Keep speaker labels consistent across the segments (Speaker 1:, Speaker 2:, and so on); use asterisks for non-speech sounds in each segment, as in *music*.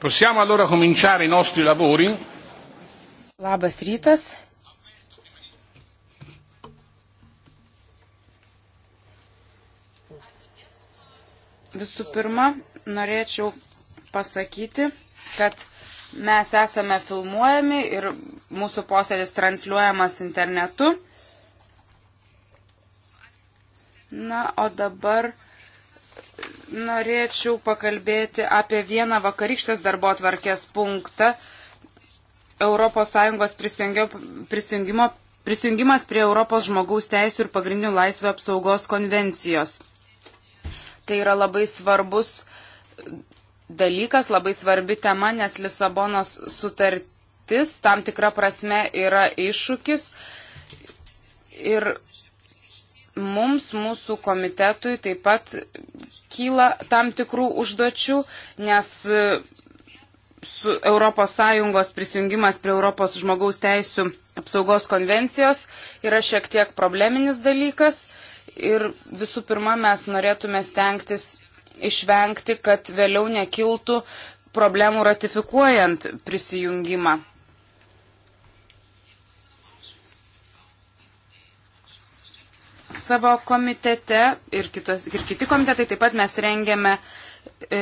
Speaker 1: Possiamo allora cominciare i nostri lavori.
Speaker 2: Labas rytas. Visų pirma, norėčiau pasakyti, kad mes esame filmuojami ir mūsų posėdis transliuojamas internetu. Na, o dabar norėčiau pakalbėti apie vieną vakarykštės darbo atvarkės punktą. ES prisijungimas prie Europos žmogaus teisų ir pagrindinių laisvių apsaugos konvencijos. Tai yra labai svarbus dalykas, labai svarbi tema, nes Lisabonos sutartis tam tikra prasme yra iššūkis. Ir mums, mūsų komitetui taip pat kyla tam tikrų užduočių, nes e, su ES prisijungimas prie Europos žmogaus teisų apsaugos konvencijos yra šiek tiek probleminis dalykas. Ir visų pirma, mes norėtume stengtis išvengti, kad vėliau nekiltų problemų ratifikuojant prisijungimą. savo komitete ir, kitos, ir kiti komitetai. Taip pat mes rengiame e,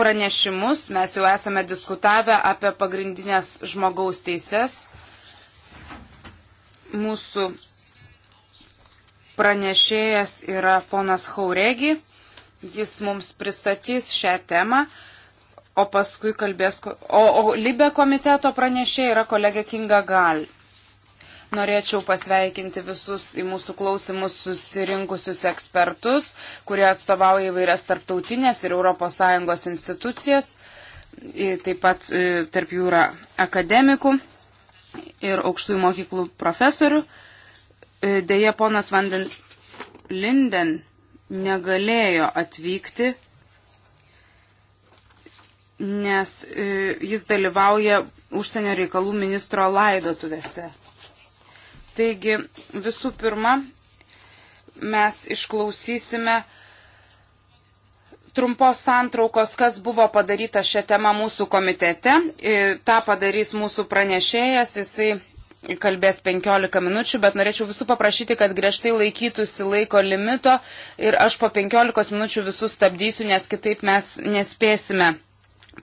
Speaker 2: pranešimus, mes jau esame diskutavę apie pagrindinės žmogaus teises. Mūsų pranešėjas yra ponas Hauregi, jis mums pristatys šią temą. O paskui kalbės, o, o Libė komiteto pranešė yra kolegė Kinga Gal. Norėčiau pasveikinti visus į mūsų klausimus susirinkusius ekspertus, kurie atstovauja įvairias tarptautinės ir ES institucijas. Taip pat e, tarp jų yra akademikų ir aukštųjų mokyklų profesorių. E, deja, ponas Vanden Linden negalėjo atvykti, nes e, jis dalyvauja užsienio reikalų ministro laidotuvėse. Taigi visų pirma, mes išklausysime trumpos santraukos, kas buvo padaryta šią temą mūsų komitete. E, Ta padarys mūsų pranešėjas, jisai kalbės 15 minučių, bet norėčiau visų paprašyti, kad griežtai laikytųsi laiko limito ir aš po 15 minučių visus stabdysiu, nes kitaip mes nespėsime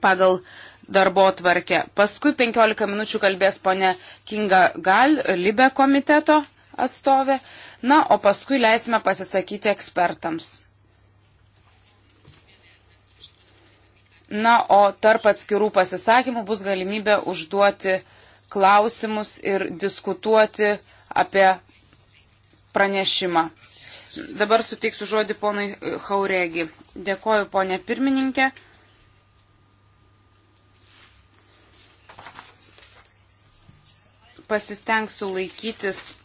Speaker 2: pagal uh, darbo tvarkę. Paskui 15 minučių kalbės ponė Kinga Gal, Libe komiteto atstovė. Na, o paskui leisime pasisakyti ekspertams. Na, o tarp atskirų pasisakymų bus galimybė užduoti klausimus ir diskutuoti apie pranešimą. Dabar suteiksiu žodį ponui Haurėgi. Dėkoju, ponė pirmininkė. pasistengsiu laikytis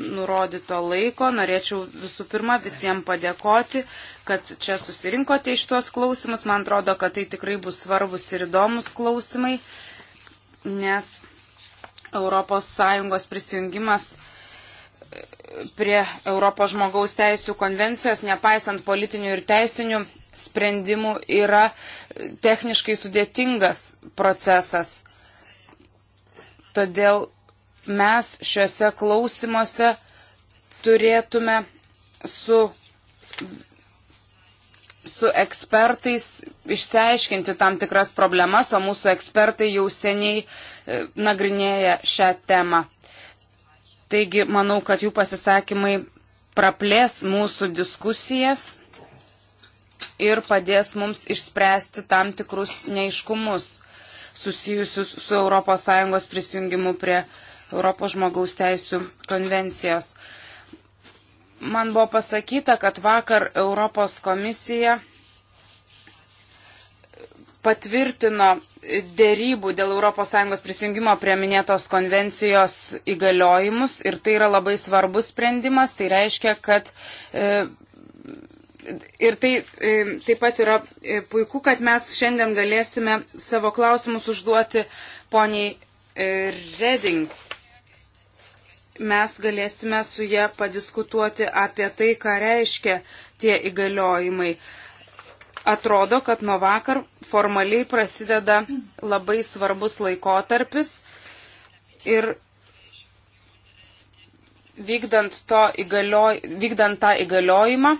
Speaker 2: nurodyto laiko. Norėčiau visų pirma visiems padėkoti, kad čia susirinkote iš tuos klausimus. Man atrodo, kad tai tikrai bus svarbus ir įdomus klausimai, nes ES prisijungimas prie Europos žmogaus teisų konvencijos, nepaisant politinių ir teisinių sprendimų, yra techniškai sudėtingas procesas. Todėl mes šiuose klausimuose turėtume su, su ekspertais išsiaiškinti tam tikras problemas, o mūsų ekspertai jau seniai e, nagrinėja šią temą. Taigi, manau, kad jų pasisakymai praplės mūsų diskusijas ir padės mums išspręsti tam tikrus neiškumus susijusius su ES prisijungimu prie Europos žmogaus teisų konvencijos. Man buvo pasakyta, kad vakar Europos komisija patvirtino dėrybų dėl ES prisijungimo prie minėtos konvencijos įgaliojimus ir tai yra labai svarbus sprendimas. Tai reiškia, kad e, ir tai e, taip pat yra e, puiku, kad mes šiandien galėsime savo klausimus užduoti poniai e, Reding. Mes galėsime su ją padiskutuoti apie tai, ką reiškia tie įgaliojimai. Atrodo, kad nuo vakar formaliai prasideda labai svarbus laikotarpis ir vykdant, įgalioj, vykdant tą įgaliojimą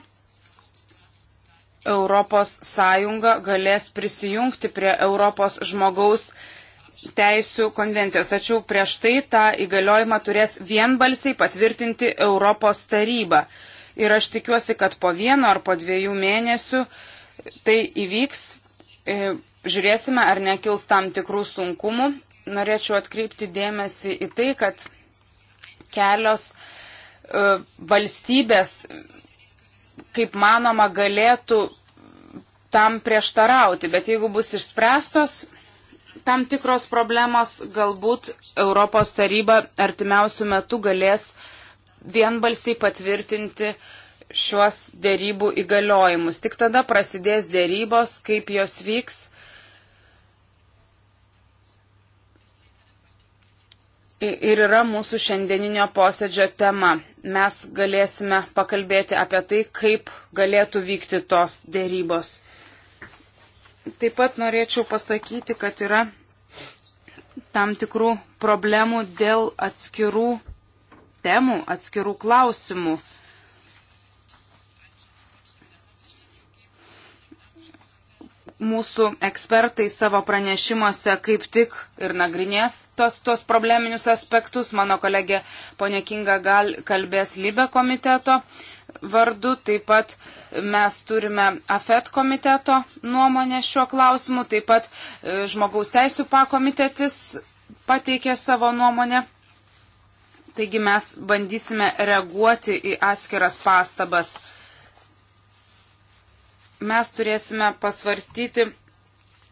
Speaker 2: ES galės prisijungti prie Europos žmogaus teisų konvencijos. Tačiau prieš tai tą įgaliojimą turės vienbalsiai patvirtinti Europos taryba. Ir aš tikiuosi, kad po vieno ar po dviejų mėnesių tai įvyks. E, žiūrėsime, ar nekils tam tikrų sunkumų. Norėčiau atkreipti dėmesį į tai, kad kelios e, valstybės kaip manoma, galėtų tam prieštarauti. Bet jeigu bus išspręstos tam tikros problemos, galbūt Europos taryba artimiausių metų galės vienbalsiai patvirtinti šiuos dėrybų įgaliojimus. Tik tada prasidės dėrybos, kaip jos vyks ir yra mūsų šiandieninio posėdžio tema. Mes galėsime pakalbėti apie tai, kaip galėtų vykti tos dėrybos. Taip pat norėčiau pasakyti, kad yra tam tikrų problemų dėl atskirų temų, atskirų klausimų. mūsų ekspertai savo pranešimuose kaip tik ir nagrinės tos, tos probleminius aspektus. Mano kolegė ponė Kinga gal kalbės Libe komiteto vardu, taip pat mes turime AFET komiteto nuomonę šiuo klausimu, taip pat e, žmogaus teisų pakomitetis pateikė savo nuomonę. Taigi mes bandysime reaguoti į atskiras pastabas mes turėsime pasvarstyti,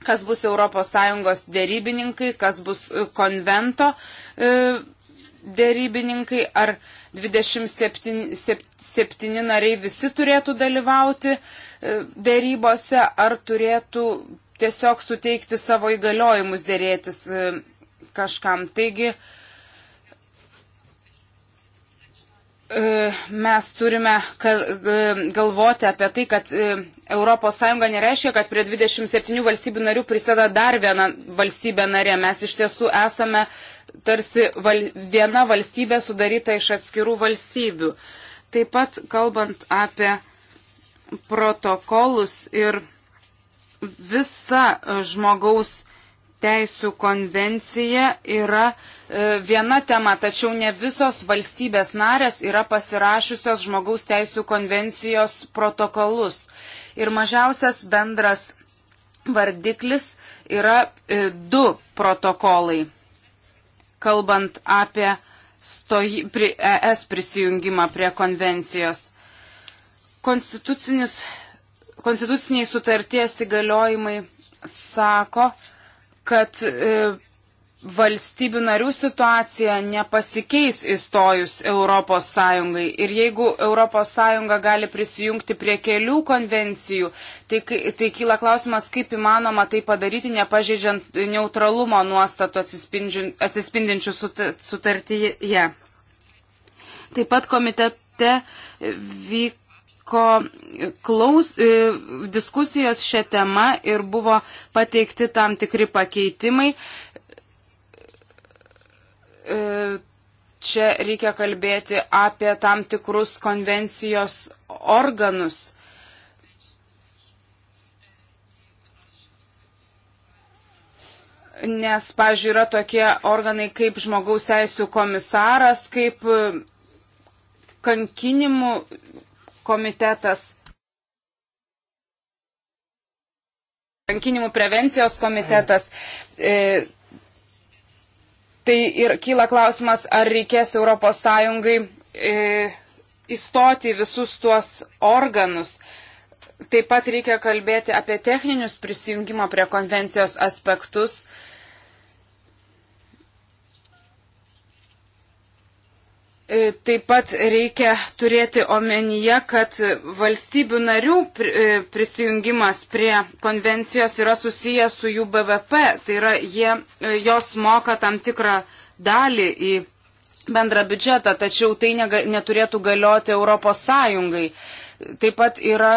Speaker 2: kas bus ES dėrybininkai, kas bus e, konvento e, dėrybininkai, ar 27 7 nariai visi turėtų dalyvauti e, dėrybose, ar turėtų tiesiog suteikti savo įgaliojimus dėrėtis kažkam. Taigi, E, mes turime e, galvoti apie tai, kad ES nereiškia, kad prie 27 valstybių narių prisėda dar viena valstybė narė. Mes iš tiesų esame tarsi val, viena valstybė sudaryta iš atskirų valstybių. Taip pat kalbant apie protokolus ir visa žmogaus teisų konvencija yra e, viena tema, tačiau ne visos valstybės narės yra pasirašiusios žmogaus teisų konvencijos protokolus. Ir mažiausias bendras vardiklis yra e, du protokolai, kalbant apie stoji, pri, ES prisijungimą prie konvencijos. Konstituciniai sutarties įgaliojimai sako, kad e, valstybių narių situacija nepasikeis įstojus Europos Sąjungai. Ir jeigu Europos Sąjunga gali prisijungti prie kelių konvencijų, tai, tai kyla klausimas, kaip įmanoma tai padaryti, nepažeidžiant neutralumo nuostatų atsispindinčių sutartyje. Taip pat komitete vyko vyko klaus, e, diskusijos šią temą ir buvo pateikti tam tikri pakeitimai. E, čia reikia kalbėti apie tam tikrus konvencijos organus. Nes, pažiūrėjau, yra tokie organai kaip žmogaus teisų komisaras, kaip kankinimų komitetas, kankinimų prevencijos komitetas. E, tai ir kyla klausimas, ar reikės ES e, įstoti visus tuos organus. Taip pat reikia kalbėti apie techninius prisijungimo prie konvencijos aspektus. E, E, taip pat reikia turėti omenyje, kad valstybių narių e, prisijungimas prie konvencijos yra susijęs su jų BVP, tai yra jie, e, jos moka tam tikrą dalį į bendrą biudžetą, tačiau tai nega, neturėtų galioti Europos Sąjungai. Taip pat yra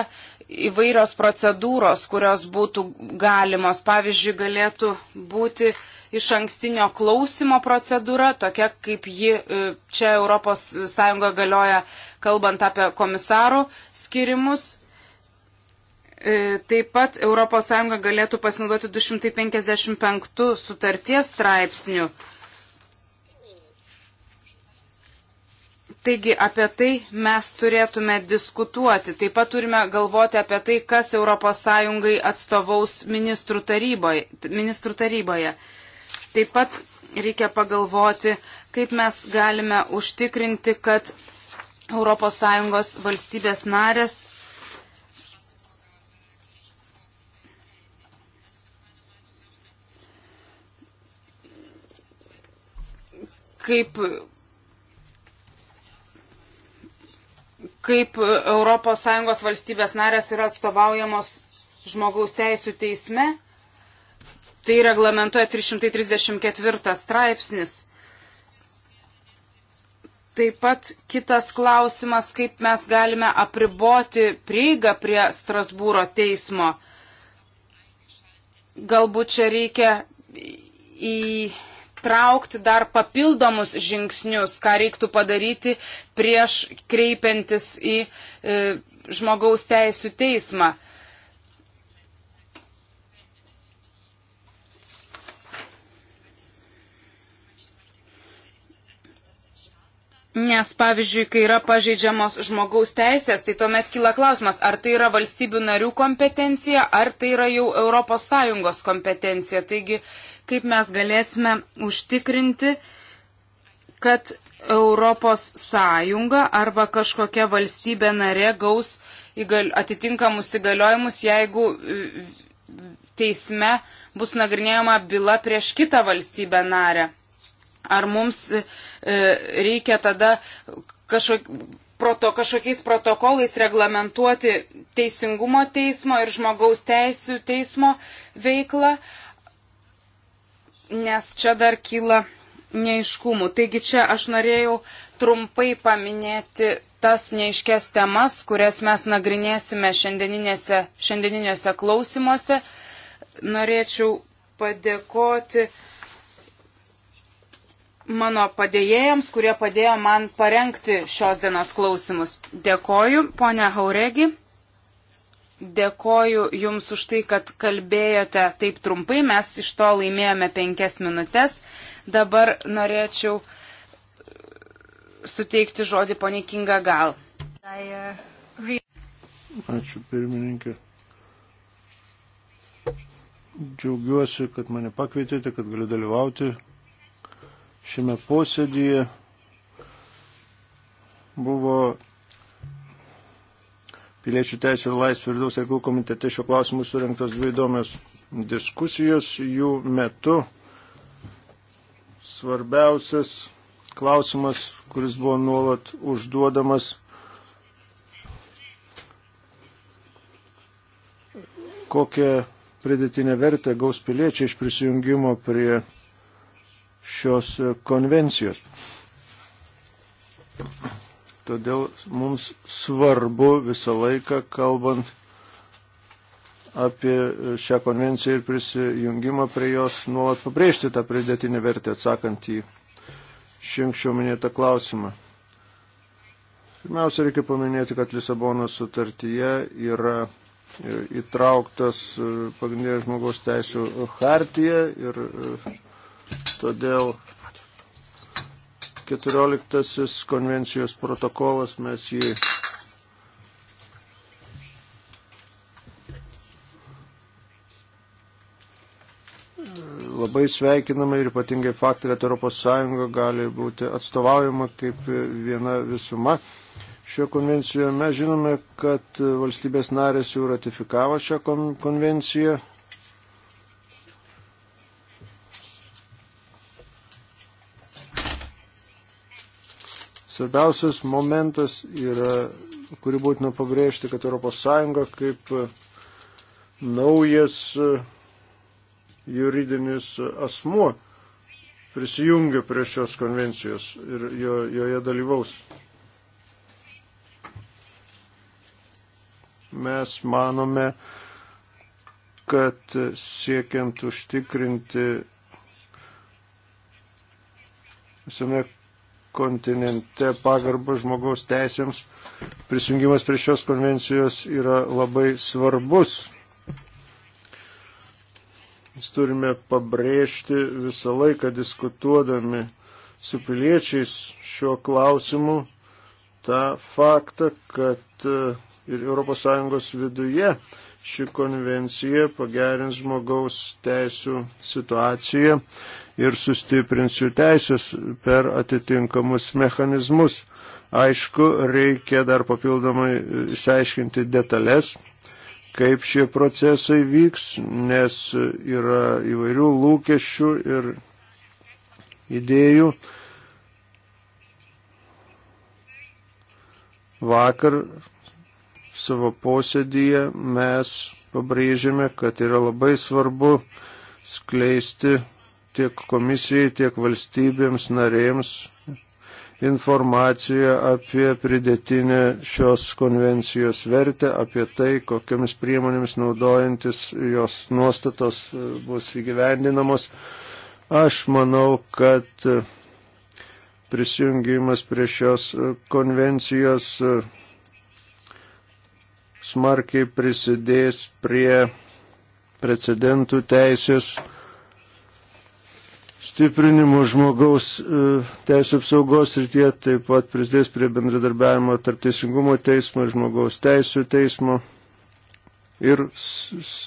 Speaker 2: įvairios procedūros, kurios būtų galimos. Pavyzdžiui, galėtų būti iš ankstinio klausimo procedūra, tokia kaip ji e, čia ES galioja, kalbant apie komisarų skirimus. E, taip pat ES galėtų pasinaudoti 255 sutarties straipsnių. Taigi apie tai mes turėtume diskutuoti. Taip pat turime galvoti apie tai, kas ES atstovaus ministrų taryboje. Ministrų taryboje. Taip pat reikia pagalvoti, kaip mes galime užtikrinti, kad ES valstybės narės kaip kaip ES valstybės narės yra atstovaujamos žmogaus teisų teisme. Tai reglamentoja 334 straipsnis. Taip pat kitas klausimas, kaip mes galime apriboti prieigą prie Strasbūro teismo. Galbūt čia reikia įtraukti dar papildomus žingsnius, ką reiktų padaryti prieš kreipiantis į e, žmogaus teisų teismą. Nes, pavyzdžiui, kai yra pažeidžiamos žmogaus teisės, tai tuomet kyla klausimas, ar tai yra valstybių narių kompetencija, ar tai yra jau ES kompetencija. Taigi, kaip mes galėsime užtikrinti, kad ES arba kažkokia valstybė narė gaus atitinkamus įgaliojimus, jeigu teisme bus nagrinėjama byla prieš kitą valstybę narę. Ar mums e, reikia tada kažkok, proto, kažkokiais protokolais reglamentuoti teisingumo teismo ir žmogaus teisų teismo veiklą, nes čia dar kyla neiškumų. Taigi čia aš norėjau trumpai paminėti tas neiškes temas, kurias mes nagrinėsime šiandieniniuose klausimuose. Norėčiau padėkoti mano padėjėjams, kurie padėjo man parengti šios dienos klausimus. Dėkoju, ponia Hauregi. Dėkoju Jums už tai, kad kalbėjote taip trumpai. Mes iš to laimėjome penkias minutės. Dabar norėčiau suteikti žodį poniai Kinga Gal.
Speaker 3: Ačiū pirmininkė. Džiaugiuosi, kad mane pakvietėte, kad galiu dalyvauti šiame posėdėje buvo Piliečių teisų ir laisvių ir daus reikalų komitete šio klausimu surinktos dvi įdomios diskusijos. Jų metu svarbiausias klausimas, kuris buvo nuolat užduodamas, kokią pridėtinę vertę gaus piliečiai iš prisijungimo prie šios konvencijos. Todėl mums svarbu visą laiką, kalbant apie šią konvenciją ir prisijungimą prie jos, nuolat pabrėžti tą pridėtinį vertę atsakant į šinkščiau minėtą klausimą. Pirmiausia, reikia paminėti, kad Lisabonos sutartyje yra įtrauktas pagrindinės žmogaus teisų hartija ir Todėl 14 konvencijos protokolas mes jį labai sveikiname ir ypatingai faktą, kad ES gali būti atstovaujama kaip viena visuma. Šio konvencijoje mes žinome, kad valstybės narės jau ratifikavo šią konvenciją, Svarbiausias momentas yra, kurį būtina pabrėžti, kad ES kaip e, naujas e, juridinis asmuo prisijungia prie šios konvencijos ir jo, joje dalyvaus. Mes manome, kad siekiant užtikrinti visame kontinente pagarba žmogaus teisėms. Prisijungimas prie šios konvencijos yra labai svarbus. Mes turime pabrėžti visą laiką diskutuodami su piliečiais šiuo klausimu tą faktą, kad e, ir ES viduje ši konvencija pagerins žmogaus teisų situaciją ir sustiprins jų teisės per atitinkamus mechanizmus. Aišku, reikia dar papildomai išsiaiškinti detalės, kaip šie procesai vyks, nes yra įvairių lūkesčių ir idėjų. Vakar savo posėdyje mes pabrėžėme, kad yra labai svarbu skleisti tiek komisijai, tiek valstybėms narėms informaciją apie pridėtinę šios konvencijos vertę, apie tai, kokiamis priemonėmis naudojantis jos nuostatos e, bus įgyvendinamos. Aš manau, kad e, prisijungimas prie šios e, konvencijos smarkiai prisidės prie precedentų teisės stiprinimu žmogaus e, teisų apsaugos srityje, taip pat prisidės prie bendradarbiavimo tarp teisingumo teismo ir žmogaus teisų teismo ir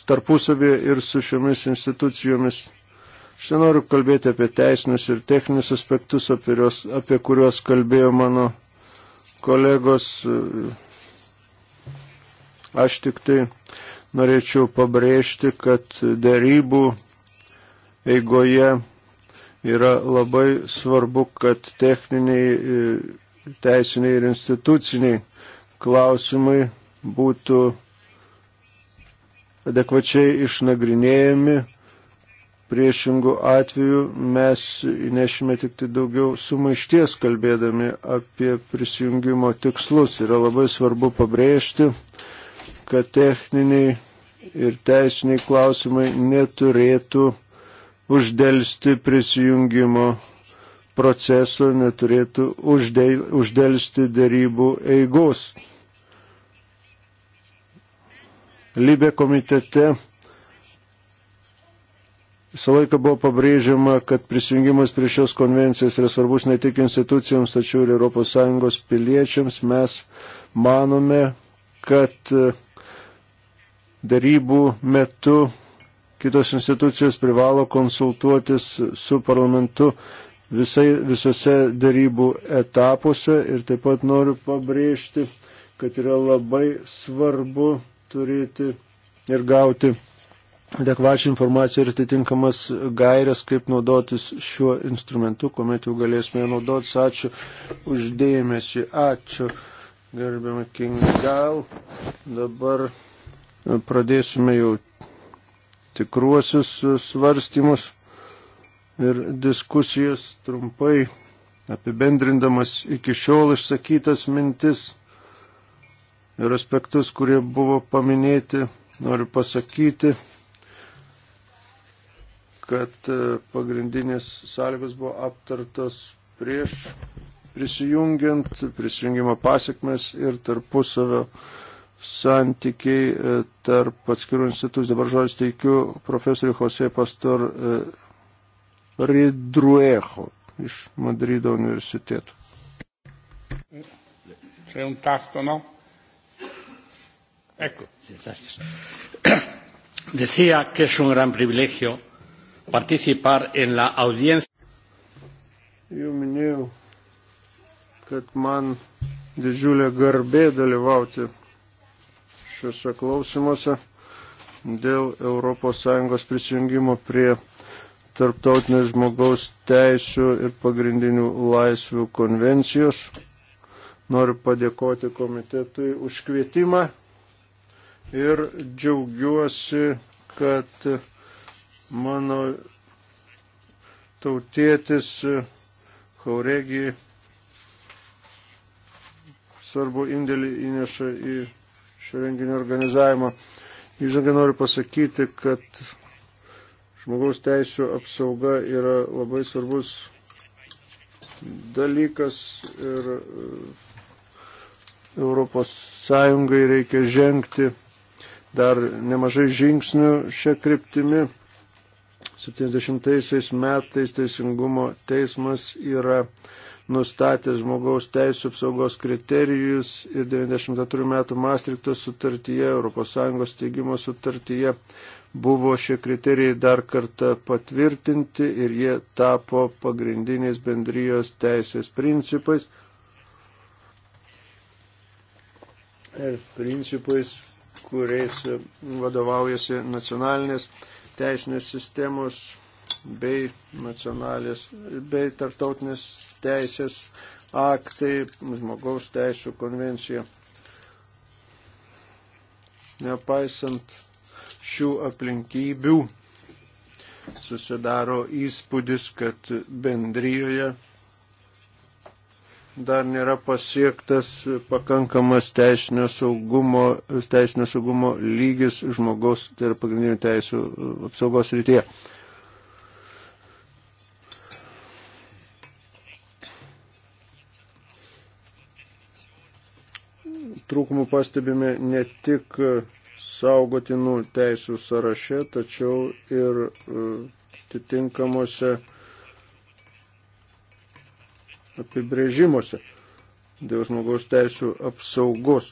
Speaker 3: tarpusavėje ir su šiomis institucijomis. Aš noriu kalbėti apie teisinius ir techninius aspektus, apie, jos, apie kuriuos kalbėjo mano kolegos. Aš tik tai norėčiau pabrėžti, kad darybų eigoje Yra labai svarbu, kad techniniai, e, teisiniai ir instituciniai klausimai būtų adekvačiai išnagrinėjami. Priešingų atvejų mes įnešime tik tai daugiau sumaišties kalbėdami apie prisijungimo tikslus. Yra labai svarbu pabrėžti, kad techniniai ir teisiniai klausimai neturėtų uždėlsti prisijungimo proceso, neturėtų uždėlsti dėrybų eigos. Libė komitete visą laiką buvo pabrėžiama, kad prisijungimas prie šios konvencijos yra svarbus ne tik institucijoms, tačiau ir ES piliečiams. Mes manome, kad darybų metu kitos institucijos privalo konsultuotis su parlamentu visai, visose darybų etapuose ir taip pat noriu pabrėžti, kad yra labai svarbu turėti ir gauti adekvačią informaciją ir atitinkamas gairias, kaip naudotis šiuo instrumentu, kuomet jau galėsime naudotis. Ačiū uždėmesi, ačiū gerbiamą Kingal. Dabar pradėsime jau tikruosius e, svarstymus ir diskusijas trumpai apibendrindamas iki šiol išsakytas mintis ir aspektus, kurie buvo paminėti, noriu pasakyti, kad e, pagrindinės sąlygos buvo aptartos prieš prisijungiant, prisijungimo pasiekmes ir tarpusavio santykiai e, tarp atskirų institucijų. Dabar žodžiu teikiu profesoriui Jose Pastor e, Ridruejo iš Madrido universiteto.
Speaker 1: C'è un tasto, no? Ecco. Gracias. *coughs* Decía que es un gran privilegio participar en la audiencia.
Speaker 3: Jau minėjau, kad man didžiulė garbė dalyvauti šiuose klausimuose dėl ES prisijungimo prie Tarptautinės žmogaus teisų ir pagrindinių laisvių konvencijos. Noriu padėkoti komitetui už kvietimą ir džiaugiuosi, kad mano tautietis Hauregi svarbu indėlį įneša į šio renginio organizavimą. Įžangai noriu pasakyti, kad žmogaus teisų apsauga yra labai svarbus dalykas ir e, Europos Sąjungai reikia žengti dar nemažai žingsnių šią kryptimį. 70 metais Teisingumo teismas yra nustatė žmogaus teisų apsaugos kriterijus ir 94 metų Maastrichto sutartyje, ES teigimo sutartyje buvo šie kriterijai dar kartą patvirtinti ir jie tapo pagrindiniais bendrijos teisės principais. Ir principais, kuriais vadovaujasi nacionalinės teisinės sistemos bei nacionalinės bei tartautinės teisės aktai, žmogaus teisų konvencija. Nepaisant šių aplinkybių, susidaro įspūdis, kad bendryjoje dar nėra pasiektas pakankamas teisinio saugumo, teisinio saugumo lygis žmogaus tai ir pagrindinių teisų apsaugos rytyje. trūkumų pastebime ne tik saugotinų teisų sąraše, tačiau ir e, atitinkamuose apibrėžimuose dėl žmogaus teisų apsaugos.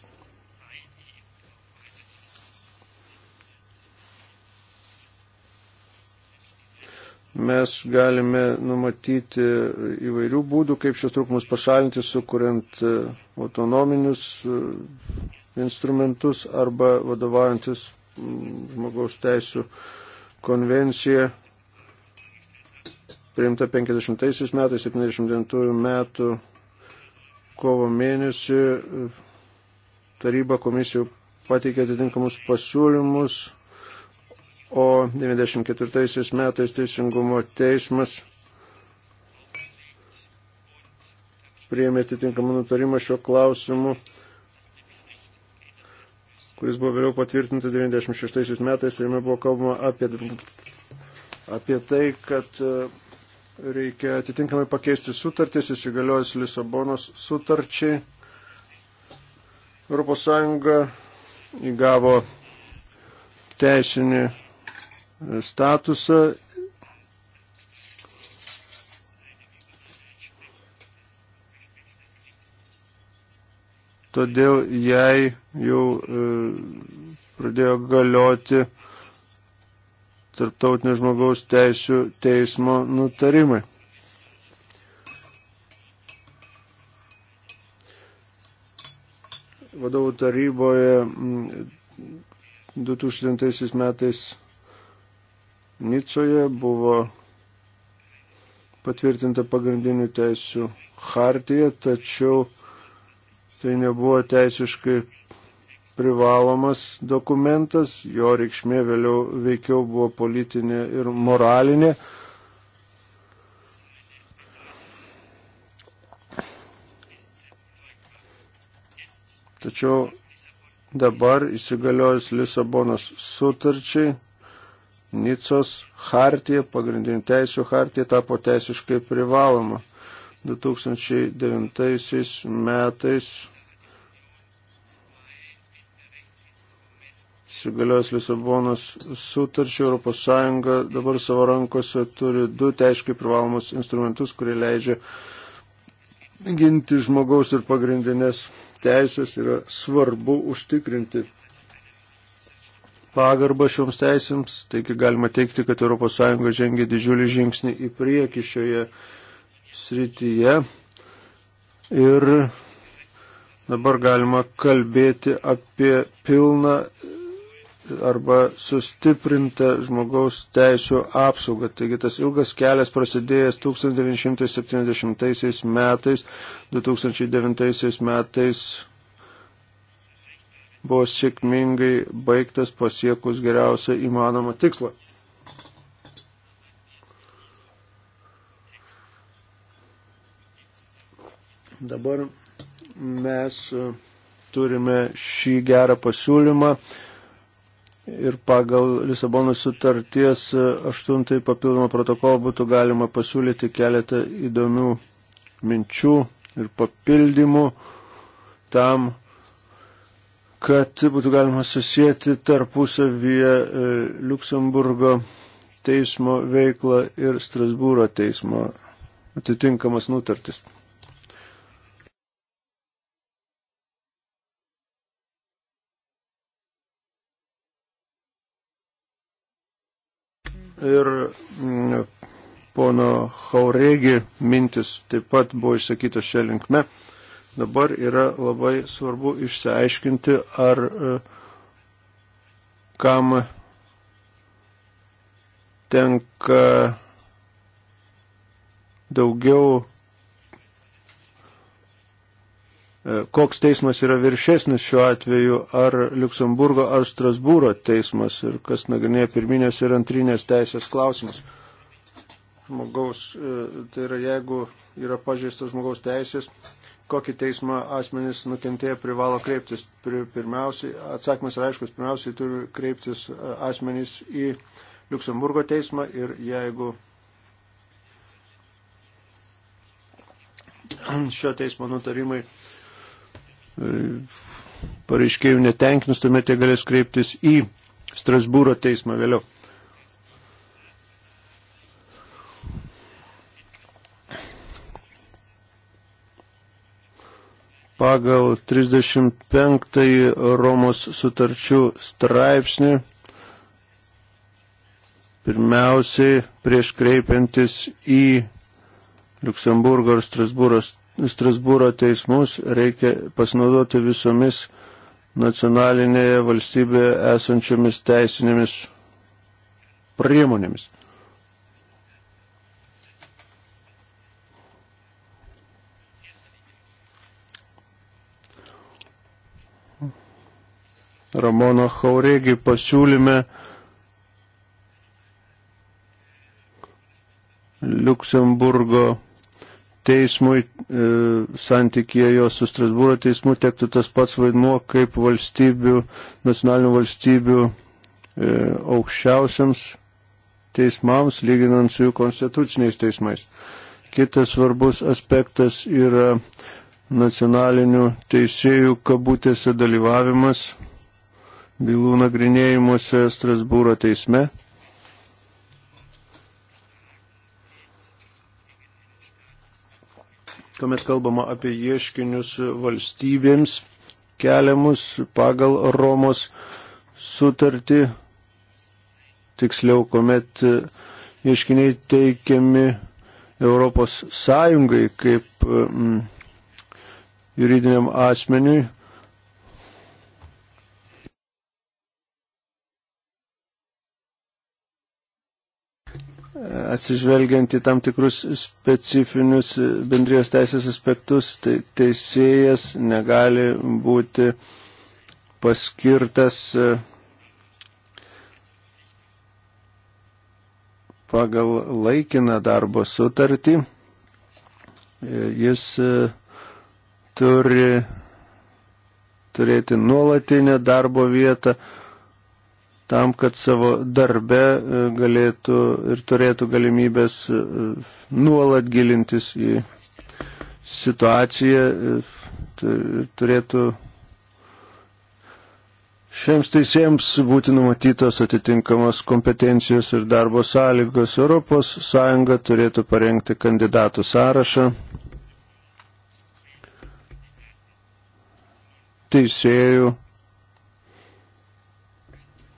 Speaker 3: mes galime numatyti įvairių būdų, kaip šios trūkumus pašalinti, sukuriant e, autonominius e, instrumentus arba vadovaujantis mm, žmogaus teisų konvencija priimta 50 metais, 79 metų kovo mėnesį taryba komisijų pateikė atitinkamus pasiūlymus o 94 metais Teisingumo teismas priėmė atitinkamą nutarimą šiuo klausimu, kuris buvo vėliau patvirtintas 96 metais ir jame buvo kalbama apie, apie tai, kad e, reikia atitinkamai pakeisti sutartis, įsigaliojus Lisabonos sutarčiai. Europos Sąjunga įgavo teisinį statusą. Todėl jai jau e, pradėjo galioti tarptautinio žmogaus teisų teismo nutarimai. Vadovų taryboje 2009 metais Nicoje buvo patvirtinta pagrindinių teisų hartija, tačiau tai nebuvo teisiškai privalomas dokumentas, jo reikšmė vėliau veikiau buvo politinė ir moralinė. Tačiau dabar įsigaliojus Lisabonos sutarčiai Nicos hartija, pagrindinių teisų hartija tapo teisiškai privaloma. 2009 metais įsigalios Lisabonos sutarčių Europos Sąjunga dabar savo rankose turi du teiškai privalomus instrumentus, kurie leidžia ginti žmogaus ir pagrindinės teisės. Yra svarbu užtikrinti pagarbą šioms teisėms, taigi galima teikti, kad ES žengia didžiulį žingsnį į priekį šioje srityje. Ir dabar galima kalbėti apie pilną arba sustiprinta žmogaus teisų apsauga. Taigi tas ilgas kelias prasidėjęs 1970 metais, 2009 metais buvo sėkmingai baigtas pasiekus geriausią įmanomą tikslą. Dabar mes e, turime šį gerą pasiūlymą ir pagal Lisabonos sutarties e, aštuntąjį papildomą protokolą būtų galima pasiūlyti keletą įdomių minčių ir papildymų tam, kad būtų galima susijęti tarpusavyje e, Luksemburgo teismo veiklą ir Strasbūro teismo atitinkamas nutartis. Ir mm, pono Haurėgi mintis taip pat buvo išsakyta šią linkme. Dabar yra labai svarbu išsiaiškinti, ar e, kam tenka daugiau, e, koks teismas yra viršesnis šiuo atveju, ar Luksemburgo, ar Strasbūro teismas ir kas nagrinėja pirminės ir antrinės teisės klausimus. Žmogaus, e, tai yra jeigu yra pažeistas žmogaus teisės, kokį teismą asmenys nukentėję privalo kreiptis. Pirmiausiai, atsakymas yra aiškus, pirmiausiai turi kreiptis e, asmenys į Luksemburgo teismą ir jeigu šio teismo nutarimai e, pareiškėjų netenkinus, tuomet jie galės kreiptis į Strasbūro teismą vėliau. pagal 35 Romos sutarčių straipsnį pirmiausiai prieš kreipiantis į Luksemburgo ir Strasbūro teismus reikia pasinaudoti visomis nacionalinėje valstybėje esančiomis teisinėmis priemonėmis. Ramono Haurėgi pasiūlyme Luksemburgo teismui e, santykėje jo su Strasbūro teismu tektų tas pats vaidmuo kaip valstybių, nacionalinių valstybių e, aukščiausiams teismams, lyginant su jų konstituciniais teismais. Kitas svarbus aspektas yra nacionalinių teisėjų kabutėse dalyvavimas bylų nagrinėjimuose Strasbūro teisme. Komet kalbama apie ieškinius valstybėms keliamus pagal Romos sutartį, tiksliau, kuomet ieškiniai teikiami Europos Sąjungai kaip mm, juridiniam asmeniui, atsižvelgiant į tam tikrus specifinius bendrijos teisės aspektus, tai teisėjas negali būti paskirtas e, pagal laikiną darbo sutartį. E, jis e, turi turėti nuolatinę darbo vietą, tam, kad savo darbe e, galėtų ir turėtų galimybės e, nuolat gilintis į situaciją, e, turėtų šiems teisėjams būti numatytos atitinkamos kompetencijos ir darbo sąlygos. Europos Sąjunga turėtų parengti kandidatų sąrašą. Teisėjų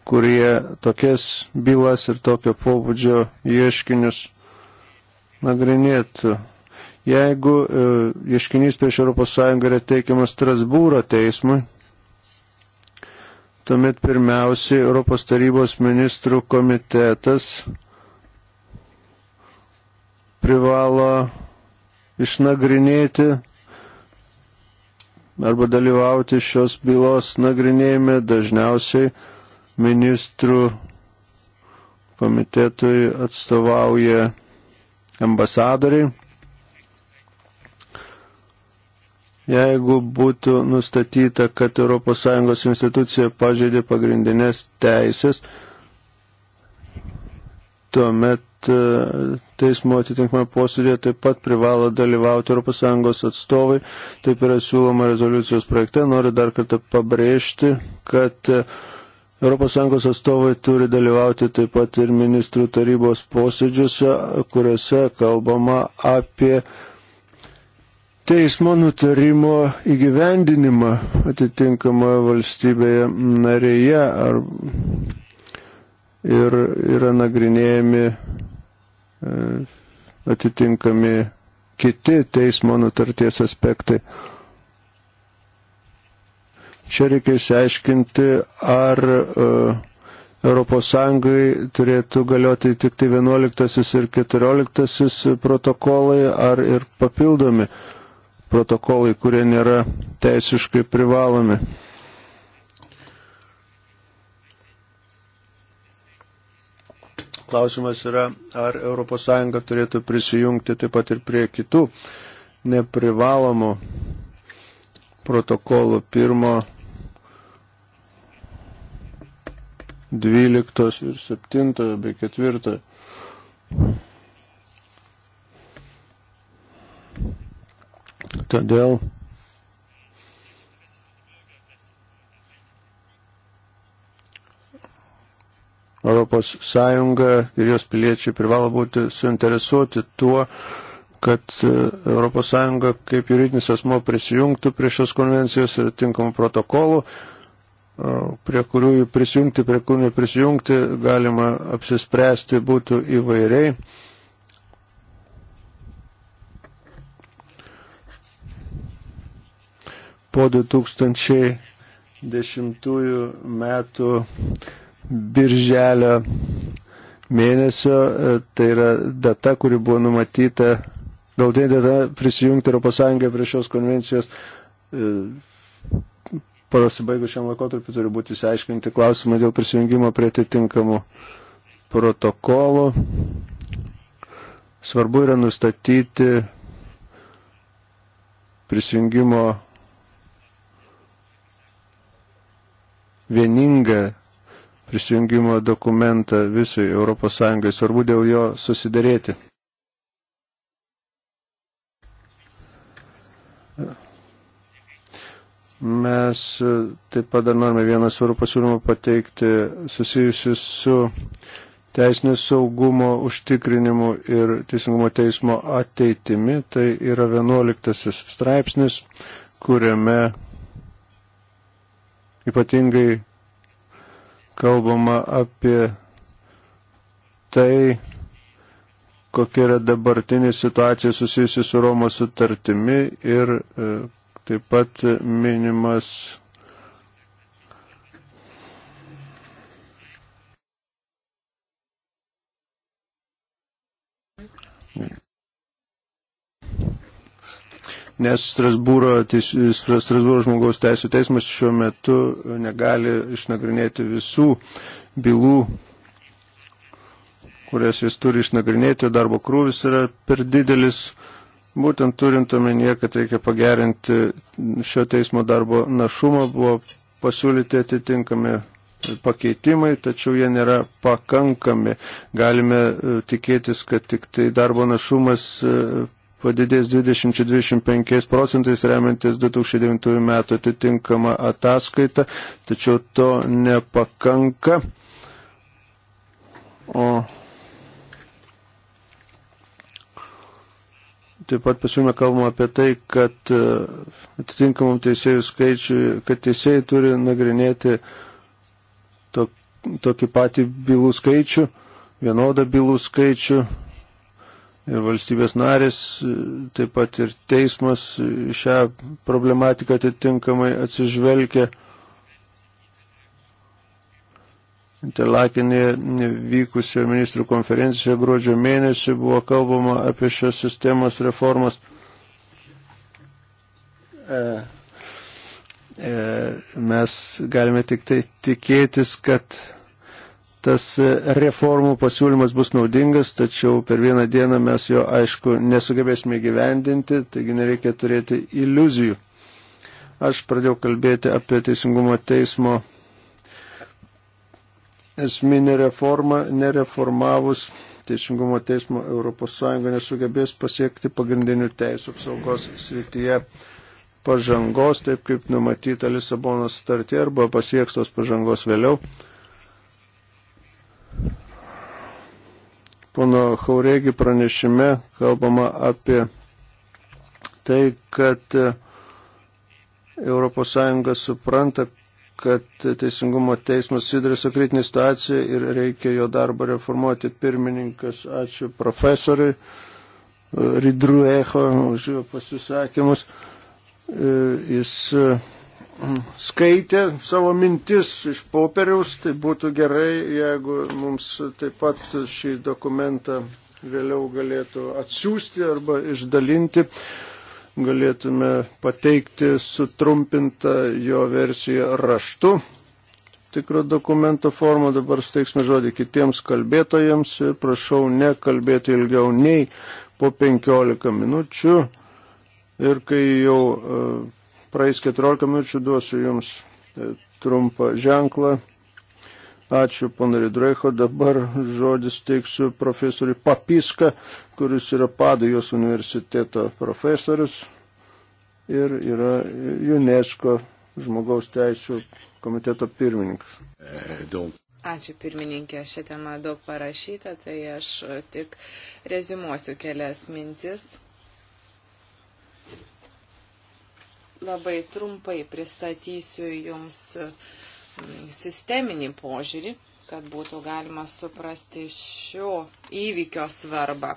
Speaker 3: kurie tokias bylas ir tokio pobūdžio ieškinius nagrinėtų. Jeigu e, ieškinys prieš ES yra teikiamas Strasbūro teismui, tuomet pirmiausiai Europos tarybos ministrų komitetas privalo išnagrinėti arba dalyvauti šios bylos nagrinėjime dažniausiai ministrų komitetui atstovauja ambasadoriai. Jeigu būtų nustatyta, kad ES institucija pažeidė pagrindinės teisės, tuomet e, teismo atitinkamą posėdėje taip pat privalo dalyvauti ES atstovai. Taip yra siūloma rezoliucijos projekte. Noriu dar kartą pabrėžti, kad uh, ES atstovai turi dalyvauti taip pat ir ministrų tarybos posėdžiuose, kuriuose kalbama apie teismo nutarimo įgyvendinimą atitinkamoje valstybėje narėje ar, ir yra nagrinėjami e, atitinkami kiti teismo nutarties aspektai. Čia reikia įsiaiškinti, ar ES turėtų galioti tik tai 11 ir 14 protokolai, ar ir papildomi protokolai, kurie nėra teisiškai privalomi. Klausimas yra, ar ES turėtų prisijungti taip pat ir prie kitų neprivalomų protokolų pirmo 12 ir 7 bei 4. Todėl Europos Sąjunga ir jos piliečiai privalo būti suinteresuoti tuo, kad e, Europos Sąjunga kaip juridinis asmo prisijungtų prie šios konvencijos ir tinkamų protokolų prie kurių prisijungti, prie kurių neprisijungti, galima apsispręsti būtų įvairiai. Po 2010 metų birželio mėnesio, tai yra data, kuri buvo numatyta, galtinė data prisijungti Europos Sąjungą prie šios konvencijos pasibaigus šiam laikotarpiu turi būti išsiaiškinti klausimai dėl prisijungimo prie atitinkamų protokolų. Svarbu yra nustatyti prisijungimo vieningą prisijungimo dokumentą visai ES. Svarbu dėl jo susidarėti. Mes e, taip pat dar norime vieną svarbų pasiūlymą pateikti susijusius su teisinės saugumo užtikrinimu ir teisingumo teismo ateitimi. Tai yra 11 straipsnis, kuriame ypatingai kalbama apie tai, kokia yra dabartinė situacija susijusi su Romos sutartimi ir e, Taip pat minimas nes Strasbūro, teis, Strasbūro žmogaus teisų teismas šiuo metu negali išnagrinėti visų bylų, kurias jis turi išnagrinėti, darbo krūvis yra per didelis. Būtent turint omenyje, kad reikia pagerinti šio teismo darbo našumą, buvo pasiūlyti atitinkami pakeitimai, tačiau jie nėra pakankami. Galime e, tikėtis, kad tik tai darbo našumas e, padidės 20-25 procentais remiantis 2009 metų atitinkamą ataskaitą, tačiau to nepakanka. O Taip pat pasiūlyme kalbama apie tai, kad e, atitinkamam teisėjų skaičiui, kad teisėjai turi nagrinėti to, tokį patį bylų skaičių, vienodą bylų skaičių ir valstybės narės, e, taip pat ir teismas e, šią problematiką atitinkamai atsižvelgia. Interlakinėje vykusioje ministrų konferencijoje gruodžio mėnesį buvo kalbama apie šios sistemos reformas. E, e, mes galime tik tai tikėtis, kad tas reformų pasiūlymas bus naudingas, tačiau per vieną dieną mes jo, aišku, nesugebėsime gyvendinti, taigi nereikia turėti iliuzijų. Aš pradėjau kalbėti apie Teisingumo teismo esminė reforma, nereformavus Teisingumo teismo ES nesugebės pasiekti pagrindinių teisų apsaugos srityje pažangos, taip kaip numatyta Lisabonos sutartė, arba pasieks tos pažangos vėliau. Pono Haurėgi pranešime kalbama apie tai, kad ES supranta, kad Teisingumo teismas susiduria su kritinė situacija ir reikia jo darbą reformuoti. Pirmininkas, ačiū profesoriui e, Ridruecho už jo pasisakymus. E, jis e, skaitė savo mintis iš popieriaus, tai būtų gerai, jeigu mums taip pat šį dokumentą vėliau galėtų atsiųsti arba išdalinti galėtume pateikti sutrumpintą jo versiją raštu. Tikro dokumento formą dabar steiksime žodį kitiems kalbėtojams ir prašau nekalbėti ilgiau nei po 15 minučių. Ir kai jau e, praeis 14 minučių, duosiu jums e, trumpą ženklą. Ačiū, ponai Dreicho. Dabar žodis teiksiu profesoriui Papiską, kuris yra Padujos universiteto profesorius ir yra UNESCO žmogaus teisų komiteto pirmininkas. Eh,
Speaker 4: Ačiū pirmininkė, šią temą daug parašyta, tai aš tik rezimuosiu kelias mintis. Labai trumpai pristatysiu Jums mm, sisteminį požiūrį kad būtų galima suprasti šio įvykio svarbą.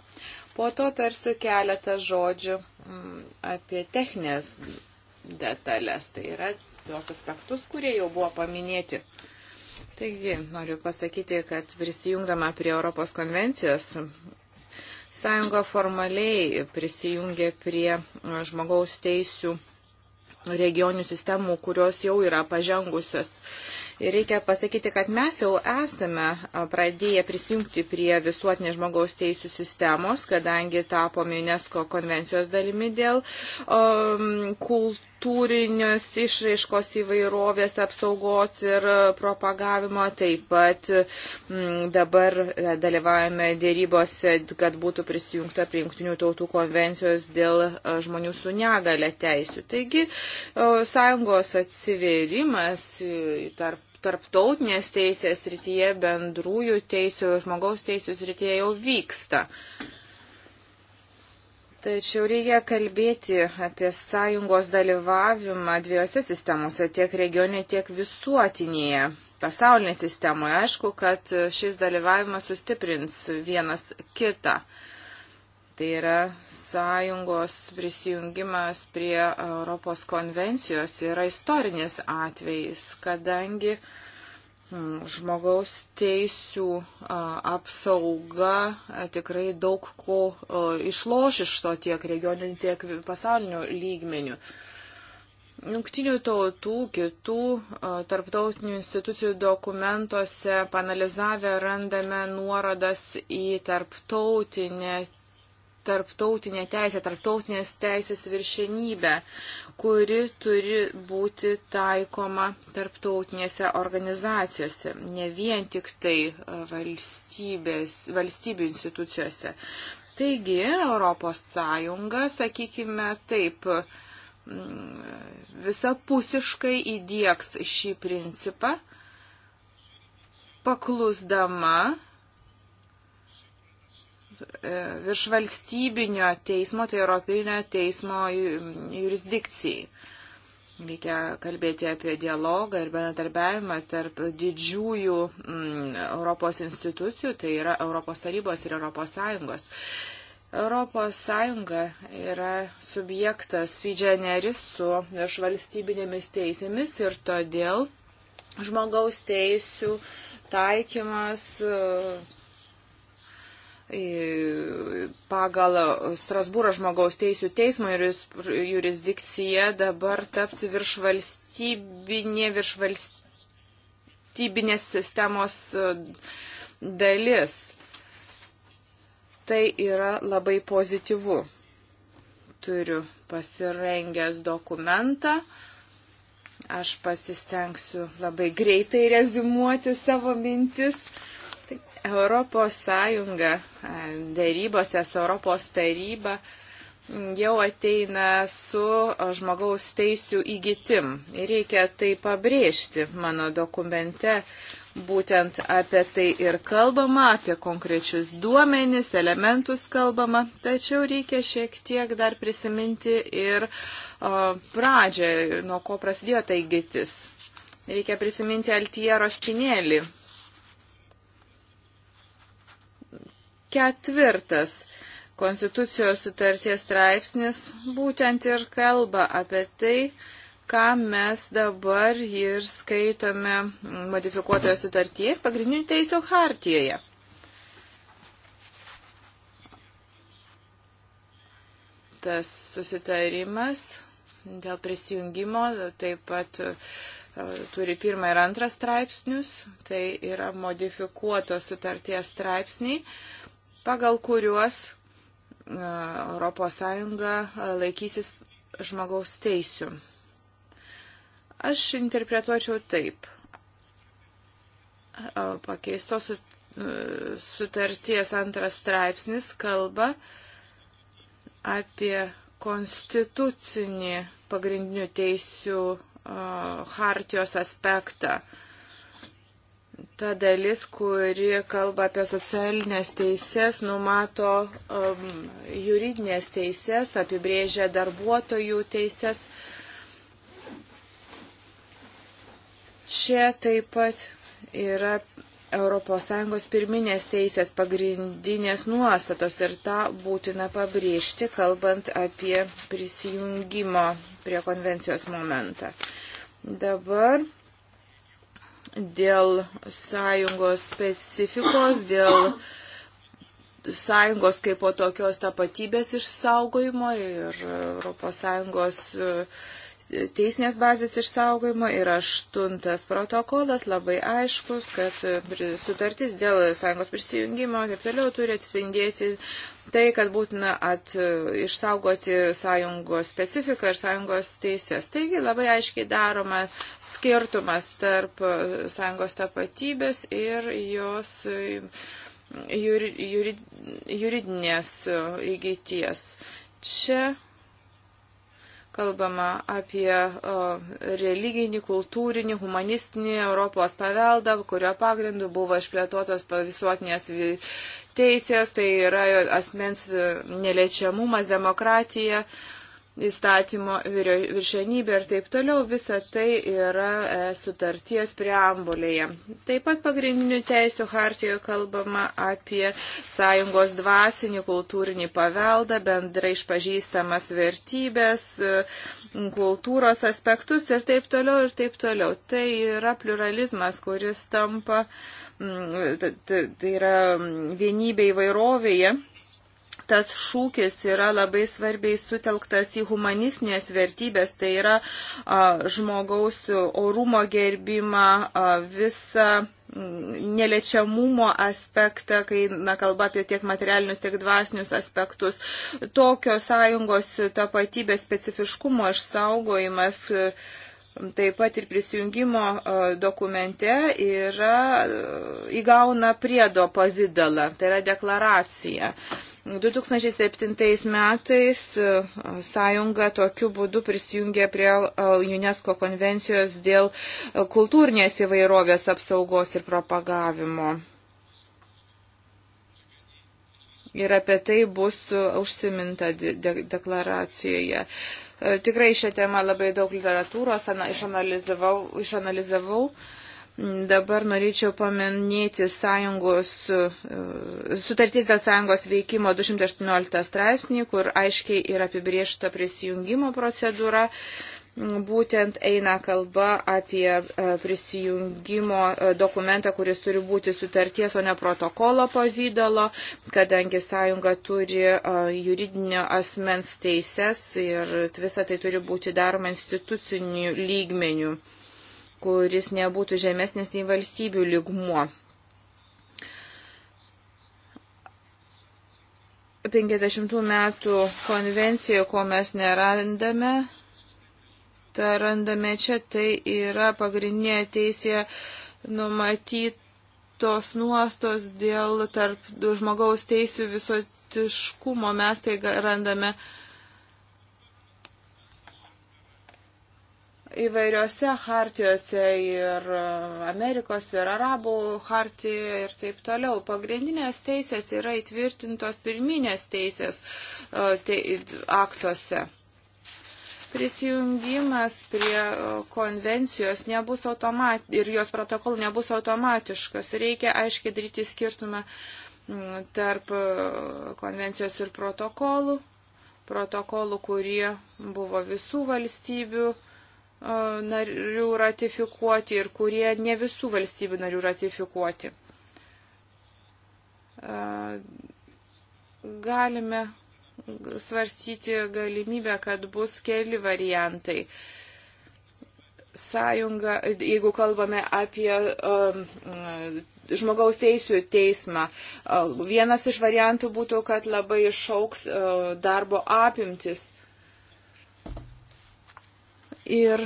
Speaker 4: Po to tarsi keletą žodžių mm, apie techninės detalės, tai yra tuos aspektus, kurie jau buvo paminėti. Taigi, noriu pasakyti, kad prisijungdama prie Europos konvencijos sąjunga formaliai prisijungė prie mm, žmogaus teisių regionių sistemų, kurios jau yra pažengusios. Ir reikia pasakyti, kad mes jau esame pradėję prisijungti prie visuotinės žmogaus teisų sistemos, kadangi tapome UNESCO konvencijos dalimi dėl um, kultūros kultūrinės išraiškos įvairovės apsaugos ir propagavimo. Taip pat m, mm, dabar dalyvavome dėrybose, kad būtų prisijungta prie Junktinių tautų konvencijos dėl e, žmonių su negale teisių. Taigi, e, sąjungos atsivėrimas e, tarp tarptautinės teisės rytyje, bendrųjų teisų, žmogaus teisų rytyje jau vyksta. Tačiau reikia kalbėti apie sąjungos dalyvavimą dviejose sistemose, tiek regione, tiek visuotinėje pasaulinėje sistemoje. Aišku, kad šis dalyvavimas sustiprins vienas kitą. Uh, Tai yra sąjungos prisijungimas prie Europos konvencijos yra istorinis atvejis, kadangi mm, žmogaus teisų apsauga tikrai daug ko išloš iš to tiek regioninių, tiek pasaulinių lygmenių. Junktinių tautų, kitų tarptautinių institucijų dokumentuose panalizavę randame nuorodas į tarptautinę tarptautinę teisę, tarptautinės teisės viršenybę, kuri turi būti taikoma tarptautinėse organizacijose, ne vien tik tai e, valstybės, valstybių institucijose. Taigi, Europos Sąjunga, sakykime taip, mm, visapusiškai įdėks šį principą, paklusdama E, viršvalstybinio teismo, tai Europinio teismo jurisdikcijai. Reikia kalbėti apie dialogą ir bendradarbiavimą tarp didžiųjų m, mm, Europos institucijų, tai yra Europos tarybos ir Europos Sąjungos. Europos Sąjunga yra subjektas Fidženeris su valstybinėmis teisėmis ir todėl žmogaus teisų taikymas pagal Strasbūro žmogaus teisų teismo jurisdikcija dabar taps viršvalstybinė, viršvalstybinės sistemos e, dalis. Tai yra labai pozityvu. Turiu pasirengęs dokumentą. Aš pasistengsiu labai greitai rezumuoti savo mintis. Europos Sąjunga e, dėrybose su Europos taryba jau ateina su e, žmogaus teisų įgytim. Reikia tai pabrėžti mano dokumente. Būtent apie tai ir kalbama, apie konkrečius duomenis, elementus kalbama, tačiau reikia šiek tiek dar prisiminti ir o, e, pradžią, nuo ko prasidėjo tai gytis. Reikia prisiminti Altiero spinėlį, Ketvirtas Konstitucijos sutarties straipsnis būtent ir kalba apie tai, ką mes dabar ir skaitome modifikuotoje sutartyje ir pagrindinių teisų hartijoje. Tas susitarimas dėl prisijungimo taip pat e, turi pirmą ir antrą straipsnius, tai yra modifikuotos sutarties straipsniai pagal kuriuos ES e, laikysis žmogaus teisių. Aš interpretuočiau taip. E, Pakeistos e, sutarties antras straipsnis kalba apie konstitucinį pagrindinių teisių hartijos aspektą. Uh, ta dalis, kuri kalba apie socialinės teises, numato um, juridinės teises, apibrėžia darbuotojų teises. Čia taip pat yra ES pirminės teisės pagrindinės nuostatos ir tą būtina pabrėžti, kalbant apie prisijungimo prie konvencijos momentą. Dabar dėl sąjungos specifikos, dėl sąjungos kaip po tokios tapatybės išsaugojimo ir ES e, teisinės bazės išsaugojimo ir aštuntas protokolas labai aiškus, kad sutartis dėl sąjungos prisijungimo ir toliau turi atspindėti tai, kad būtina at, išsaugoti sąjungos specifiką ir sąjungos teisės. Taigi labai aiškiai daroma skirtumas tarp sąjungos tapatybės ir jos juri, juri, juridinės įgyties. Čia kalbama apie religinį, kultūrinį, humanistinį Europos paveldą, kurio pagrindu buvo išplėtotos visuotinės teisės, tai yra asmens neliečiamumas, demokratija, įstatymo viršenybė ir taip toliau. Visa tai yra e, sutarties preambulėje. Taip pat pagrindinių teisų hartijoje kalbama apie sąjungos dvasinį kultūrinį paveldą, bendrai išpažįstamas vertybės, e, kultūros aspektus ir taip toliau ir taip toliau. Tai yra pluralizmas, kuris tampa uh, tai yra vienybė įvairovėje tas šūkis yra labai svarbiai sutelktas į humanistinės vertybės, tai yra a, žmogaus orumo gerbimą, a, visą mm, neliečiamumo aspektą, kai na, kalba apie tiek materialinius, tiek dvasinius aspektus. Tokios sąjungos tapatybės specifiškumo išsaugojimas. A, taip pat ir prisijungimo e, dokumente yra, e, įgauna priedo pavydalą, tai yra deklaracija. 2007 metais e, sąjunga tokiu būdu prisijungė prie UNESCO konvencijos dėl kultūrinės įvairovės apsaugos ir propagavimo. Ir apie tai bus užsiminta de deklaracijoje. Uh, E, tikrai šią temą labai daug literatūros išanalizavau. išanalizavau. Mm, dabar norėčiau paminėti sąjungos, e, sutartys dėl sąjungos veikimo 218 straipsnį, kur aiškiai yra apibriešta prisijungimo procedūra būtent eina kalba apie e, prisijungimo e, dokumentą, kuris turi būti sutarties, o ne protokolo pavydalo, kadangi sąjunga turi e, juridinio asmens teises ir visą tai turi būti daroma institucinių lygmenių, kuris nebūtų žemesnis nei valstybių lygmuo. 50 metų konvencijoje, ko mes nerandame, aktą randame čia, tai yra pagrindinė teisė numatytos nuostos dėl tarp žmogaus teisų visotiškumo. Mes tai randame įvairiose hartijose ir Amerikos ir Arabų hartijoje ir taip toliau. Pagrindinės teisės yra įtvirtintos pirminės teisės te, aktuose prisijungimas prie konvencijos nebus automat ir jos protokolų nebus automatiškas. Reikia aiškiai daryti skirtumą tarp konvencijos ir protokolų, protokolų, kurie buvo visų valstybių narių ratifikuoti ir kurie ne visų valstybių narių ratifikuoti. Galime svarstyti galimybę, kad bus keli variantai. Sąjunga, jeigu kalbame apie um, žmogaus teisų teismą. Uh, vienas iš variantų būtų, kad labai išauks uh, darbo apimtis. Ir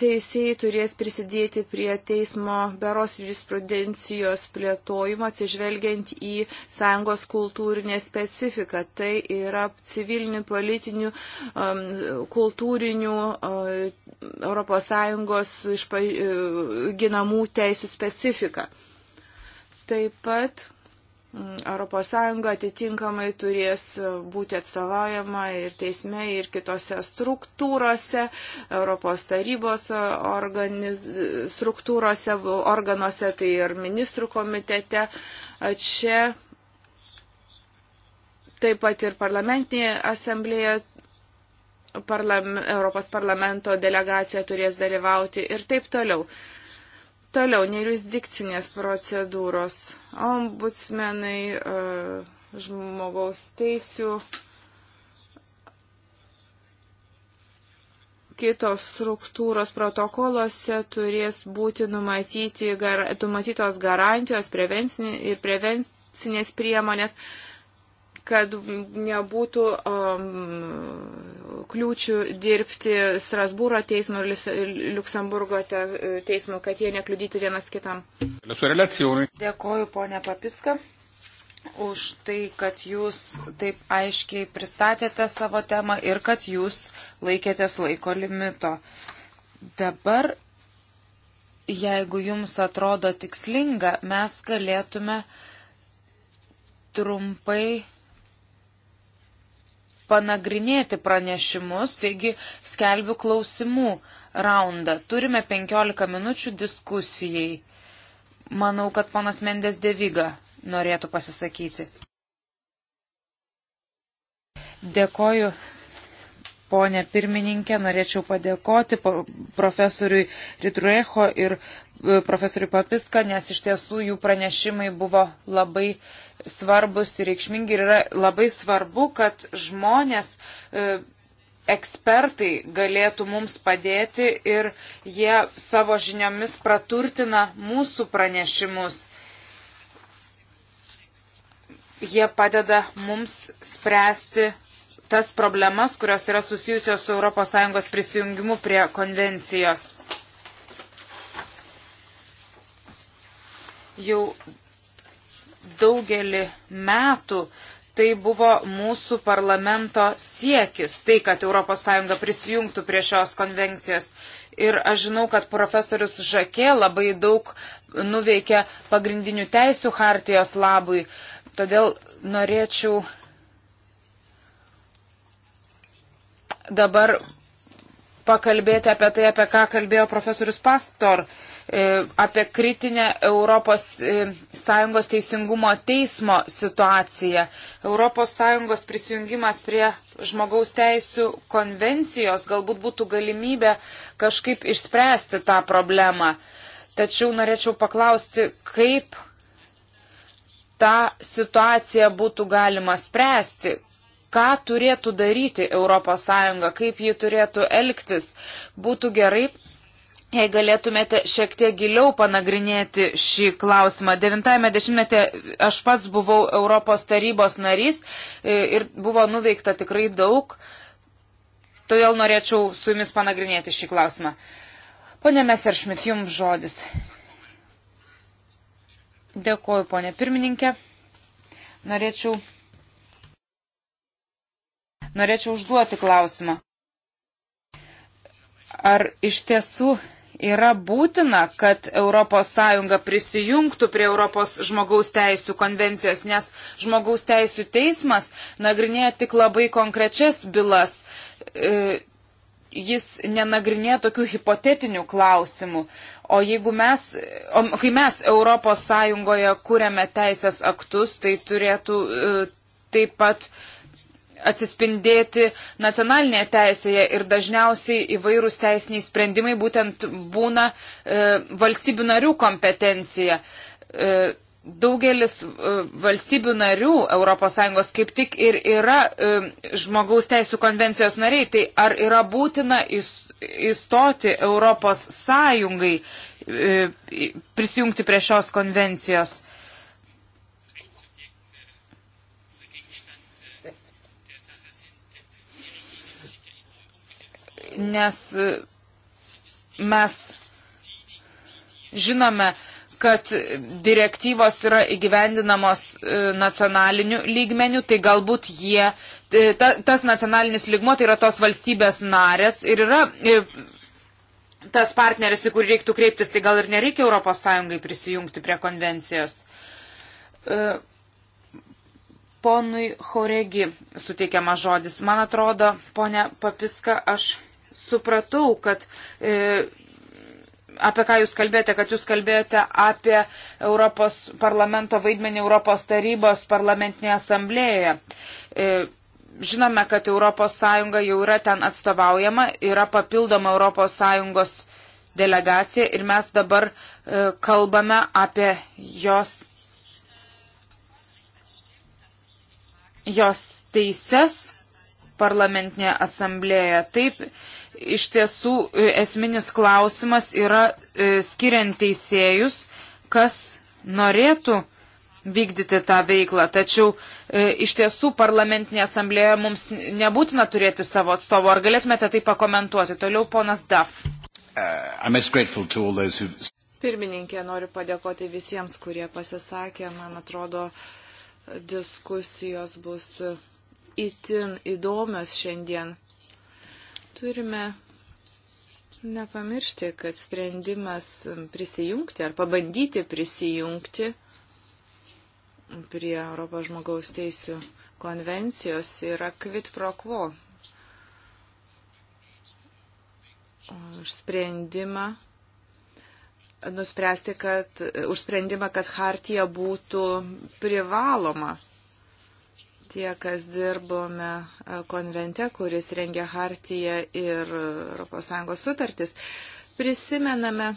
Speaker 4: teisėjai turės prisidėti prie teismo beros jurisprudencijos plėtojimo, atsižvelgiant į sąjungos kultūrinę specifiką. Tai yra civilinių, politinių, um, kultūrinių um, uh, ES išpa, ginamų teisų specifika. Taip pat ES atitinkamai turės būti atstovaujama ir teisme, ir kitose struktūrose, Europos tarybos organiz... struktūrose, organuose, tai ir ministrų komitete. Čia taip pat ir parlamentinėje asamblėje parlam, Europos parlamento delegacija turės dalyvauti ir taip toliau. Toliau, nejurisdikcinės procedūros. Ombudsmenai, e, žmogaus teisių, kitos struktūros protokoluose turės būti numatyti, gar, numatytos garantijos prevencinė, ir prevencinės priemonės. Uh, kad nebūtų um, kliūčių dirbti Strasbūro teismo ir Luksemburgo teismo, kad jie nekliudytų vienas kitam.
Speaker 1: Dėkoju,
Speaker 4: ponė Papiska,
Speaker 2: už tai, kad jūs taip aiškiai pristatėte savo temą ir kad jūs laikėtės laiko limito. Dabar, jeigu jums atrodo tikslinga, mes galėtume trumpai panagrinėti pranešimus, taigi skelbiu klausimų raundą. Turime 15 minučių diskusijai. Manau, kad ponas Mendes Deviga norėtų pasisakyti. Dėkoju, ponė pirmininkė, norėčiau padėkoti profesoriui Ritruecho ir e, profesoriui Papiska, nes iš tiesų jų pranešimai buvo labai svarbus ir reikšmingi ir yra labai svarbu, kad žmonės e, ekspertai galėtų mums padėti ir jie savo žiniomis praturtina mūsų pranešimus. Jie padeda mums spręsti tas problemas, kurios yra susijusios su ES prisijungimu prie konvencijos. Jau daugelį metų tai buvo mūsų parlamento siekis, tai, kad ES prisijungtų prie šios konvencijos. Ir aš žinau, kad profesorius Žakė labai daug nuveikė pagrindinių teisų hartijos labui. Todėl norėčiau dabar pakalbėti apie tai, apie ką kalbėjo profesorius Pastor. Uh, E, apie kritinę Europos e, Sąjungos teisingumo teismo situaciją. Europos Sąjungos prisijungimas prie žmogaus teisų konvencijos galbūt būtų galimybė kažkaip išspręsti tą problemą. Tačiau norėčiau paklausti, kaip tą situaciją būtų galima spręsti, ką turėtų daryti ES, kaip ji turėtų elgtis. Būtų gerai, Jei galėtumėte šiek tiek giliau panagrinėti šį klausimą. Devintame dešimtmetė aš pats buvau Europos tarybos narys e, ir buvo nuveikta tikrai daug. Todėl norėčiau su jumis panagrinėti šį klausimą. Pone Meseršmit, jums žodis. Dėkuoju, ponė pirmininkė. Norėčiau, norėčiau užduoti klausimą. Ar iš tiesų yra būtina, kad ES prisijungtų prie Europos žmogaus teisų konvencijos, nes žmogaus teisų teismas nagrinėja tik labai konkrečias bylas. E, jis nenagrinėja tokių hipotetinių klausimų. O jeigu mes, o kai mes ES kūrėme teisės aktus, tai turėtų e, taip pat atsispindėti nacionalinėje teisėje ir dažniausiai įvairūs teisiniai sprendimai būtent būna e, valstybių narių kompetencija. E, Daugelis e, valstybių narių ES kaip tik ir yra e, žmogaus teisų konvencijos nariai, tai ar yra būtina įstoti ES e, prisijungti prie šios konvencijos? nes e, mes žinome, kad direktyvos yra įgyvendinamos e, nacionaliniu lygmeniu, tai galbūt jie, e, ta, tas nacionalinis lygmo, tai yra tos valstybės narės ir yra tas partneris, į kurį reiktų kreiptis, tai gal ir nereikia ES prisijungti prie konvencijos. Ponui Horegi suteikiama žodis. Man atrodo, ponia Papiska, aš supratau, kad e, apie ką jūs kalbėjote, kad jūs kalbėjote apie Europos parlamento vaidmenį Europos tarybos parlamentinėje asamblėje. E, žinome, kad ES jau yra ten atstovaujama, yra papildoma ES delegacija ir mes dabar e, kalbame apie jos, jos teises parlamentinėje asamblėje. Taip, iš tiesų e, esminis klausimas yra e, skiriant teisėjus, kas norėtų vykdyti tą veiklą. Tačiau e, iš tiesų parlamentinė asamblėje mums nebūtina turėti savo atstovų. Ar galėtumėte tai pakomentuoti? Toliau ponas Daf.
Speaker 1: Uh, who...
Speaker 4: Pirmininkė, noriu padėkoti visiems, kurie pasisakė. Man atrodo, diskusijos bus itin įdomios šiandien. Turime nepamiršti, kad sprendimas prisijungti ar pabandyti prisijungti prie Europos žmogaus teisų konvencijos yra quid pro quo. Už sprendimą nuspręsti, kad už sprendimą, kad hartija būtų privaloma tie, kas dirbome e, konvente, kuris rengia Hartiją ir ES sutartis, prisimename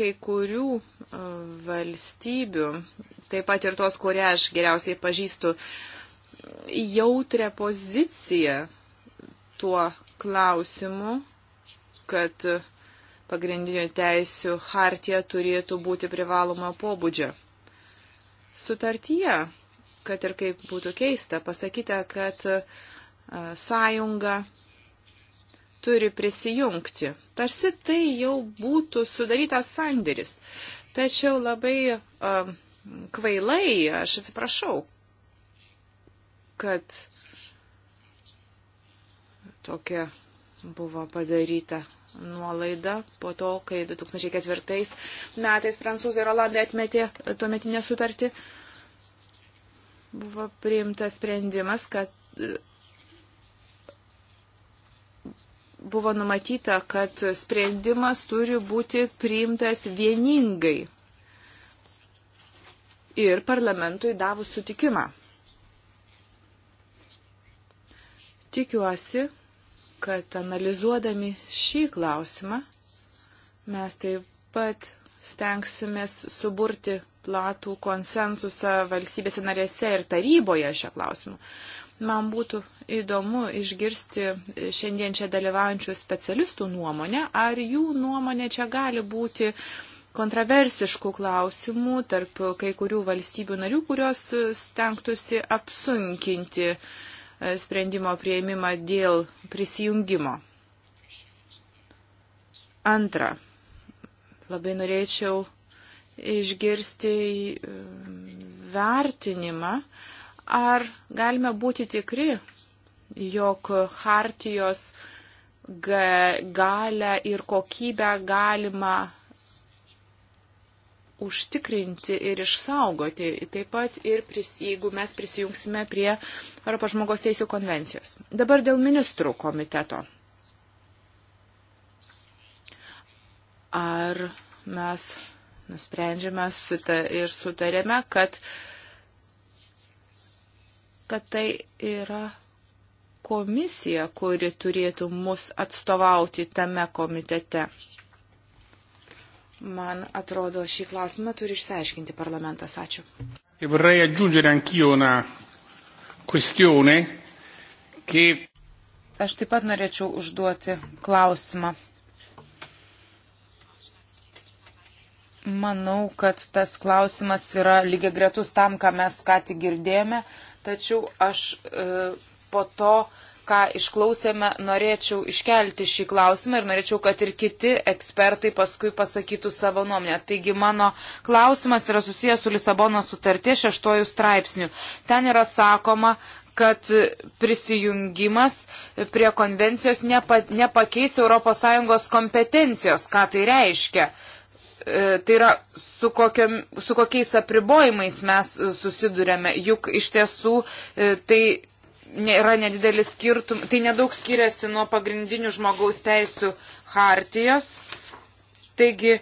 Speaker 4: kai kurių e, valstybių, taip pat ir tos, kurie aš geriausiai pažįstu, jautrę poziciją tuo klausimu, kad pagrindinių teisių Hartija turėtų būti privaloma pobūdžio. Sutartyje kad ir kaip būtų keista, pasakyta, kad e, sąjunga turi prisijungti. Tarsi tai jau būtų sudarytas sandėris. Tačiau labai uh, kvailai, aš atsiprašau, kad tokia buvo padaryta nuolaida po to, kai 2004 metais prancūzai ir olandai atmetė tuometinę sutartį. Uh, buvo priimtas sprendimas, kad e, buvo numatyta, kad sprendimas turi būti priimtas vieningai ir parlamentui davus sutikimą. Tikiuosi, kad analizuodami šį klausimą mes taip pat stengsimės suburti platų konsensusą valstybėse narėse ir taryboje šio klausimu. Man būtų įdomu išgirsti šiandien čia dalyvaujančių specialistų nuomonę, ar jų nuomonė čia gali būti kontroversiškų klausimų tarp kai kurių valstybių narių, kurios stengtųsi apsunkinti e, sprendimo prieimimą dėl prisijungimo. Antra Labai norėčiau išgirsti e, vertinimą, ar galime būti tikri, jog hartijos galę ir kokybę galima užtikrinti ir išsaugoti, taip pat ir pris, jeigu mes prisijungsime prie Europos žmogaus teisų konvencijos. Dabar dėl ministrų komiteto. ar mes nusprendžiame suta ir sutarėme, kad, kad tai yra komisija, kuri turėtų mus atstovauti tame komitete. Man atrodo, šį klausimą turi išsiaiškinti parlamentas. Ačiū.
Speaker 1: Vorrei aggiungere anch'io una questione che.
Speaker 4: Aš taip pat
Speaker 2: norėčiau užduoti klausimą. Manau, kad tas klausimas yra lygiai gretus tam, ką mes ką tik girdėjome, tačiau aš e, po to, ką išklausėme, norėčiau iškelti šį klausimą ir norėčiau, kad ir kiti ekspertai paskui pasakytų savo nuomonę. Taigi mano klausimas yra susijęs su Lisabono sutartė šeštojų straipsnių. Ten yra sakoma, kad prisijungimas prie konvencijos nepa, nepakeis ES kompetencijos. Ką tai reiškia? E, tai yra, su, kokiam, su kokiais apribojimais mes e, susidurėme, juk iš tiesų e, tai yra nedidelis skirtumas, tai nedaug skiriasi nuo pagrindinių žmogaus teisų hartijos. Taigi,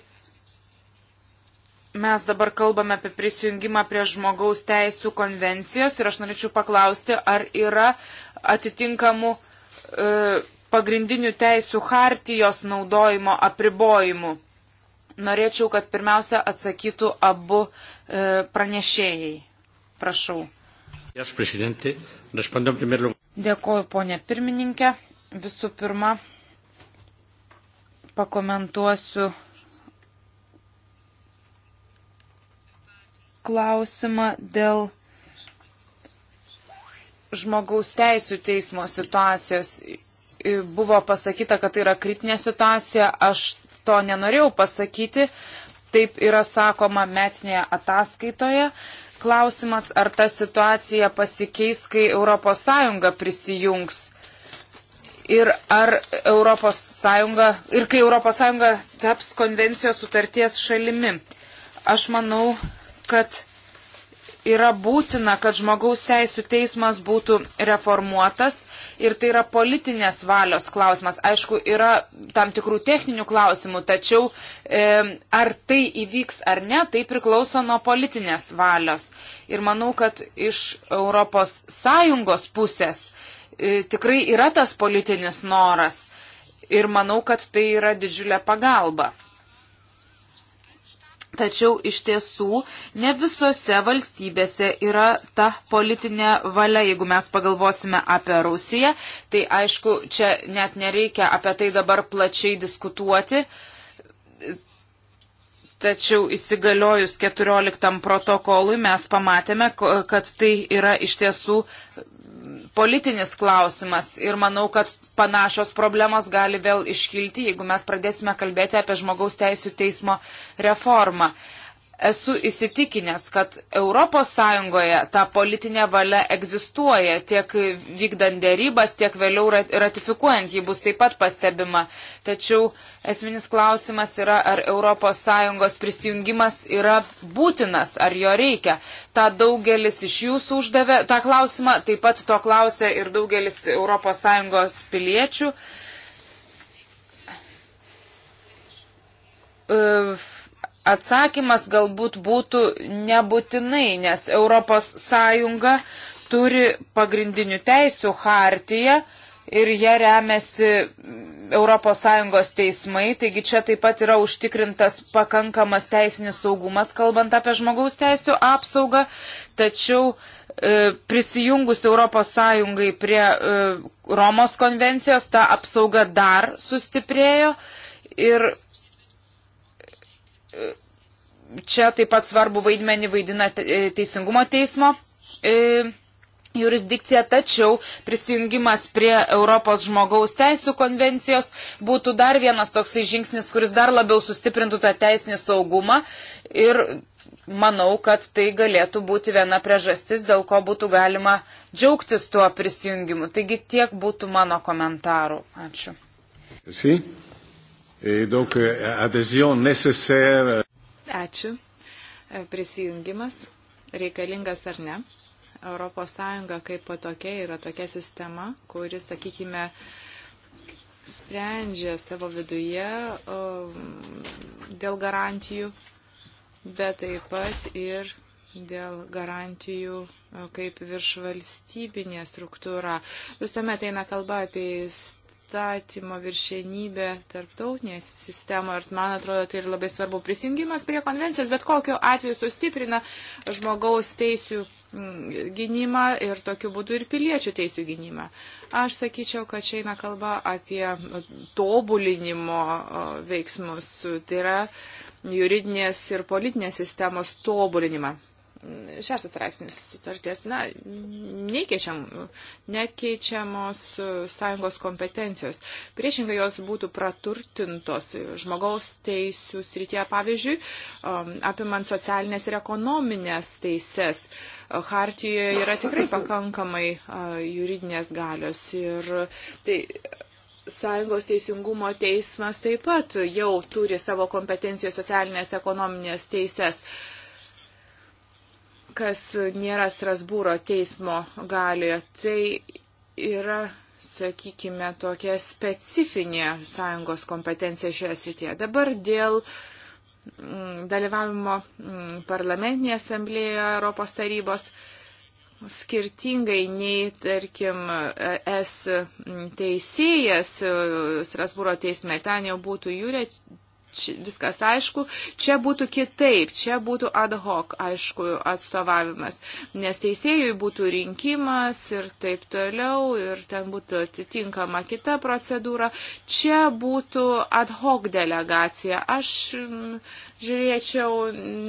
Speaker 2: mes dabar kalbame apie prisijungimą prie žmogaus teisų konvencijos ir aš norėčiau paklausti, ar yra atitinkamų e, pagrindinių teisų hartijos naudojimo apribojimų norėčiau, kad pirmiausia atsakytų abu e, pranešėjai. Prašau. Dėkoju, ponė pirmininkė. Visų pirma, pakomentuosiu klausimą dėl žmogaus teisų teismo situacijos. Buvo pasakyta, kad tai yra kritinė situacija. Aš to nenorėjau pasakyti. Taip yra sakoma metinėje ataskaitoje. Klausimas, ar ta situacija pasikeis, kai ES prisijungs ir ar Europos Sąjunga, ir kai Europos Sąjunga taps konvencijos sutarties šalimi. Aš manau, kad yra būtina, kad žmogaus teisų teismas būtų reformuotas ir tai yra politinės valios klausimas. Aišku, yra tam tikrų techninių klausimų, tačiau e, ar tai įvyks ar ne, tai priklauso nuo politinės valios. Ir manau, kad iš ES pusės e, tikrai yra tas politinis noras ir manau, kad tai yra didžiulė pagalba. Tačiau iš tiesų ne visose valstybėse yra ta politinė valia. Jeigu mes pagalvosime apie Rusiją, tai aišku, čia net nereikia apie tai dabar plačiai diskutuoti Tačiau įsigaliojus 14 protokolui mes pamatėme, kad tai yra iš tiesų politinis klausimas ir manau, kad panašios problemos gali vėl iškilti, jeigu mes pradėsime kalbėti apie žmogaus teisų teismo reformą. Uh, esu įsitikinęs, kad ES ta politinė valia egzistuoja tiek vykdant dėrybas, tiek vėliau ratifikuojant, ji bus taip pat pastebima. Tačiau esminis klausimas yra, ar ES prisijungimas yra būtinas, ar jo reikia. Ta daugelis iš jūsų uždavė tą klausimą, taip pat to klausė ir daugelis ES piliečių. Uh, Atsakymas galbūt būtų nebūtinai, nes ES turi pagrindinių teisių hartiją ir jie remiasi ES teismai, taigi čia taip pat yra užtikrintas pakankamas teisinis saugumas, kalbant apie žmogaus teisų apsaugą, tačiau e, prisijungus ES prie e, Romos konvencijos ta apsauga dar sustiprėjo ir čia taip pat svarbu vaidmenį vaidina e, Teisingumo teismo e, jurisdikcija, tačiau prisijungimas prie Europos žmogaus teisų konvencijos būtų dar vienas toksai žingsnis, kuris dar labiau sustiprintų tą teisinį saugumą ir manau, kad tai galėtų būti viena priežastis, dėl ko būtų galima džiaugtis tuo prisijungimu. Taigi tiek būtų mano komentarų.
Speaker 4: Ačiū.
Speaker 1: Si. Et donc, euh, adhésion nécessaire. Euh.
Speaker 4: Ačiū. E, prisijungimas, reikalingas ar ne. ES kaip po tokia yra tokia sistema, kuri, sakykime, sprendžia savo viduje dėl garantijų, bet taip pat ir dėl garantijų kaip viršvalstybinė struktūra. Visuomet eina kalba apie įstatymą įstatymo viršienybė tarptautinėje sistemoje. Ir man atrodo, tai ir labai svarbu prisijungimas prie konvencijos, bet kokiu atveju sustiprina žmogaus teisų mm, gynimą ir tokiu būdu ir piliečių teisų gynimą. Aš sakyčiau, kad čia eina kalba apie tobulinimo veiksmus, tai yra juridinės ir politinės sistemos tobulinimą šeštas straipsnis sutarties, na, nekeičiam, nekeičiamos e, sąjungos kompetencijos. Priešingai jos būtų praturtintos žmogaus teisų srityje, pavyzdžiui, um, apimant socialinės ir ekonominės teises. Hartijoje yra tikrai pakankamai e, juridinės galios ir tai Sąjungos teisingumo teismas taip pat jau turi savo kompetencijos socialinės ekonominės teises. Uh, kas nėra Strasbūro teismo galioje, tai yra, sakykime, tokia specifinė sąjungos kompetencija šioje srityje. Dabar dėl mm, dalyvavimo mm, parlamentinėje asamblėje Europos tarybos skirtingai nei, tarkim, es teisėjas mm, Strasbūro teisme, ten jau būtų jūrė čia, viskas aišku, čia būtų kitaip, čia būtų ad hoc, aišku, atstovavimas, nes teisėjui būtų rinkimas ir taip toliau, ir ten būtų atitinkama kita procedūra, čia būtų ad hoc delegacija. Aš mm, žiūrėčiau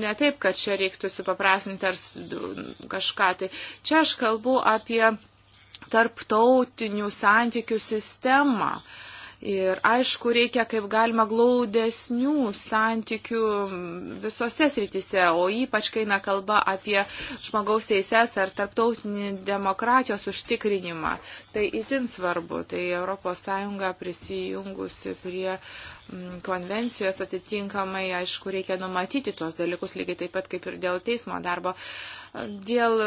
Speaker 4: ne taip, kad čia reiktų supaprasinti ar kažką, tai čia aš kalbu apie tarptautinių santykių sistemą. Uh, Ir aišku, reikia kaip galima glaudesnių santykių visose srityse, o ypač kai eina kalba apie žmogaus teises ar tarptautinį demokratijos užtikrinimą. Tai itin svarbu. Tai ES prisijungusi prie mm, konvencijos atitinkamai, aišku, reikia numatyti tuos dalykus lygiai taip pat kaip ir dėl teismo darbo. Dėl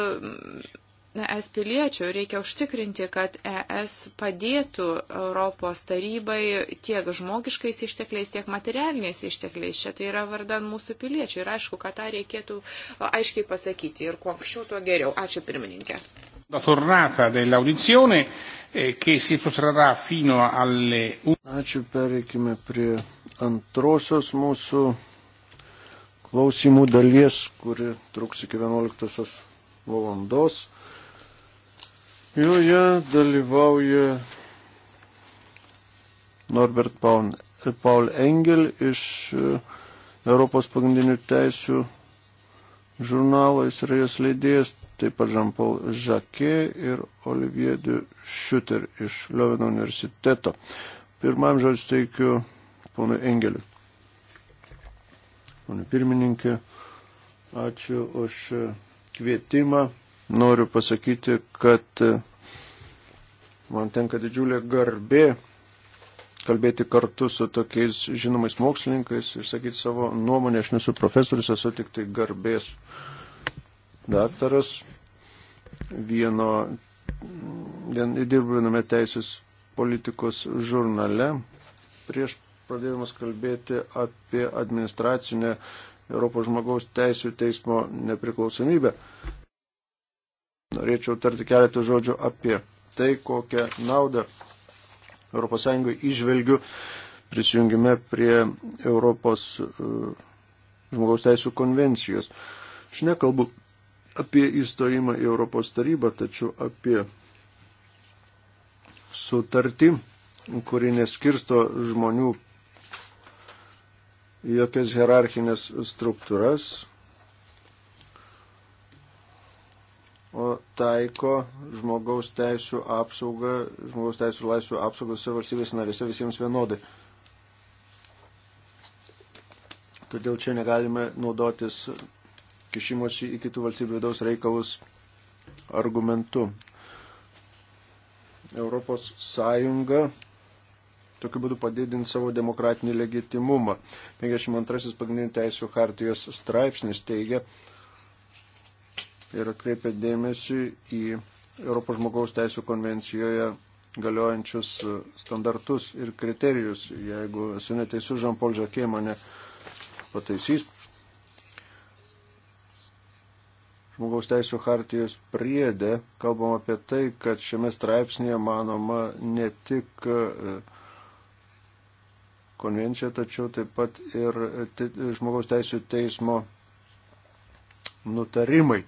Speaker 4: ES piliečių, reikia užtikrinti, kad ES padėtų Europos tarybai tiek žmogiškais ištekliais, tiek materialiniais ištekliais. Šia tai yra vardan mūsų piliečių ir aišku, kad tą reikėtų aiškiai pasakyti ir kuo anksčiau, tuo geriau. Ačiū pirmininkė.
Speaker 1: Eh,
Speaker 3: Ačiū, pereikime prie antrosios mūsų klausimų dalies, kuri truks iki 11 valandos. Joje dalyvauja Norbert Paul Engel iš e, Europos pagrindinių teisių žurnalo, jis yra jos leidėjas, taip pat Jean-Paul Jacquet ir Olivier de Schutter iš Liovino universiteto. Pirmam žodžiu teikiu ponui Engeliu. Pone pirmininkė, ačiū už kvietimą noriu pasakyti, kad e, man tenka didžiulė garbė kalbėti kartu su tokiais žinomais mokslininkais ir sakyti savo nuomonę. Aš nesu profesorius, esu tik tai garbės daktaras. Vieno, vien, dirbu viename teisės politikos žurnale. Prieš pradėdamas kalbėti apie administracinę Europos žmogaus teisų teismo nepriklausomybę norėčiau tarti keletą žodžių apie tai, kokią naudą ES išvelgiu prisijungime prie Europos e, žmogaus teisų konvencijos. Aš nekalbu apie įstojimą į Europos tarybą, tačiau apie sutartį, kuri neskirsto žmonių jokias hierarchinės struktūras, taiko žmogaus teisų apsaugą, žmogaus teisų ir laisvių apsaugą visose valstybės narėse visiems vienodai. Todėl čia negalime naudotis kišimosi į kitų valstybių vidaus reikalus argumentu. Europos Sąjunga tokiu būdu padidinti savo demokratinį legitimumą. 52 pagrindinių teisų hartijos straipsnis teigia, tai ir atkreipia dėmesį į Europos žmogaus teisų konvencijoje galiojančius e, standartus ir kriterijus. Jeigu esu neteisus, Žampol Žakė mane pataisys. Žmogaus teisų hartijos priedė kalbam apie tai, kad šiame straipsnėje manoma ne tik e, konvencija, tačiau taip pat ir žmogaus teisų teismo nutarimai.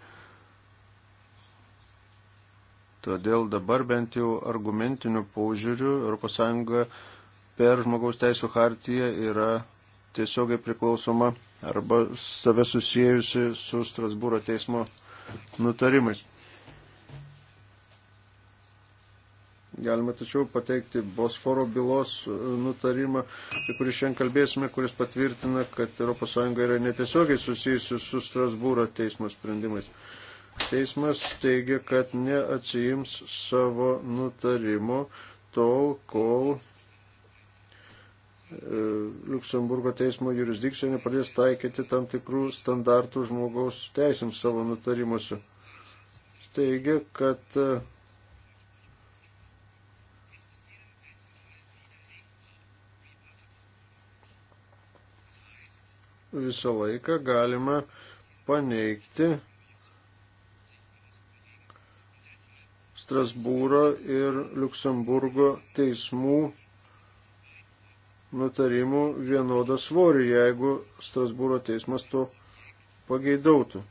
Speaker 3: Todėl dabar bent jau argumentiniu paužiūriu ES per žmogaus teisų hartiją yra tiesiogiai priklausoma arba save susijusi su Strasbūro teismo nutarimais. Galima tačiau pateikti Bosforo bylos nutarimą, apie kurį šiandien kalbėsime, kuris patvirtina, kad ES yra netiesiogiai susijusi su Strasbūro teismo sprendimais. Teismas teigia, kad neatsijims savo nutarimo tol, kol e, Luksemburgo teismo jurisdikcija nepradės taikyti tam tikrų standartų žmogaus teisėms savo nutarimuose. Teigia, kad e, visą laiką galima paneigti Strasbūro ir Luksemburgo teismų nutarimų vienodą svorį, jeigu Strasbūro teismas to pageidautų.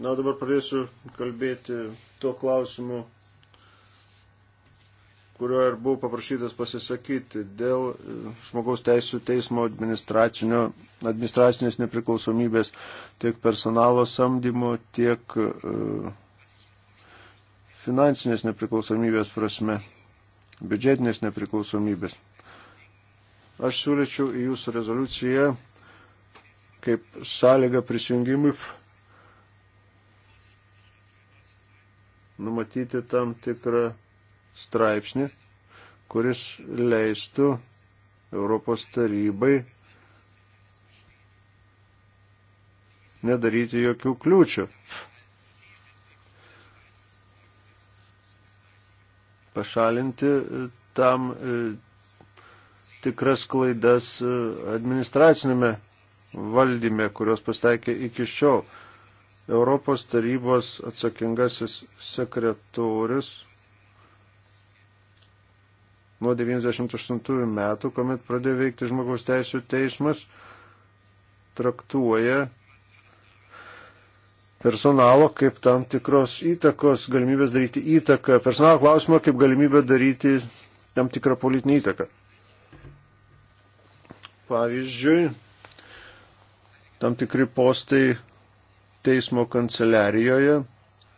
Speaker 3: Na, dabar pradėsiu kalbėti tuo klausimu kurio ir buvau paprašytas pasisakyti dėl e, žmogaus teisų teismo administracinės nepriklausomybės tiek personalo samdymo, tiek e, finansinės nepriklausomybės prasme, biudžetinės nepriklausomybės. Aš siūlyčiau į jūsų rezoliuciją kaip sąlygą prisijungimui numatyti tam tikrą straipsnį, kuris leistų Europos tarybai nedaryti jokių kliūčių. Pašalinti e, tam e, tikras klaidas e, administracinėme valdyme, kurios pasteikė iki šiol. Europos tarybos atsakingasis sekretorius nuo 98 metų, kuomet pradėjo veikti žmogaus teisų teismas, traktuoja personalo kaip tam tikros įtakos, galimybės daryti įtaką, personalo klausimą kaip galimybę daryti tam tikrą politinį įtaką. Pavyzdžiui, tam tikri postai teismo kanceliarijoje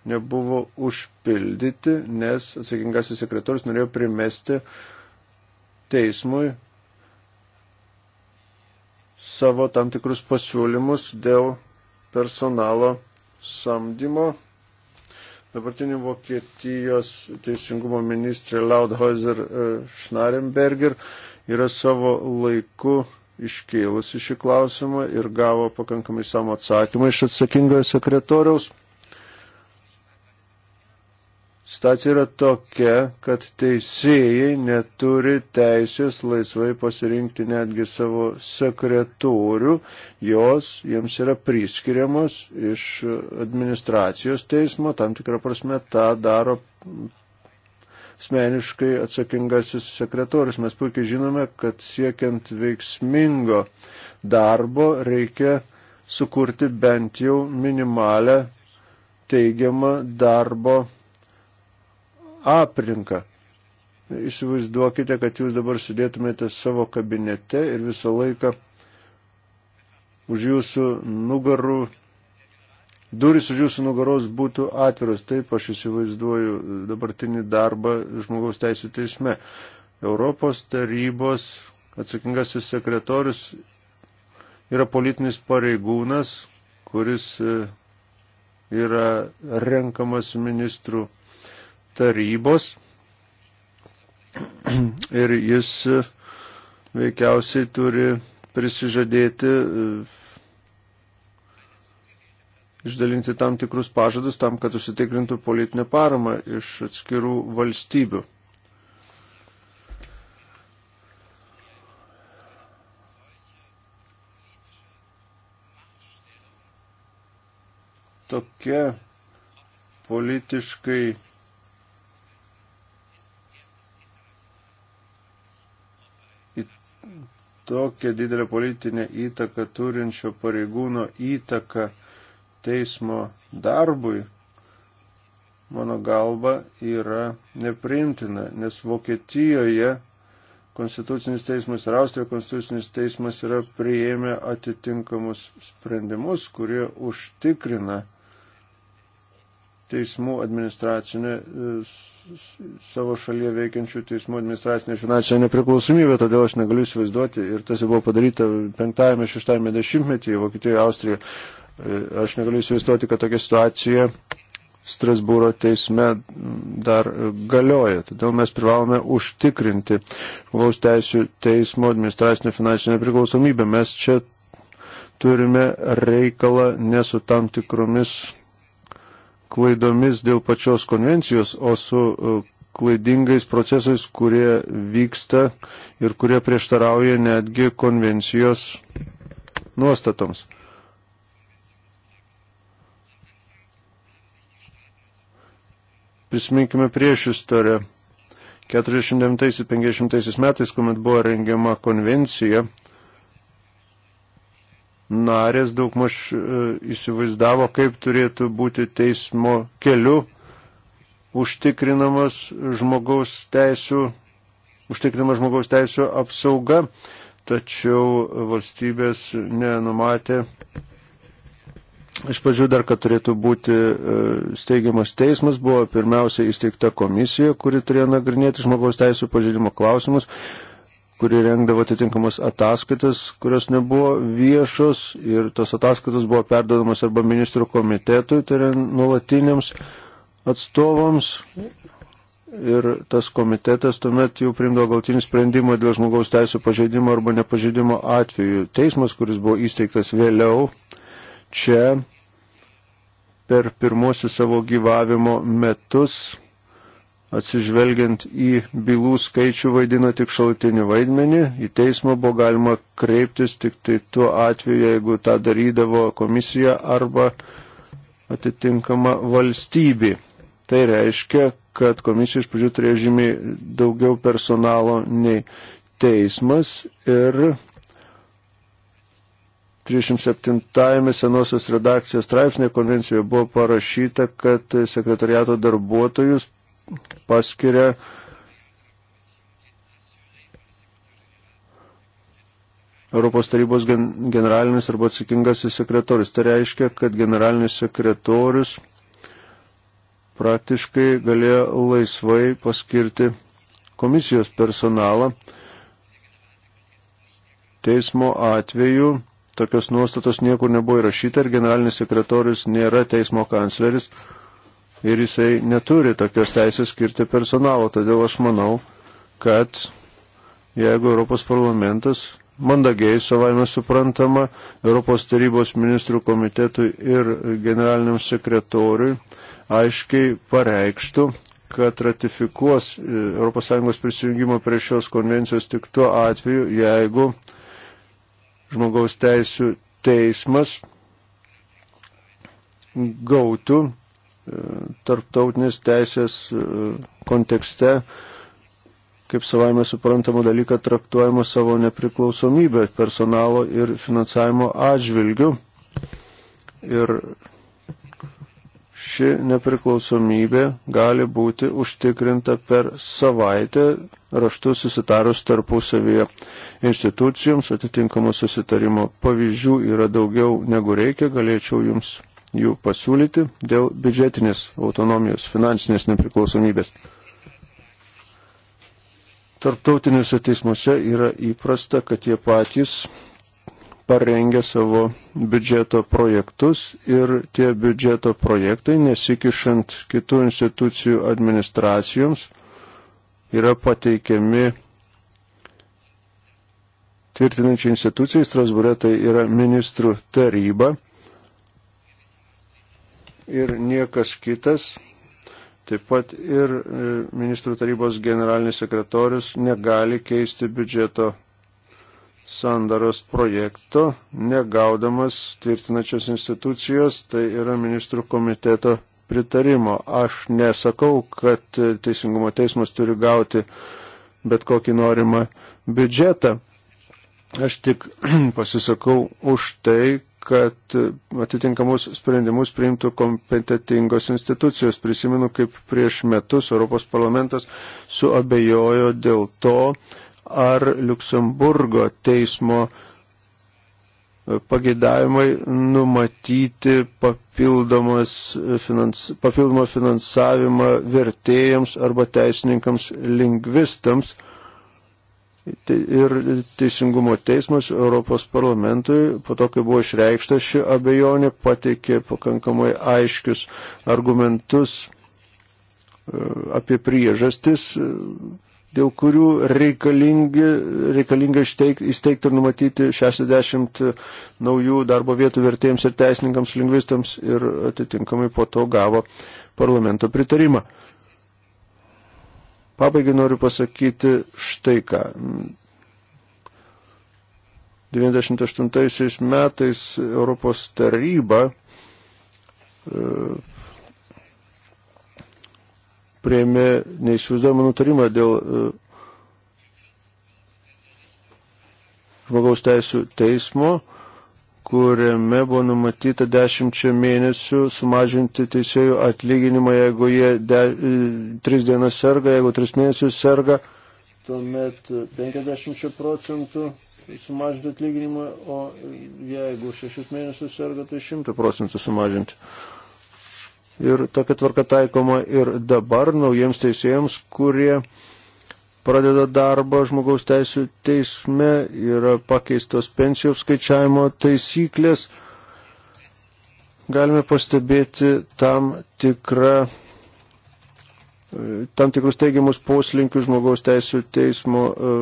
Speaker 3: nebuvo užpildyti, nes atsakingasis sekretorius norėjo primesti teismui savo tam tikrus pasiūlymus dėl personalo samdymo. Dabartinė Vokietijos teisingumo ministrė Laudhäuser e, Schnarrenberger yra savo laiku iškėlusi šį klausimą ir gavo pakankamai samo atsakymą iš atsakingojo sekretoriaus. Stacija yra tokia, kad teisėjai neturi teisės laisvai pasirinkti netgi savo sekretorių, jos jiems yra priskiriamos iš administracijos teismo, tam tikrą prasme tą daro asmeniškai atsakingasis sekretorius. Mes puikiai žinome, kad siekiant veiksmingo darbo reikia sukurti bent jau minimalę teigiamą darbo aplinką. Įsivaizduokite, kad jūs dabar sėdėtumėte savo kabinete ir visą laiką už jūsų nugarų, duris už jūsų nugaros būtų atviros. Taip aš įsivaizduoju dabartinį darbą žmogaus teisų teisme. Europos tarybos atsakingasis sekretorius yra politinis pareigūnas, kuris e, yra renkamas ministrų tarybos ir jis e, veikiausiai turi prisižadėti e, išdalinti tam tikrus pažadus tam, kad užsitikrintų politinę paramą iš atskirų valstybių. Tokia politiškai tokia didelė politinė įtaka turinčio pareigūno įtaka teismo darbui, mano galva, yra nepriimtina, nes Vokietijoje Konstitucinis teismas ir Austrija Konstitucinis teismas yra prieėmę atitinkamus sprendimus, kurie užtikrina teismų administracinė, e, savo šalyje veikiančių teismų administracinė finansinė nepriklausomybė, todėl aš negaliu įsivaizduoti ir tas jau buvo padaryta penktajame, šeštajame dešimtmetyje Vokietijoje, Austrijoje. E, aš negaliu įsivaizduoti, kad tokia situacija Strasbūro teisme dar galioja. Todėl mes privalome užtikrinti žmogaus teisų teismo administracinę finansinę priklausomybę. Mes čia turime reikalą ne su tam tikromis klaidomis dėl pačios konvencijos, o su e, klaidingais procesais, kurie vyksta ir kurie prieštarauja netgi konvencijos nuostatoms. Prisiminkime prieš istoriją. 49-50 metais, kuomet buvo rengiama konvencija, narės daugmaž e, įsivaizdavo, kaip turėtų būti teismo keliu užtikrinamas žmogaus teisų, užtikrinama žmogaus teisų apsauga, tačiau valstybės nenumatė Iš pradžių dar, kad turėtų būti e, steigiamas teismas, buvo pirmiausia įsteigta komisija, kuri turėjo nagrinėti žmogaus teisų pažeidimo klausimus, kuri rengdavo atitinkamas ataskaitas, kurios nebuvo viešos ir tos ataskaitos buvo perdodamas arba ministrų komitetui, tai yra nuolatiniams atstovams. Ir tas komitetas tuomet jau primdavo galtinį sprendimą dėl žmogaus teisų pažeidimo arba nepažeidimo atveju. Teismas, kuris buvo įsteigtas vėliau, čia per pirmosius savo gyvavimo metus atsižvelgiant į bylų skaičių vaidina tik šaltinį vaidmenį. Į teismą buvo galima kreiptis tik tai tuo atveju, jeigu tą darydavo komisija arba atitinkama valstybė. Tai reiškia, kad komisija iš pradžių turėjo žymiai daugiau personalo nei teismas ir 307 senosios redakcijos straipsnėje konvencijoje buvo parašyta, kad sekretariato darbuotojus paskiria Europos tarybos generalinis arba atsakingasis sekretorius. Tai reiškia, kad generalinis sekretorius praktiškai galėjo laisvai paskirti komisijos personalą. Teismo atveju tokios nuostatos niekur nebuvo įrašyta ir generalinis sekretorius nėra teismo kancleris ir jisai neturi tokios teisės skirti personalo. Todėl aš manau, kad jeigu Europos parlamentas mandagiai savaime suprantama Europos tarybos ministrų komitetui ir generaliniam sekretoriui aiškiai pareikštų, kad ratifikuos e, ES prisijungimo prie šios konvencijos tik tuo atveju, jeigu žmogaus teisų teismas gautų tarptautinės teisės e, kontekste kaip savaime suprantamą dalyką traktuojama savo nepriklausomybę personalo ir finansavimo atžvilgių. Ir ši nepriklausomybė gali būti užtikrinta per savaitę raštų susitarus tarpusavyje institucijoms, atitinkamo susitarimo pavyzdžių yra daugiau negu reikia, galėčiau jums jų pasiūlyti dėl biudžetinės autonomijos, finansinės nepriklausomybės. Tarptautiniuose teismuose yra įprasta, kad jie patys parengia savo biudžeto projektus ir tie biudžeto projektai, nesikišant kitų institucijų administracijoms, yra pateikiami tvirtinančiai institucijai, Strasbūrė tai yra ministrų taryba ir niekas kitas, taip pat ir e, ministrų tarybos generalinis sekretorius negali keisti biudžeto sandaros projekto, negaudamas tvirtinačios institucijos, tai yra ministrų komiteto pritarimo. Aš nesakau, kad Teisingumo teismas turi gauti bet kokį norimą biudžetą. Aš tik *clears throat* pasisakau už tai, kad atitinkamus sprendimus priimtų kompetitingos institucijos. Prisimenu, kaip prieš metus Europos parlamentas suabejojo dėl to, ar Luksemburgo teismo pagėdavimai numatyti finans, papildomą finansavimą vertėjams arba teisininkams lingvistams ir Teisingumo teismas Europos parlamentui, po to, kai buvo išreikšta ši abejonė, pateikė pakankamai aiškius argumentus e, apie priežastis, e, dėl kurių reikalinga įsteigti ir numatyti 60 naujų darbo vietų vertėjams ir teisininkams, lingvistams ir atitinkamai po to gavo parlamento pritarimą. Pabaigai noriu pasakyti štai ką. 98 metais Europos taryba e, prieimė neįsivaizduojamą nutarimą dėl e, žmogaus teisų teismo kuriame buvo numatyta dešimčia mėnesių sumažinti teisėjų atlyginimą, jeigu jie de, e, tris dienas serga, jeigu tris mėnesius serga, tuomet 50 procentų sumažinti atlyginimą, o jeigu šešis mėnesius serga, tai 100 procentų sumažinti. Ir tokia tvarka taikoma ir dabar naujiems teisėjams, kurie pradeda darbą žmogaus teisų teisme, yra pakeistos pensijų apskaičiavimo taisyklės. Galime pastebėti tam, tikrą, e, tam tikrus teigiamus poslinkius žmogaus teisų teismo e,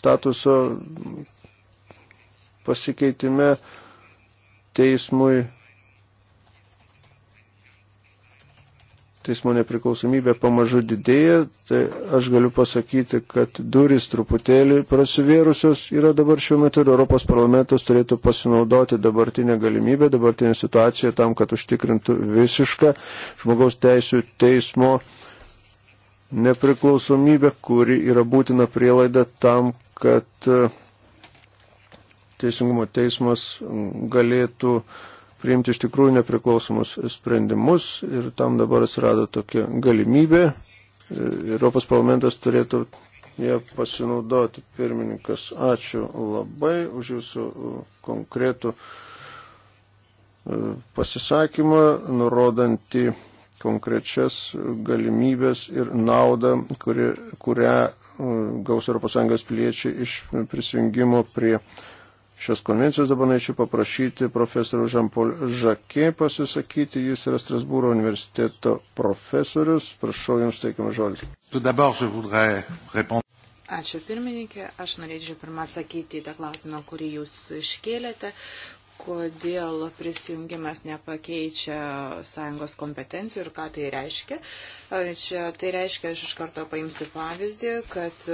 Speaker 3: statuso pasikeitime teismui teismo nepriklausomybė pamažu didėja, tai aš galiu pasakyti, kad durys truputėlį prasivėrusios yra dabar šiuo metu ir Europos parlamentas turėtų pasinaudoti dabartinę galimybę, dabartinę situaciją tam, kad užtikrintų visišką žmogaus teisų teismo nepriklausomybę, kuri yra būtina prielaida tam, kad e, teisingumo teismas galėtų uh, priimti iš tikrųjų nepriklausomus sprendimus ir tam dabar atsirado tokia galimybė. Europos parlamentas turėtų jie pasinaudoti. Pirmininkas, ačiū labai už jūsų uh, konkretų uh, pasisakymą, nurodantį konkrečias galimybės ir naudą, kuri, kurią uh, gaus ES piliečiai iš prisijungimo prie šios konvencijos. Dabar norėčiau paprašyti profesorių Žampol Žakė pasisakyti. Jis yra Strasbūro universiteto profesorius. Prašau Jums teikiamas žodis.
Speaker 4: Ačiū pirmininkė. Aš norėčiau pirmą atsakyti į tą klausimą, kurį Jūs iškėlėte kodėl prisijungimas nepakeičia sąjungos kompetencijų ir ką tai reiškia. Čia tai reiškia, aš iš karto paimsiu pavyzdį, kad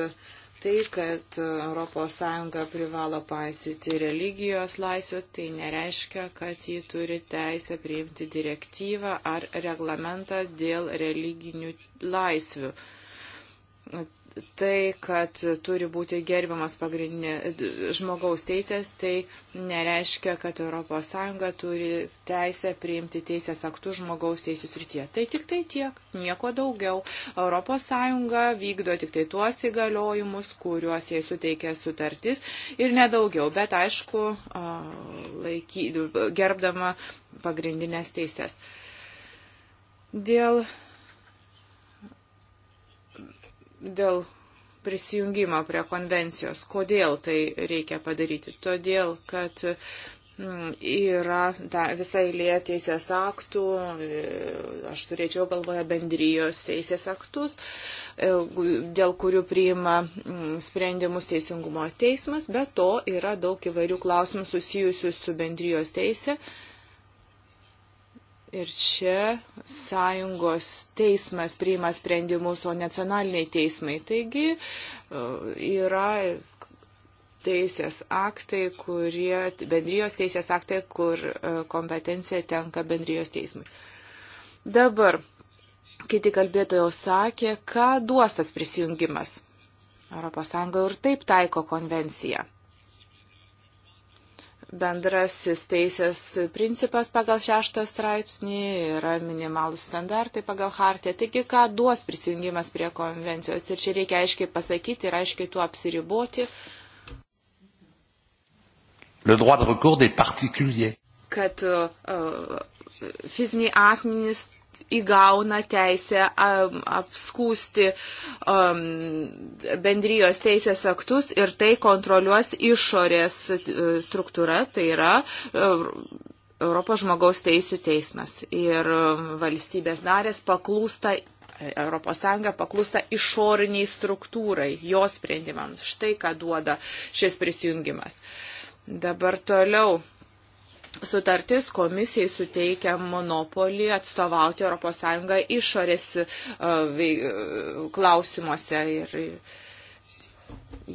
Speaker 4: tai, kad ES privalo paisyti religijos laisvių, tai nereiškia, kad ji turi teisę priimti direktyvą ar reglamentą dėl religinių laisvių tai, kad turi būti gerbiamas pagrindinė žmogaus teisės, tai nereiškia, kad ES turi teisę priimti teisės aktų žmogaus teisų srityje. Tai tik tai tiek, nieko daugiau. ES vykdo tik tai tuos įgaliojimus, kuriuos jai suteikė sutartis ir nedaugiau, bet aišku, laiky, gerbdama pagrindinės teisės. Dėl dėl prisijungimo prie konvencijos. Kodėl tai reikia padaryti? Todėl, kad mm, yra ta visai lė teisės aktų, e, aš turėčiau galvoje bendrijos teisės aktus, e, dėl kurių priima mm, sprendimus teisingumo teismas, bet to yra daug įvairių klausimų susijusių su bendrijos teisė Ir čia sąjungos teismas priima sprendimus, o nacionaliniai teismai. Taigi e, yra teisės aktai, kurie, bendrijos teisės aktai, kur e, kompetencija tenka bendrijos teismui. Dabar, kiti kalbėtojai sakė, ką duos tas prisijungimas. ES ir taip taiko konvenciją bendrasis teisės principas pagal šeštą straipsnį, yra minimalus standartai pagal hartę. Taigi, ką duos prisijungimas prie konvencijos? Ir čia reikia aiškiai pasakyti ir aiškiai tuo apsiriboti. Kad uh, fiziniai asmenys įgauna teisę apskūsti bendrijos teisės aktus ir tai kontroliuos išorės e, struktūra, tai yra e, Europos žmogaus teisų teismas. Ir valstybės narės paklūsta ES paklūsta išoriniai struktūrai, jos sprendimams. Štai ką duoda šis prisijungimas. Dabar toliau sutartis komisijai suteikia monopolį atstovauti ES išorės e, e, klausimuose. Ir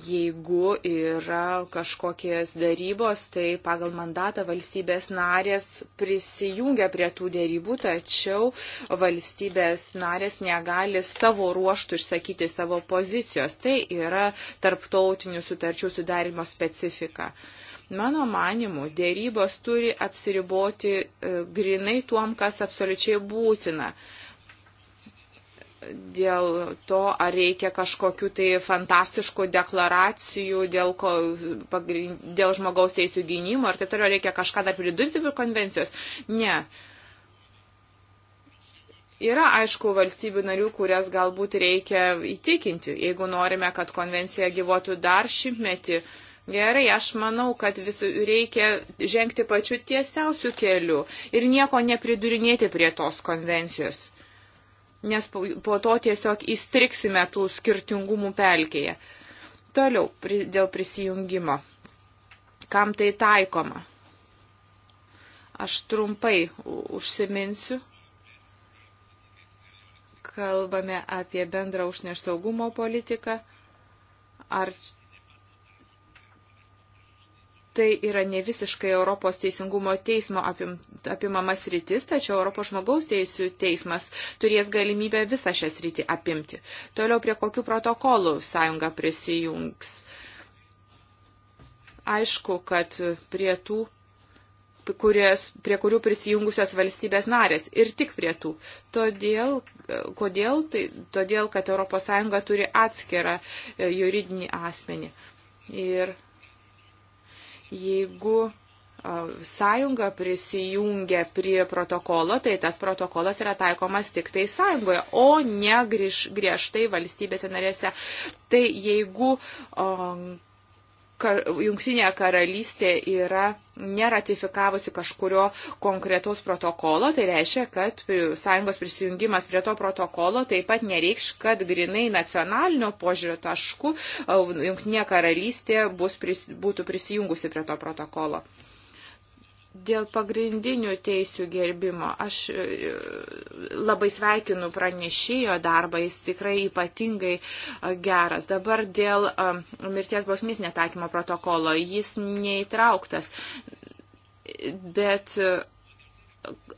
Speaker 4: jeigu yra kažkokies darybos, tai pagal mandatą valstybės narės prisijungia prie tų dėrybų, tačiau valstybės narės negali savo ruoštų išsakyti savo pozicijos. Tai yra tarptautinių sutarčių sudarimo specifika. Uh, Mano manimu, dėrybos turi apsiriboti e, grinai tuom, kas absoliučiai būtina dėl to, ar reikia kažkokių tai fantastiškų deklaracijų dėl, ko, pagrind, dėl žmogaus teisų gynimo ir taip toliau, reikia kažką dar pridurti prie konvencijos. Ne. Yra, aišku, valstybių narių, kurias galbūt reikia įtikinti, jeigu norime, kad konvencija gyvotų dar šimtmetį. Uh, Gerai, aš manau, kad visų reikia žengti pačiu tiesiausių kelių ir nieko nepridurinėti prie tos konvencijos, nes po to tiesiog įstriksime tų skirtingumų pelkėje. Toliau dėl prisijungimo. Kam tai taikoma? Aš trumpai užsiminsiu kalbame apie bendrą užneštaugumo politiką, ar tai yra ne visiškai Europos teisingumo teismo apim, apimamas rytis, tačiau Europos žmogaus teisų teismas turės galimybę visą šią rytį apimti. Toliau prie kokių protokolų sąjunga prisijungs. Aišku, kad prie tų kurias, prie kurių prisijungusios valstybės narės ir tik prie tų. Todėl, kodėl? Tai, todėl, kad ES turi atskirą e, juridinį asmenį. Ir jeigu sąjunga prisijungia prie protokolo, tai tas protokolas yra taikomas tik tai sąjungoje, o ne griežtai valstybėse narėse. Tai jeigu um, kar, Jungtinė karalystė yra neratifikavusi kažkurio konkretaus protokolo, tai reiškia, kad sąjungos prisijungimas prie to protokolo taip pat nereikš, kad grinai nacionalinio požiūrio tašku e, Junktinė karalystė bus, pris, būtų prisijungusi prie to protokolo. Dėl pagrindinių teisių gerbimo aš e, labai sveikinu pranešėjo darbą, jis tikrai ypatingai e, geras. Dabar dėl e, mirties bausmės netaikymo protokolo jis neįtrauktas, bet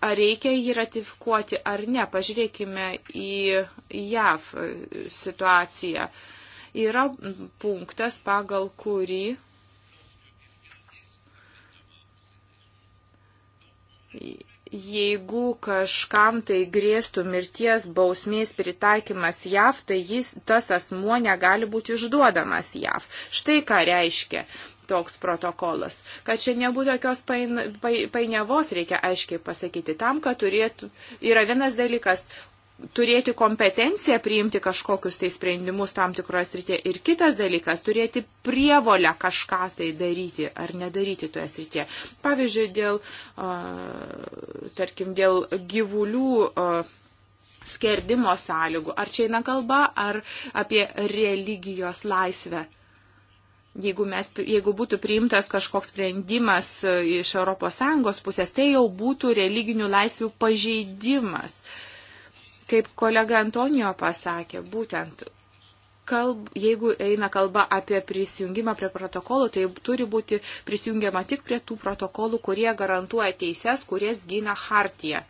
Speaker 4: ar reikia jį ratifikuoti ar ne, pažiūrėkime į JAV situaciją. Yra punktas, pagal kurį jeigu kažkam tai grėstų mirties bausmės pritaikymas JAV, tai jis, tas asmuo negali būti išduodamas JAV. Štai ką reiškia toks protokolas. Kad čia nebūtų jokios pain, painiavos, reikia aiškiai pasakyti. Tam, kad turėtų, yra vienas dalykas, turėti kompetenciją priimti kažkokius tai sprendimus tam tikroje srityje ir kitas dalykas turėti prievolę kažką tai daryti ar nedaryti toje srityje. Pavyzdžiui, dėl, uh, tarkim, dėl gyvulių. Uh, skerdimo sąlygų. Ar čia eina kalba, ar apie religijos laisvę? Jeigu, mes, jeigu būtų priimtas kažkoks sprendimas e, iš ES pusės, tai jau būtų religinių laisvių pažeidimas. Uh, Kaip kolega Antonijo pasakė, būtent kalb, jeigu eina kalba apie prisijungimą prie protokolų, tai turi būti prisijungiama tik prie tų protokolų, kurie garantuoja teises, kurias gina Hartija.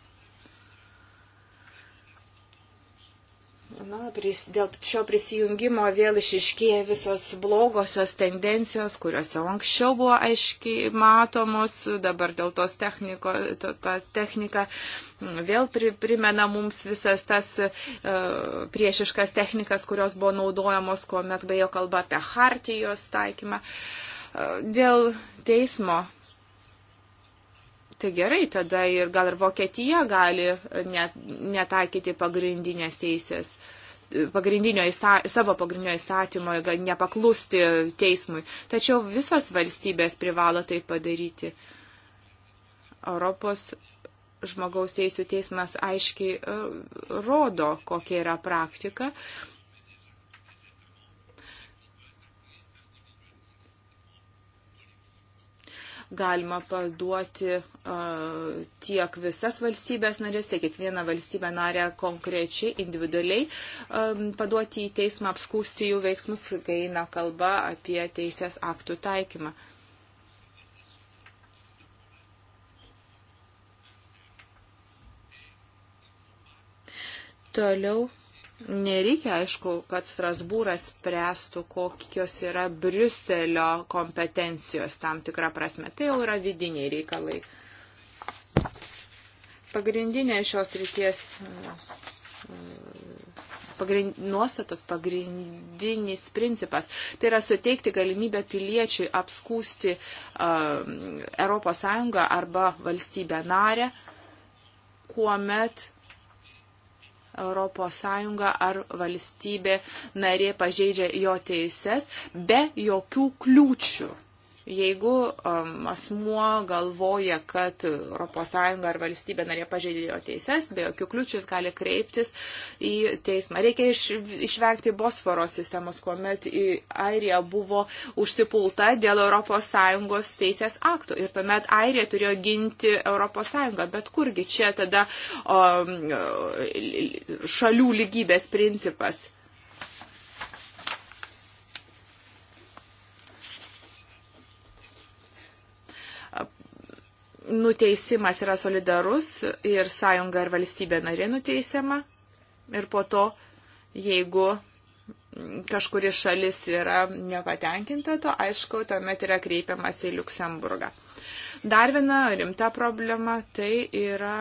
Speaker 4: Na, pris, dėl šio prisijungimo vėl išiškėja visos blogosios tendencijos, kurios jau anksčiau buvo aiškiai matomos, dabar dėl tos techniko, to, ta technika vėl pri, primena mums visas tas e, priešiškas technikas, kurios buvo naudojamos, kuomet vajo kalba apie hartijos taikymą. E, dėl teismo Tai gerai, tada ir gal ir Vokietija gali e, net, netaikyti pagrindinės teisės e, pagrindinio įsta, savo pagrindinio įstatymo, nepaklusti teismui. Tačiau visos valstybės privalo tai padaryti. Europos žmogaus teisų teismas aiškiai e, rodo, kokia yra praktika galima parduoti uh, tiek visas valstybės narės, tiek kiekvieną valstybę narę konkrečiai, individualiai, um, paduoti į teismą, apskūsti jų veiksmus, kai eina kalba apie teisės aktų taikymą. Toliau Nereikia, aišku, kad Strasbūras prestų, kokios yra Briuselio kompetencijos tam tikrą prasme. Tai jau yra vidiniai reikalai. Pagrindinė šios ryties
Speaker 1: mm,
Speaker 4: pagrind, nuostatos pagrindinis principas. Tai yra suteikti galimybę piliečiui apskūsti uh, ES arba valstybę narę, kuomet ES ar valstybė narė pažeidžia jo teises be jokių kliūčių. Jeigu um, asmuo galvoja, kad ES ar valstybė narė pažeidė jo teises, be jokių kliūčių jis gali kreiptis į teismą. Reikia iš, išvengti Bosforo sistemos, kuomet Airija buvo užsipulta dėl ES teisės aktų. Ir tuomet Airija turėjo ginti ES. Bet kurgi čia tada um, šalių lygybės principas? nuteisimas yra solidarus ir sąjunga ir valstybė narė nuteisiama. Ir po to, jeigu kažkuri šalis yra nepatenkinta, to aišku, tuomet yra kreipiamas į Luksemburgą. Dar viena rimta problema tai yra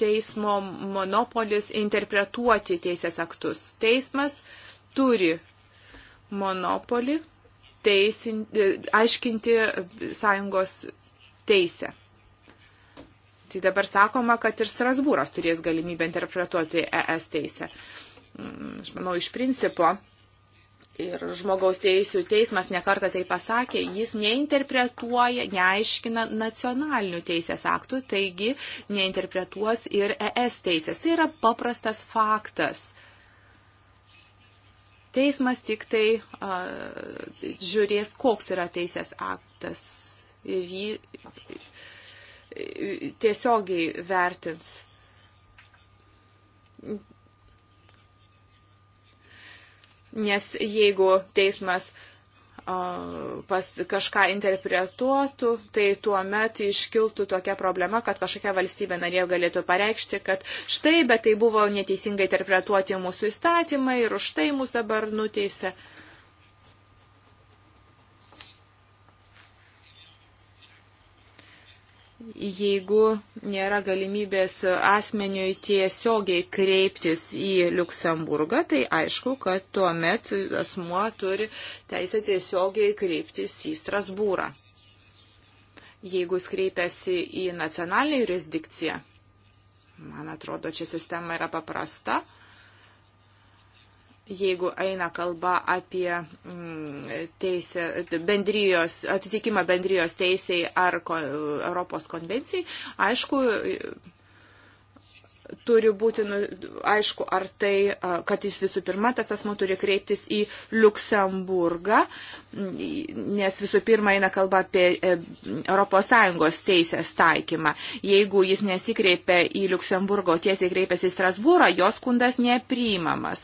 Speaker 4: teismo monopolis interpretuoti teisės aktus. Teismas turi monopolį teisin, e, aiškinti sąjungos teisę. Tai dabar sakoma, kad ir Strasbūras turės galimybę interpretuoti ES teisę. Mm, aš manau, iš principo ir žmogaus teisų teismas nekarta tai pasakė, jis neinterpretuoja, neaiškina nacionalinių teisės aktų, taigi neinterpretuos ir ES teisės. Tai yra paprastas faktas. Teismas tik tai a, žiūrės, koks yra teisės aktas ir jį tiesiogiai vertins. Nes jeigu teismas pas kažką interpretuotų, tai tuo met iškiltų tokia problema, kad kažkokia valstybė narė galėtų pareikšti, kad štai, bet tai buvo neteisingai interpretuoti mūsų įstatymai ir už tai mus dabar nuteisė. Uh, jeigu nėra galimybės asmeniui tiesiogiai kreiptis į Luksemburgą, tai aišku, kad tuo met asmuo turi teisę tiesiogiai kreiptis į Strasbūrą. Jeigu jis kreipiasi į nacionalinę jurisdikciją, man atrodo, čia sistema yra paprasta, jeigu eina kalba apie mm, teisę, bendrijos, atitikimą bendrijos teisėjai ar ko, Europos konvencijai, aišku, turi būti, nu, aišku, ar tai, kad jis visų pirma, tas asmo turi kreiptis į Luksemburgą, nes visų pirma eina kalba apie ES teisės taikymą. Jeigu jis nesikreipia į Luksemburgo, tiesiai kreipiasi į Strasbūrą, jos skundas nepriimamas,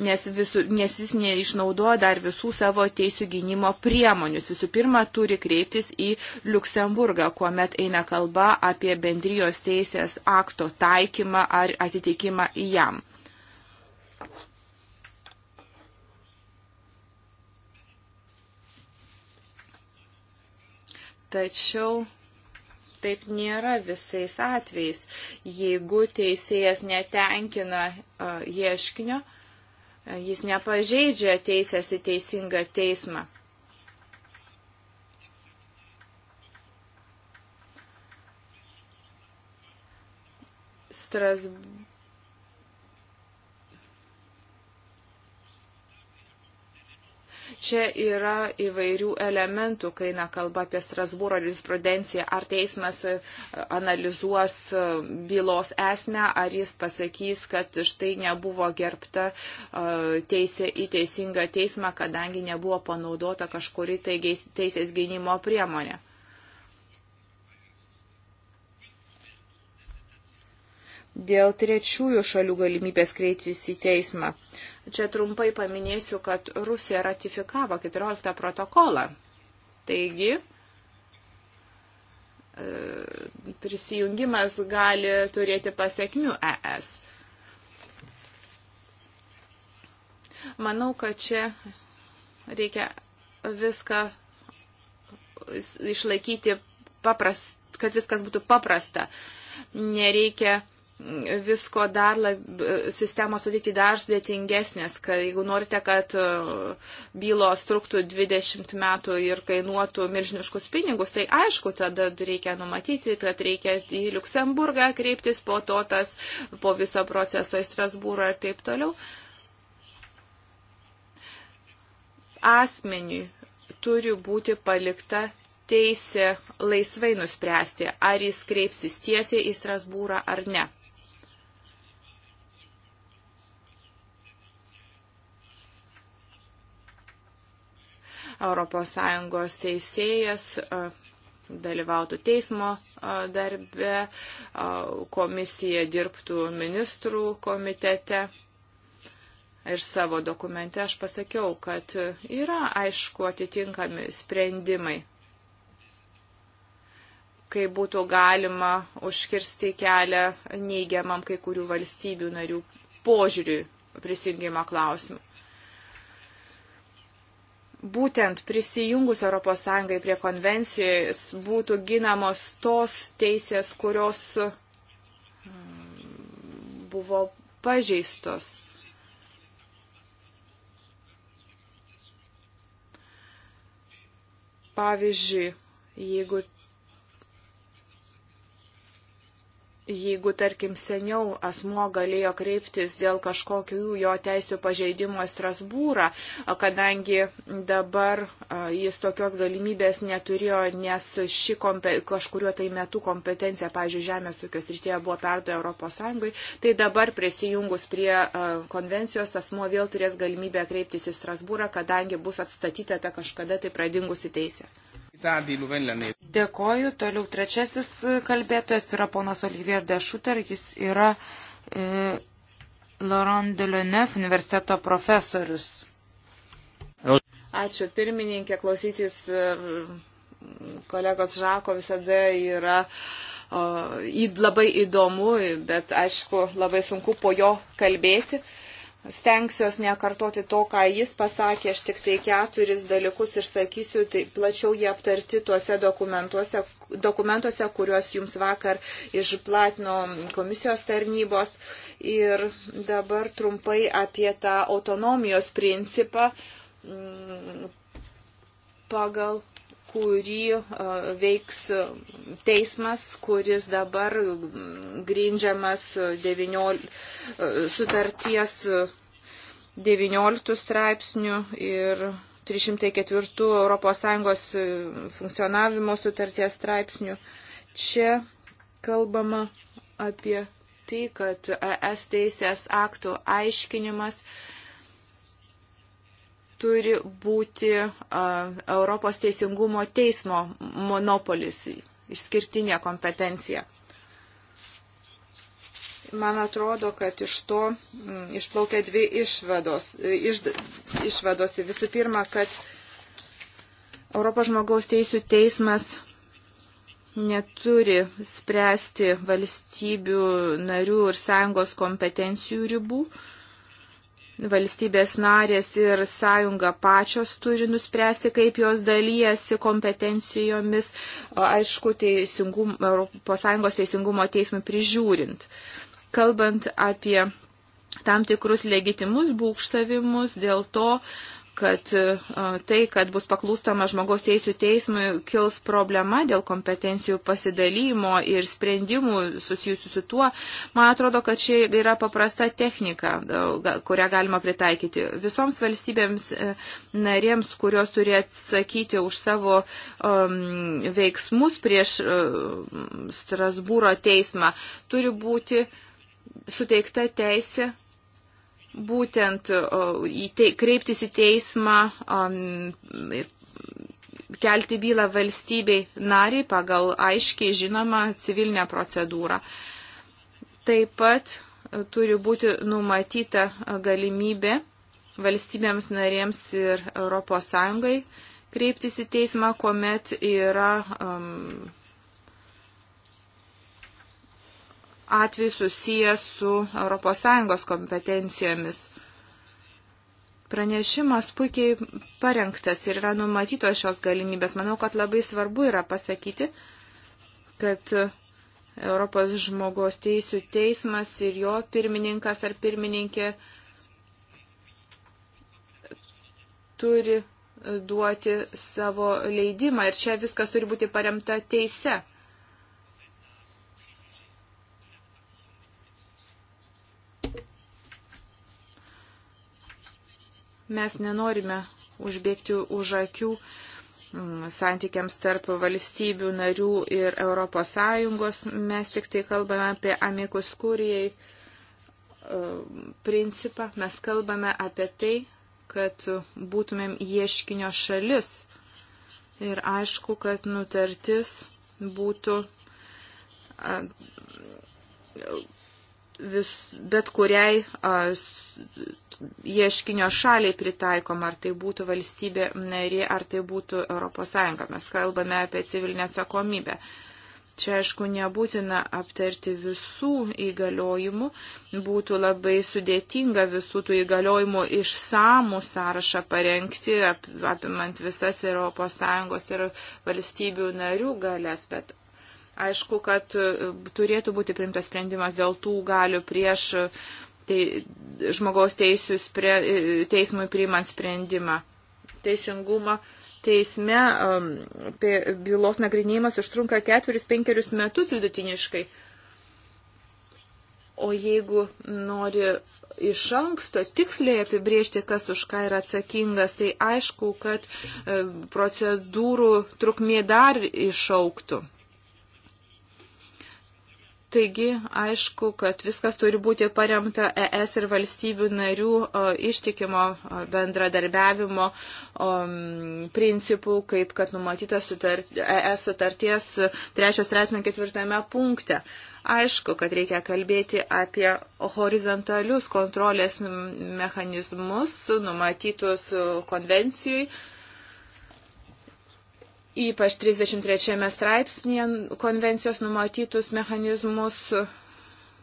Speaker 4: nes, visų, nes jis neišnaudoja dar visų savo teisų gynimo priemonius. Visų pirma, turi kreiptis į Luksemburgą, kuomet eina kalba apie bendrijos teisės akto taikymą ar atitikimą jam. Tačiau taip nėra visais atvejais. Jeigu teisėjas netenkina uh, ieškinio, uh, jis nepažeidžia teisės į teisingą teismą. Strasbūrė. Čia yra įvairių elementų, kai na, kalba apie Strasbūro jurisprudenciją, ar teismas e, analizuos e, bylos esmę, ar jis pasakys, kad štai nebuvo gerbta e, teisė į teisingą teismą, kadangi nebuvo panaudota kažkuri tai teisės gynimo priemonė. dėl trečiųjų šalių galimybės kreiptis į teismą. Čia trumpai paminėsiu, kad Rusija ratifikavo 14 protokolą. Taigi, e, prisijungimas gali turėti pasiekmių ES. Manau, kad čia reikia viską išlaikyti paprast, kad viskas būtų paprasta. Nereikia uh, visko dar lab, sistemos sudėti dar sudėtingesnės, kad jeigu norite, kad e, bylos truktų 20 metų ir kainuotų milžiniškus pinigus, tai aišku, tada reikia numatyti, kad reikia į Luksemburgą kreiptis, po to tas, po viso proceso į Strasbūrą ir taip toliau. Asmeniui turi būti palikta teisė laisvai nuspręsti, ar jis kreipsis tiesiai į Strasbūrą ar ne. ES teisėjas dalyvautų teismo darbe, komisija dirbtų ministrų komitete. Ir savo dokumente aš pasakiau, kad yra aišku atitinkami sprendimai, kai būtų galima užkirsti kelią neigiamam kai kurių valstybių narių požiūriui prisijungimo klausimų būtent prisijungus ES prie konvencijos būtų ginamos tos teisės, kurios mm, buvo pažeistos. Pavyzdžiui, jeigu jeigu, tarkim, seniau asmo galėjo kreiptis dėl kažkokių jo teisų pažeidimo į Strasbūrą, kadangi dabar jis tokios galimybės neturėjo, nes ši kažkurio tai metu kompetencija, pavyzdžiui, žemės ūkio srityje buvo perduota Europos Sąjungai, tai dabar prisijungus prie konvencijos asmo vėl turės galimybę kreiptis į Strasbūrą, kadangi bus atstatyta ta kažkada tai pradingusi teisė. Dėkoju. Toliau
Speaker 2: trečiasis kalbėtojas yra ponas Olivier Dešuter. Jis yra e, Laurent Deleuneuf universiteto profesorius.
Speaker 4: Ačiū pirmininkė, klausytis e, kolegos Žako visada yra o, labai įdomu, bet aišku, labai sunku po jo kalbėti. E, stengsiuos nekartoti to, ką jis pasakė, aš tik tai keturis dalykus išsakysiu, tai plačiau jie aptarti tuose dokumentuose, dokumentuose kuriuos jums vakar išplatino komisijos tarnybos. Ir dabar trumpai apie tą autonomijos principą mm, pagal kurį veiks teismas, kuris dabar grindžiamas 19, sutarties 19 straipsnių ir 304 ES funkcionavimo sutarties straipsnių. Čia kalbama apie tai, kad ES teisės aktų aiškinimas uh, turi būti Europos teisingumo teismo monopolis, išskirtinė kompetencija. Man atrodo, kad iš to mm, išplaukia dvi išvados. Iš, išvados. Visų pirma, kad Europos žmogaus teisų teismas neturi spręsti valstybių narių ir sąjungos kompetencijų ribų. Uh, valstybės narės ir sąjunga pačios turi nuspręsti, kaip jos dalyjasi kompetencijomis, aišku, teisingum, ES teisingumo teismui prižiūrint. Kalbant apie tam tikrus legitimus būkštavimus dėl to, uh, kad e, tai, kad bus paklūstama žmogaus teisų teismui, kils problema dėl kompetencijų pasidalymo ir sprendimų susijusių su tuo, man atrodo, kad čia yra paprasta technika, e, kurią galima pritaikyti. Visoms valstybėms e, narėms, kurios turi atsakyti už savo um, veiksmus prieš um, Strasbūro teismą, turi būti suteikta teisė būtent į te, kreiptis į teismą ir kelti bylą valstybei nariai pagal aiškiai žinomą civilinę procedūrą. Taip pat e, turi būti numatyta e, galimybė valstybėms narėms ir ES kreiptis į teismą, kuomet yra um, atvejai susijęs su ES kompetencijomis. Pranešimas puikiai parengtas ir yra numatytos šios galimybės. Manau, kad labai svarbu yra pasakyti, kad Europos žmogaus teisų teismas ir jo pirmininkas ar pirmininkė turi duoti savo leidimą ir čia viskas turi būti paremta teise. Mes nenorime užbėgti už akių mm, santykiams tarp valstybių narių ir ES. Mes tik tai kalbame apie amikus kurijai e, principą. Mes kalbame apie tai, kad būtumėm ieškinio šalis. Ir aišku, kad nutartis būtų vis, bet kuriai a, ieškinio šaliai pritaikom, ar tai būtų valstybė narė, ar tai būtų ES. Mes kalbame apie civilinę atsakomybę. Čia, aišku, nebūtina aptarti visų įgaliojimų, būtų labai sudėtinga visų tų įgaliojimų išsamų sąrašą parengti, ap, apimant visas ES ir valstybių narių galės, bet Aišku, kad e, turėtų būti primtas sprendimas dėl tų galių prieš tai, žmogaus teisų spre, e, teismui priimant sprendimą. Teisingumą teisme um, bylos nagrinėjimas užtrunka ketverius, penkerius metus vidutiniškai. O jeigu nori iš anksto tiksliai apibriežti, kas už ką yra atsakingas, tai aišku, kad procedūrų trukmė dar išauktų. Taigi, aišku, kad viskas turi būti paremta ES ir valstybių narių o, ištikimo o, bendradarbiavimo o, principų, kaip kad numatyta sutart, ES sutarties trečios retino ketvirtame punkte. Aišku, kad reikia kalbėti apie horizontalius kontrolės mechanizmus numatytus konvencijui ypač 33 straipsnėje konvencijos numatytus mechanizmus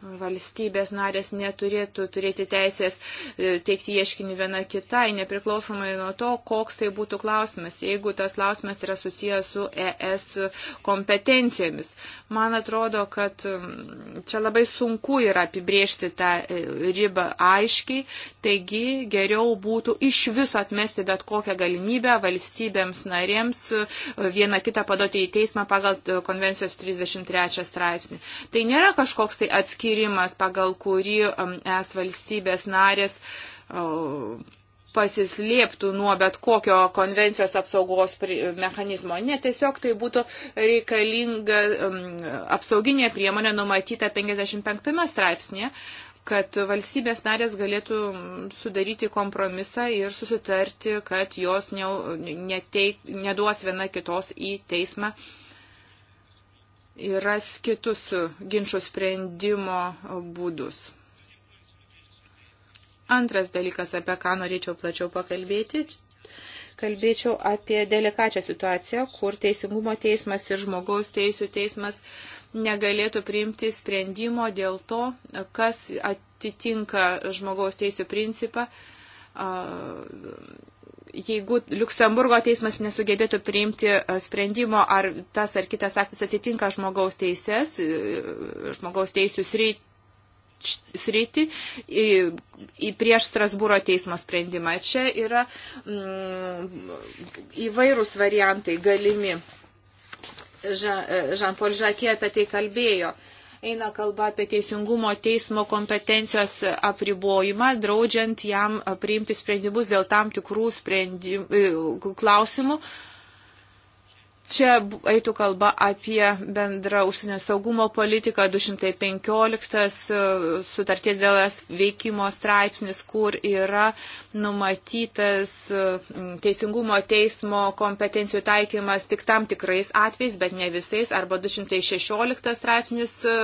Speaker 4: valstybės narės neturėtų turėti teisės e, teikti ieškinį viena kitai, nepriklausomai nuo to, koks tai būtų klausimas, jeigu tas klausimas yra susijęs su ES kompetencijomis. Man atrodo, kad mm, čia labai sunku yra apibriežti tą e, ribą aiškiai, taigi geriau būtų iš viso atmesti bet kokią galimybę valstybėms narėms e, vieną kitą padoti į teismą pagal konvencijos 33 straipsnį. Tai nėra kažkoks tai atskirtas skirimas, pagal kurį um, es valstybės narės pasislėptų nuo bet kokio konvencijos apsaugos mechanizmo. Ne, tiesiog tai būtų reikalinga um, apsauginė priemonė numatyta 55 straipsnėje kad valstybės narės galėtų um, sudaryti kompromisą ir susitarti, kad jos ne, neteik, neduos viena kitos į teismą uh, ir ras kitus ginčio sprendimo būdus. Antras dalykas, apie ką norėčiau plačiau pakalbėti, kalbėčiau apie delikačią situaciją, kur Teisingumo teismas ir žmogaus teisų teismas negalėtų priimti sprendimo dėl to, kas atitinka žmogaus teisų principą jeigu Luksemburgo teismas nesugebėtų priimti e, sprendimo, ar tas ar kitas aktas atitinka žmogaus teises, e, žmogaus teisų sritį, sritį į, į prieš Strasbūro teismo sprendimą. Čia yra mm, įvairūs variantai galimi. Žan-Paul e, Žakė apie tai kalbėjo. Uh, eina kalba apie teisingumo teismo kompetencijos apribojimą, draudžiant jam priimti sprendimus dėl tam tikrų e, klausimų, Čia eitų kalba apie bendrą užsienio saugumo politiką 215 e, sutarties dėl es veikimo straipsnis, kur yra numatytas e, teisingumo teismo kompetencijų taikymas tik tam tikrais atvejais, bet ne visais, arba 216 straipsnis e,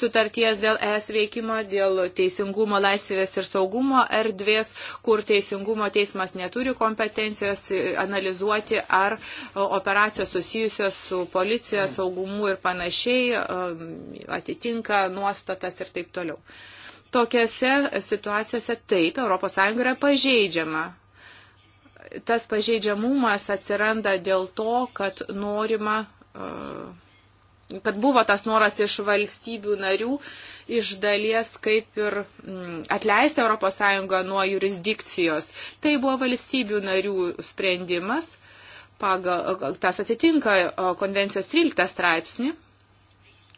Speaker 4: sutarties dėl es veikimo, dėl teisingumo laisvės ir saugumo erdvės, kur teisingumo teismas neturi kompetencijos analizuoti ar operacijos susitikti susijusios su policija, saugumu ir panašiai um, atitinka nuostatas ir taip toliau. Tokiose situacijose taip, ES yra pažeidžiama. Tas pažeidžiamumas atsiranda dėl to, kad norima uh, kad buvo tas noras iš valstybių narių iš dalies kaip ir mm, atleisti ES nuo jurisdikcijos. Tai buvo valstybių narių sprendimas pagal, tas atitinka konvencijos 13 straipsnį,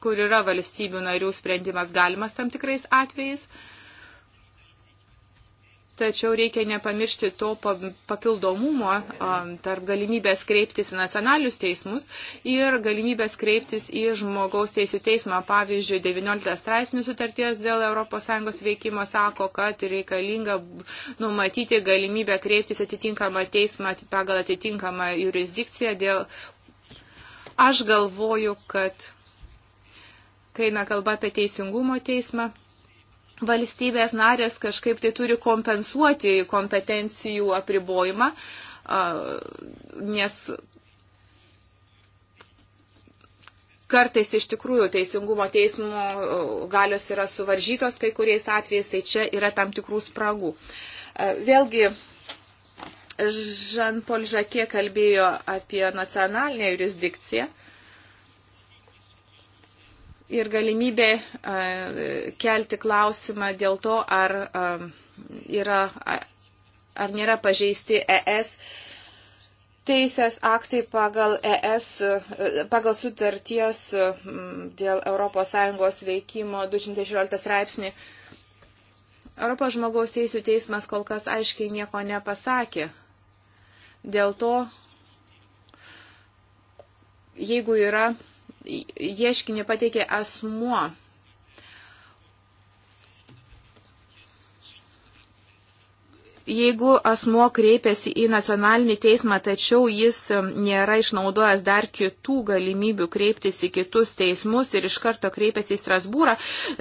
Speaker 4: kur yra valstybių narių sprendimas galimas tam tikrais atvejais. Tačiau reikia nepamiršti to papildomumo tarp galimybės kreiptis į nacionalius teismus ir galimybės kreiptis į žmogaus teisų teismą. Pavyzdžiui, 19 straipsnių sutarties dėl ES veikimo sako, kad reikalinga numatyti galimybę kreiptis atitinkamą teismą pagal atitinkamą jurisdikciją. Dėl... Aš galvoju, kad kai eina kalba apie teisingumo teismą, valstybės narės kažkaip tai turi kompensuoti kompetencijų apribojimą, nes kartais iš tikrųjų teisingumo teismo galios yra suvaržytos kai kuriais atvejais, tai čia yra tam tikrų spragų. Vėlgi, Žan Polžakė kalbėjo apie nacionalinę jurisdikciją ir galimybė kelti klausimą dėl to, ar, yra, ar nėra pažeisti ES teisės aktai pagal ES, pagal sutarties dėl ES veikimo 216 straipsnį. Europos žmogaus teisų teismas kol kas aiškiai nieko nepasakė. Dėl to, jeigu yra ieškinį pateikė asmuo. Jeigu asmuo kreipiasi į nacionalinį teismą, tačiau jis nėra išnaudojęs dar kitų galimybių kreiptis į kitus teismus ir iš karto kreipiasi į Strasbūrą,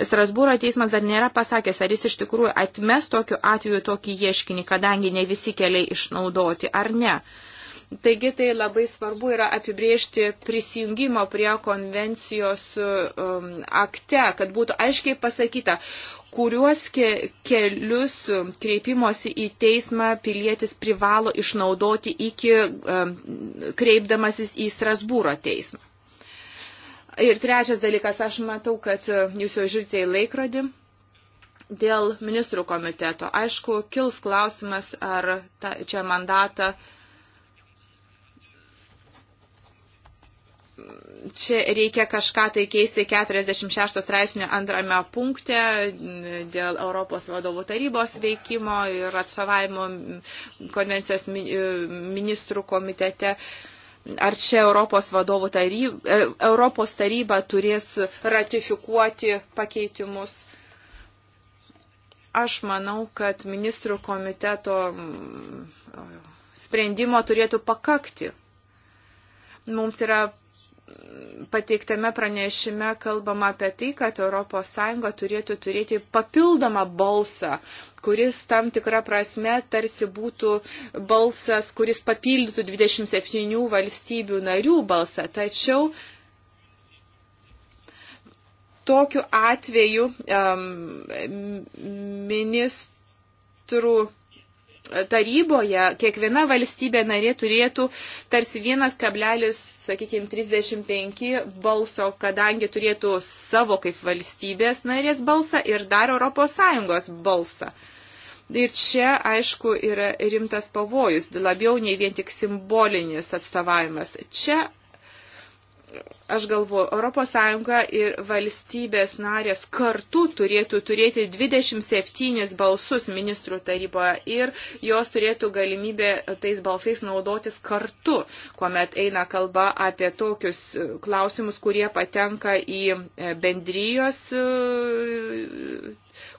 Speaker 4: Strasbūro teismas dar nėra pasakęs, ar jis iš tikrųjų atmes tokiu atveju tokį ieškinį, kadangi ne visi keliai išnaudoti ar ne. Uh, Taigi tai labai svarbu yra apibriežti prisijungimo prie konvencijos um, akte, kad būtų aiškiai pasakyta, kuriuos ke kelius kreipimosi į teismą pilietis privalo išnaudoti iki um, kreipdamasis į Strasbūro teismą. Ir trečias dalykas, aš matau, kad jūs jau žiūrite į laikrodį dėl ministrų komiteto. Aišku, kils klausimas, ar ta, čia mandatą čia reikia kažką tai keisti 46 straipsnio antrame punkte dėl Europos vadovų tarybos veikimo ir atstovavimo konvencijos e, ministrų komitete. Ar čia Europos, taryba, e, Europos taryba turės ratifikuoti pakeitimus? Aš manau, kad ministrų komiteto mm, sprendimo turėtų pakakti mums yra pateiktame pranešime kalbama apie tai, kad ES turėtų turėti papildomą balsą, kuris tam tikrą prasme tarsi būtų balsas, kuris papildytų 27 valstybių narių balsą. Tačiau tokiu atveju um, ministrų taryboje kiekviena valstybė narė turėtų tarsi vienas kablelis, sakykime, 35 balso, kadangi turėtų savo kaip valstybės narės balsą ir dar ES balsą. Ir čia, aišku, yra rimtas pavojus, labiau nei vien tik simbolinis atstovavimas. Čia aš galvoju, ES ir valstybės narės kartu turėtų turėti 27 balsus ministrų taryboje ir jos turėtų galimybę tais balsais naudotis kartu, kuomet eina kalba apie tokius e, klausimus, kurie patenka į e, bendrijos e,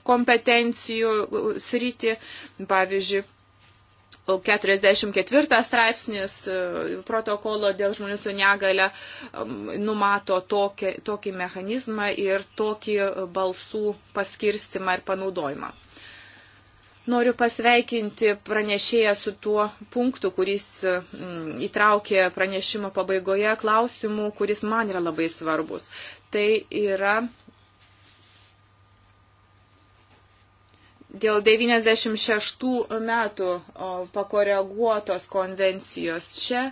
Speaker 4: kompetencijų sritį, pavyzdžiui 44 straipsnis e, protokolo dėl žmonių su negale numato tokį, tokį mechanizmą ir tokį e, balsų paskirstimą ir panaudojimą. Noriu pasveikinti pranešėją su tuo punktu, kuris e, įtraukė pranešimo pabaigoje klausimų, kuris man yra labai svarbus. Tai yra dėl 96 metų pakoreguotos konvencijos. Čia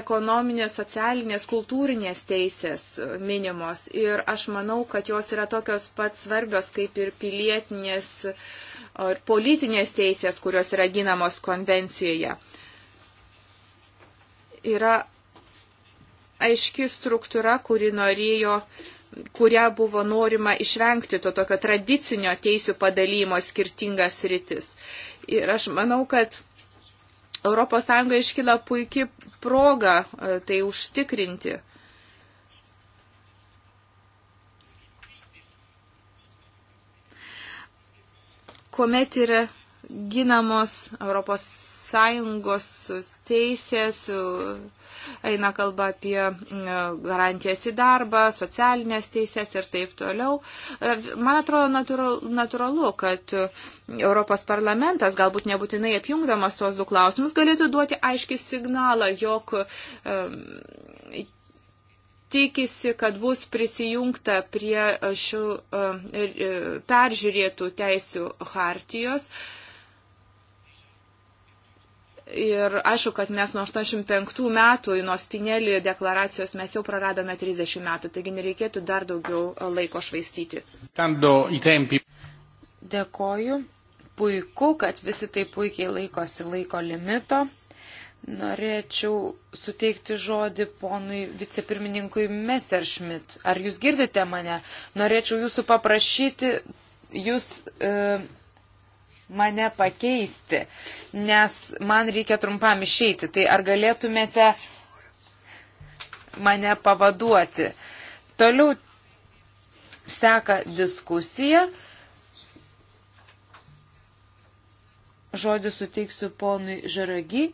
Speaker 4: ekonominės, socialinės, kultūrinės teisės minimos ir aš manau, kad jos yra tokios pat svarbios kaip ir pilietinės ir politinės teisės, kurios yra ginamos konvencijoje. Yra aiški struktūra, kuri norėjo uh, kuria buvo norima išvengti to tokio tradicinio teisų padalymo skirtingas rytis. Ir aš manau, kad ES iškila puikia proga e, tai užtikrinti. Kuomet yra ginamos Europos sąjungos teisės, eina kalba apie garantijas į darbą, socialinės teisės ir taip toliau. E, man atrodo natūralu, natūralu kad Europos parlamentas, galbūt nebūtinai apjungdamas tuos du klausimus, galėtų duoti aiškį signalą, jog e, tikisi, kad bus prisijungta prie šių e, peržiūrėtų teisių hartijos. Uh, Ir aišku, kad mes nuo 85 metų, nuo Spinelį deklaracijos mes jau praradome 30 metų, taigi nereikėtų dar daugiau e, laiko švaistyti.
Speaker 2: Dėkoju. Puiku, kad visi taip puikiai laikosi laiko limito. Norėčiau suteikti žodį ponui vicepirmininkui Messerschmidt. Ar jūs girdite mane? Norėčiau jūsų paprašyti, jūs. E, mane pakeisti, nes man reikia trumpam išeiti. Tai ar galėtumėte mane pavaduoti? Toliau seka diskusija. Žodį suteiksiu ponui Žaragi.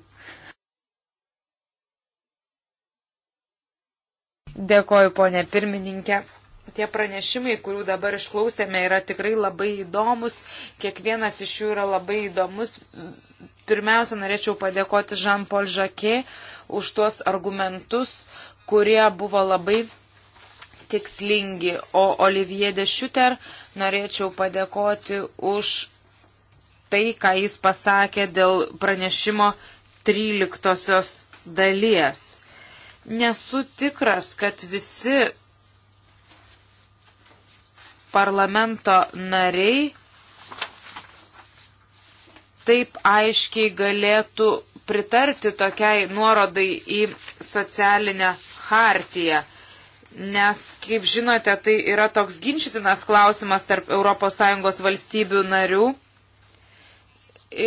Speaker 2: Dėkoju, ponė pirmininkė. Tie pranešimai, kurių dabar išklausėme, yra tikrai labai įdomus. Kiekvienas iš jų yra labai įdomus. Pirmiausia, norėčiau padėkoti Jean-Paul Jacquet už tuos argumentus, kurie buvo labai tikslingi. O Olivier de Schutter norėčiau padėkoti už tai, ką jis pasakė dėl pranešimo 13 dalies. Nesu tikras, kad visi parlamento nariai taip aiškiai galėtų pritarti tokiai nuorodai į socialinę hartiją. Nes, kaip žinote, tai yra toks ginčytinas klausimas tarp ES valstybių narių.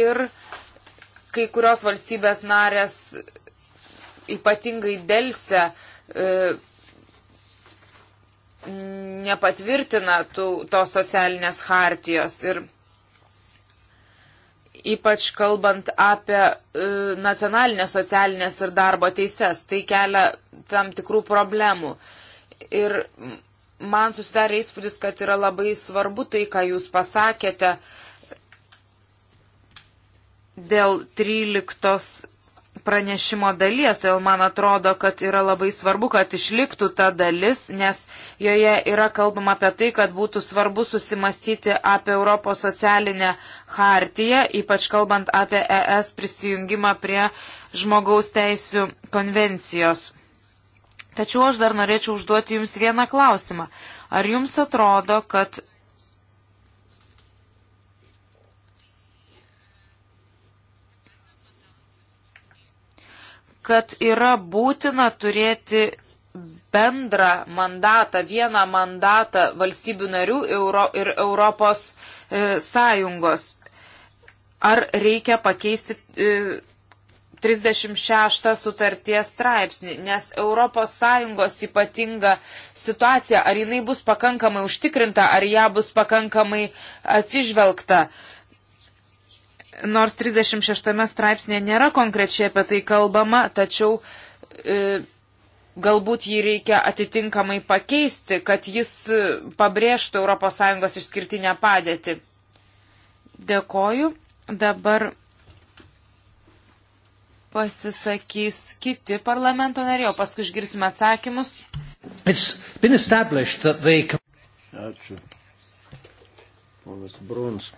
Speaker 2: Ir kai kurios valstybės narės ypatingai dėlse e, nepatvirtina tų, tos socialinės hartijos. Ir ypač kalbant apie e, nacionalinės socialinės ir darbo teises, tai kelia tam tikrų problemų. Ir man susidarė įspūdis, kad yra labai svarbu tai, ką jūs pasakėte dėl 13 pranešimo dalies, todėl man atrodo, kad yra labai svarbu, kad išliktų ta dalis, nes joje yra kalbama apie tai, kad būtų svarbu susimastyti apie Europos socialinę hartiją, ypač kalbant apie ES prisijungimą prie žmogaus teisų konvencijos. Tačiau aš dar norėčiau užduoti Jums vieną klausimą. Ar Jums atrodo, kad kad yra būtina turėti bendrą mandatą, vieną mandatą valstybių narių Euro ir Europos e, Sąjungos. Ar reikia pakeisti e, 36 sutarties straipsnį, nes ES ypatinga situacija, ar jinai bus pakankamai užtikrinta, ar ją bus pakankamai atsižvelgta. E, nors 36 straipsnėje nėra konkrečiai apie tai kalbama, tačiau e, galbūt jį reikia atitinkamai pakeisti, kad jis pabrėžtų ES išskirtinę padėtį. Dėkoju. Dabar pasisakys kiti parlamento nariai, o paskui išgirsime atsakymus.
Speaker 3: They... Ačiū. Ponas Bruns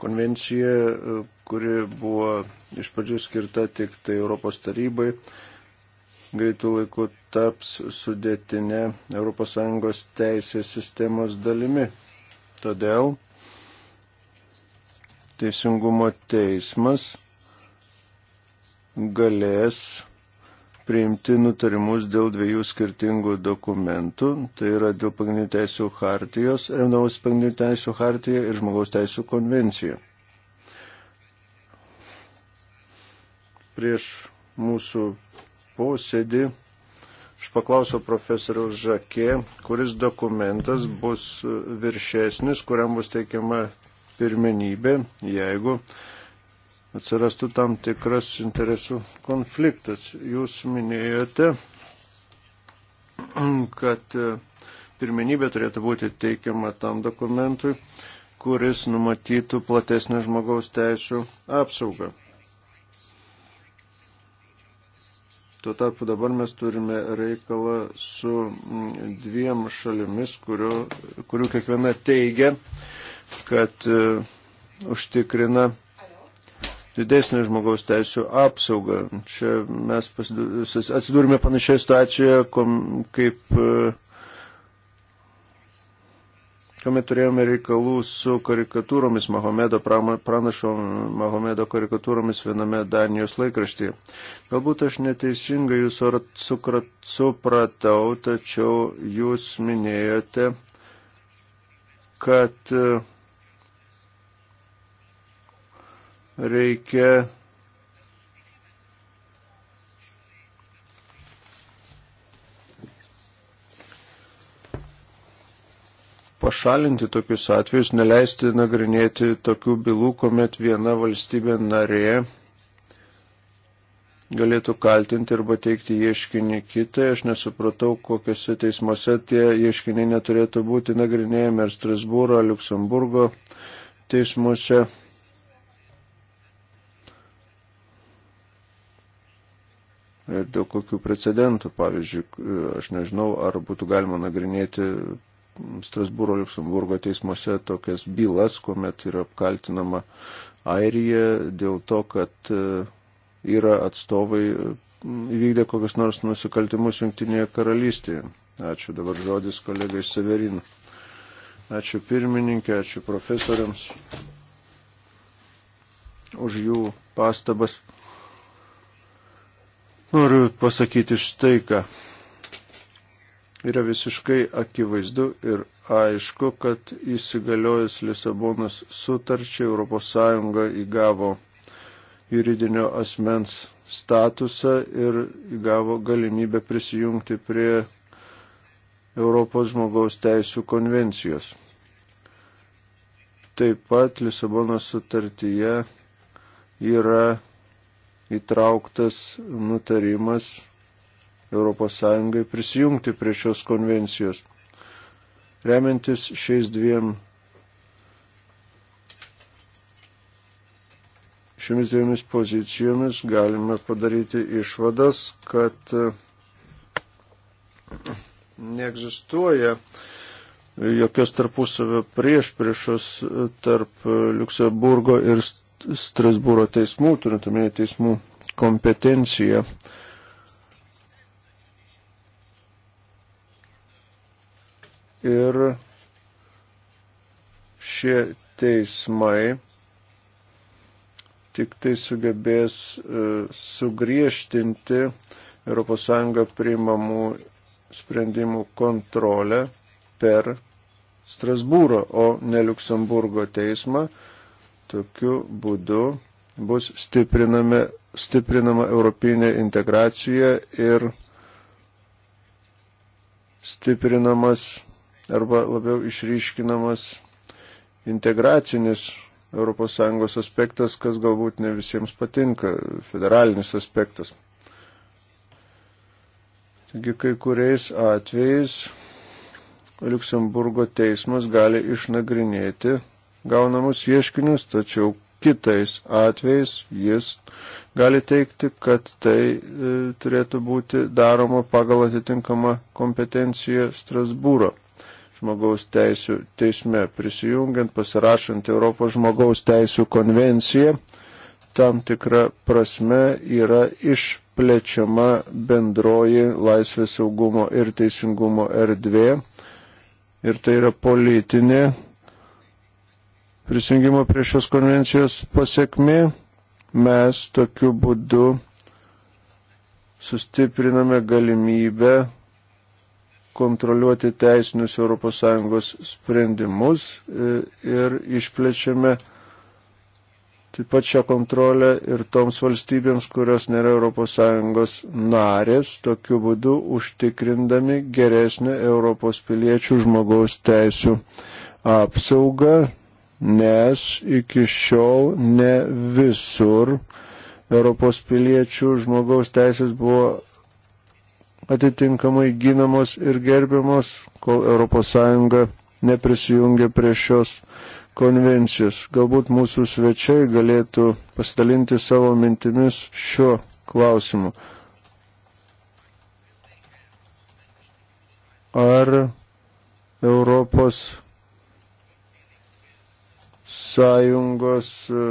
Speaker 3: konvencija, kuri buvo iš pradžių skirta tik tai Europos tarybai, greitų laikų taps sudėtinė ES teisės sistemos dalimi. Todėl Teisingumo teismas galės priimti nutarimus dėl dviejų skirtingų dokumentų, tai yra dėl pagrindinių teisų hartijos, remdavos pagrindinių teisų hartiją ir žmogaus teisų konvenciją. Prieš mūsų posėdį aš paklausiau profesoriaus Žakė, kuris dokumentas bus viršesnis, kuriam bus teikiama pirmenybė, jeigu atsirastų tam tikras interesų konfliktas. Jūs minėjote, kad e, pirmenybė turėtų būti teikiama tam dokumentui, kuris numatytų platesnę žmogaus teisų apsaugą. Tuo tarpu dabar mes turime reikalą su dviem šalimis, kurių, kurių kiekviena teigia, kad uh, užtikrina didesnė žmogaus teisų apsauga. Čia mes atsidūrime panašioje situacijoje, kaip e, kuomet turėjome reikalų su karikatūromis Mahomedo, pranašo Mahomedo karikatūromis viename Danijos laikraštyje. Galbūt aš neteisingai jūs supratau, tačiau jūs minėjote, kad uh, reikia pašalinti tokius atvejus, neleisti nagrinėti tokių bylų, kuomet viena valstybė narė galėtų kaltinti arba teikti ieškinį kitai. Aš nesupratau, kokiuose teismuose tie ieškiniai neturėtų būti nagrinėjami ar Strasbūro, ar Luksemburgo teismuose. E, dėl kokių precedentų. Pavyzdžiui, e, aš nežinau, ar būtų galima nagrinėti Strasbūro, Luxemburgo teismuose tokias bylas, kuomet yra apkaltinama Airija dėl to, kad e, yra atstovai įvykdę kokius nors nusikaltimus Junktinėje karalystėje. Ačiū dabar žodis kolegai Severinu. Ačiū pirmininkė, ačiū profesoriams už jų pastabas. Noriu pasakyti štai ką. Yra visiškai akivaizdu ir aišku, kad įsigaliojus Lisabonos sutarčiai ES įgavo juridinio asmens statusą ir įgavo galimybę prisijungti prie Europos žmogaus teisų konvencijos. Taip pat Lisabonos sutartyje yra įtrauktas nutarimas ES prisijungti prie šios konvencijos. Remiantis šiais dviem šiomis dviemis pozicijomis galime padaryti išvadas, kad eh, neegzistuoja jokios tarpusavio prieš priešos eh, tarp eh, Luksemburgo ir Strasbūro teismų, turintumėje teismų kompetenciją. Ir šie teismai tik tai sugebės e, sugriežtinti ES priimamų sprendimų kontrolę per Strasbūro, o ne Luksemburgo teismą Tokiu būdu bus stiprinama europinė integracija ir stiprinamas arba labiau išryškinamas integracinis ES aspektas, kas galbūt ne visiems patinka, federalinis aspektas. Taigi kai kuriais atvejais Luksemburgo teismas gali išnagrinėti gaunamus ieškinius, tačiau kitais atvejais jis gali teikti, kad tai e, turėtų būti daroma pagal atitinkamą kompetenciją Strasbūro žmogaus teisų teisme, prisijungiant, pasirašant Europos žmogaus teisų konvenciją, tam tikra prasme yra išplečiama bendroji laisvės saugumo ir teisingumo erdvė. Ir tai yra politinė prisijungimo prie šios konvencijos pasiekmi, mes tokiu būdu sustipriname galimybę kontroliuoti teisinius ES sprendimus e, ir išplečiame taip pat šią kontrolę ir toms valstybėms, kurios nėra ES narės, tokiu būdu užtikrindami geresnį Europos piliečių žmogaus teisų apsaugą nes iki šiol ne visur Europos piliečių žmogaus teisės buvo atitinkamai ginamos ir gerbiamos, kol ES neprisijungia prie šios konvencijos. Galbūt mūsų svečiai galėtų pasidalinti savo mintimis šiuo klausimu. Ar Europos sąjungos e,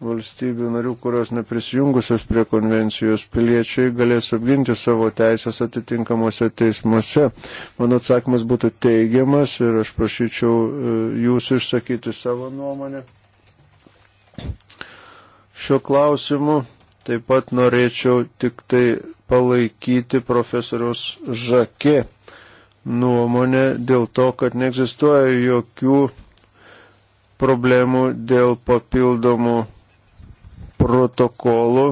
Speaker 3: valstybių narių, kurios neprisijungusios prie konvencijos piliečiai galės apginti savo teisės atitinkamuose teismuose. Mano atsakymas būtų teigiamas ir aš prašyčiau e, jūsų išsakyti savo nuomonę. Šiuo klausimu taip pat norėčiau tik tai palaikyti profesoriaus Žakė nuomonę dėl to, kad neegzistuoja jokių problemų dėl papildomų protokolų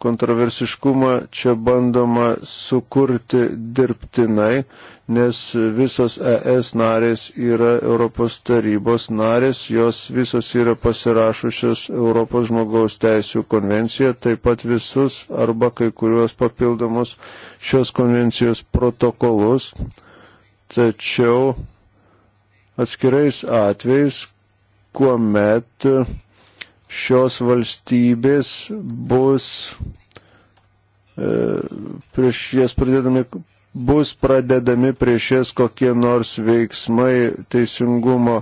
Speaker 3: kontroversiškumą čia bandoma sukurti dirbtinai, nes visos ES narės yra Europos tarybos narės, jos visos yra pasirašusios Europos žmogaus teisų konvenciją, taip pat visus arba kai kuriuos papildomus šios konvencijos protokolus. Tačiau atskirais atvejais, kuomet šios valstybės bus e, prieš jas pradedami bus pradedami prieš jas kokie nors veiksmai teisingumo,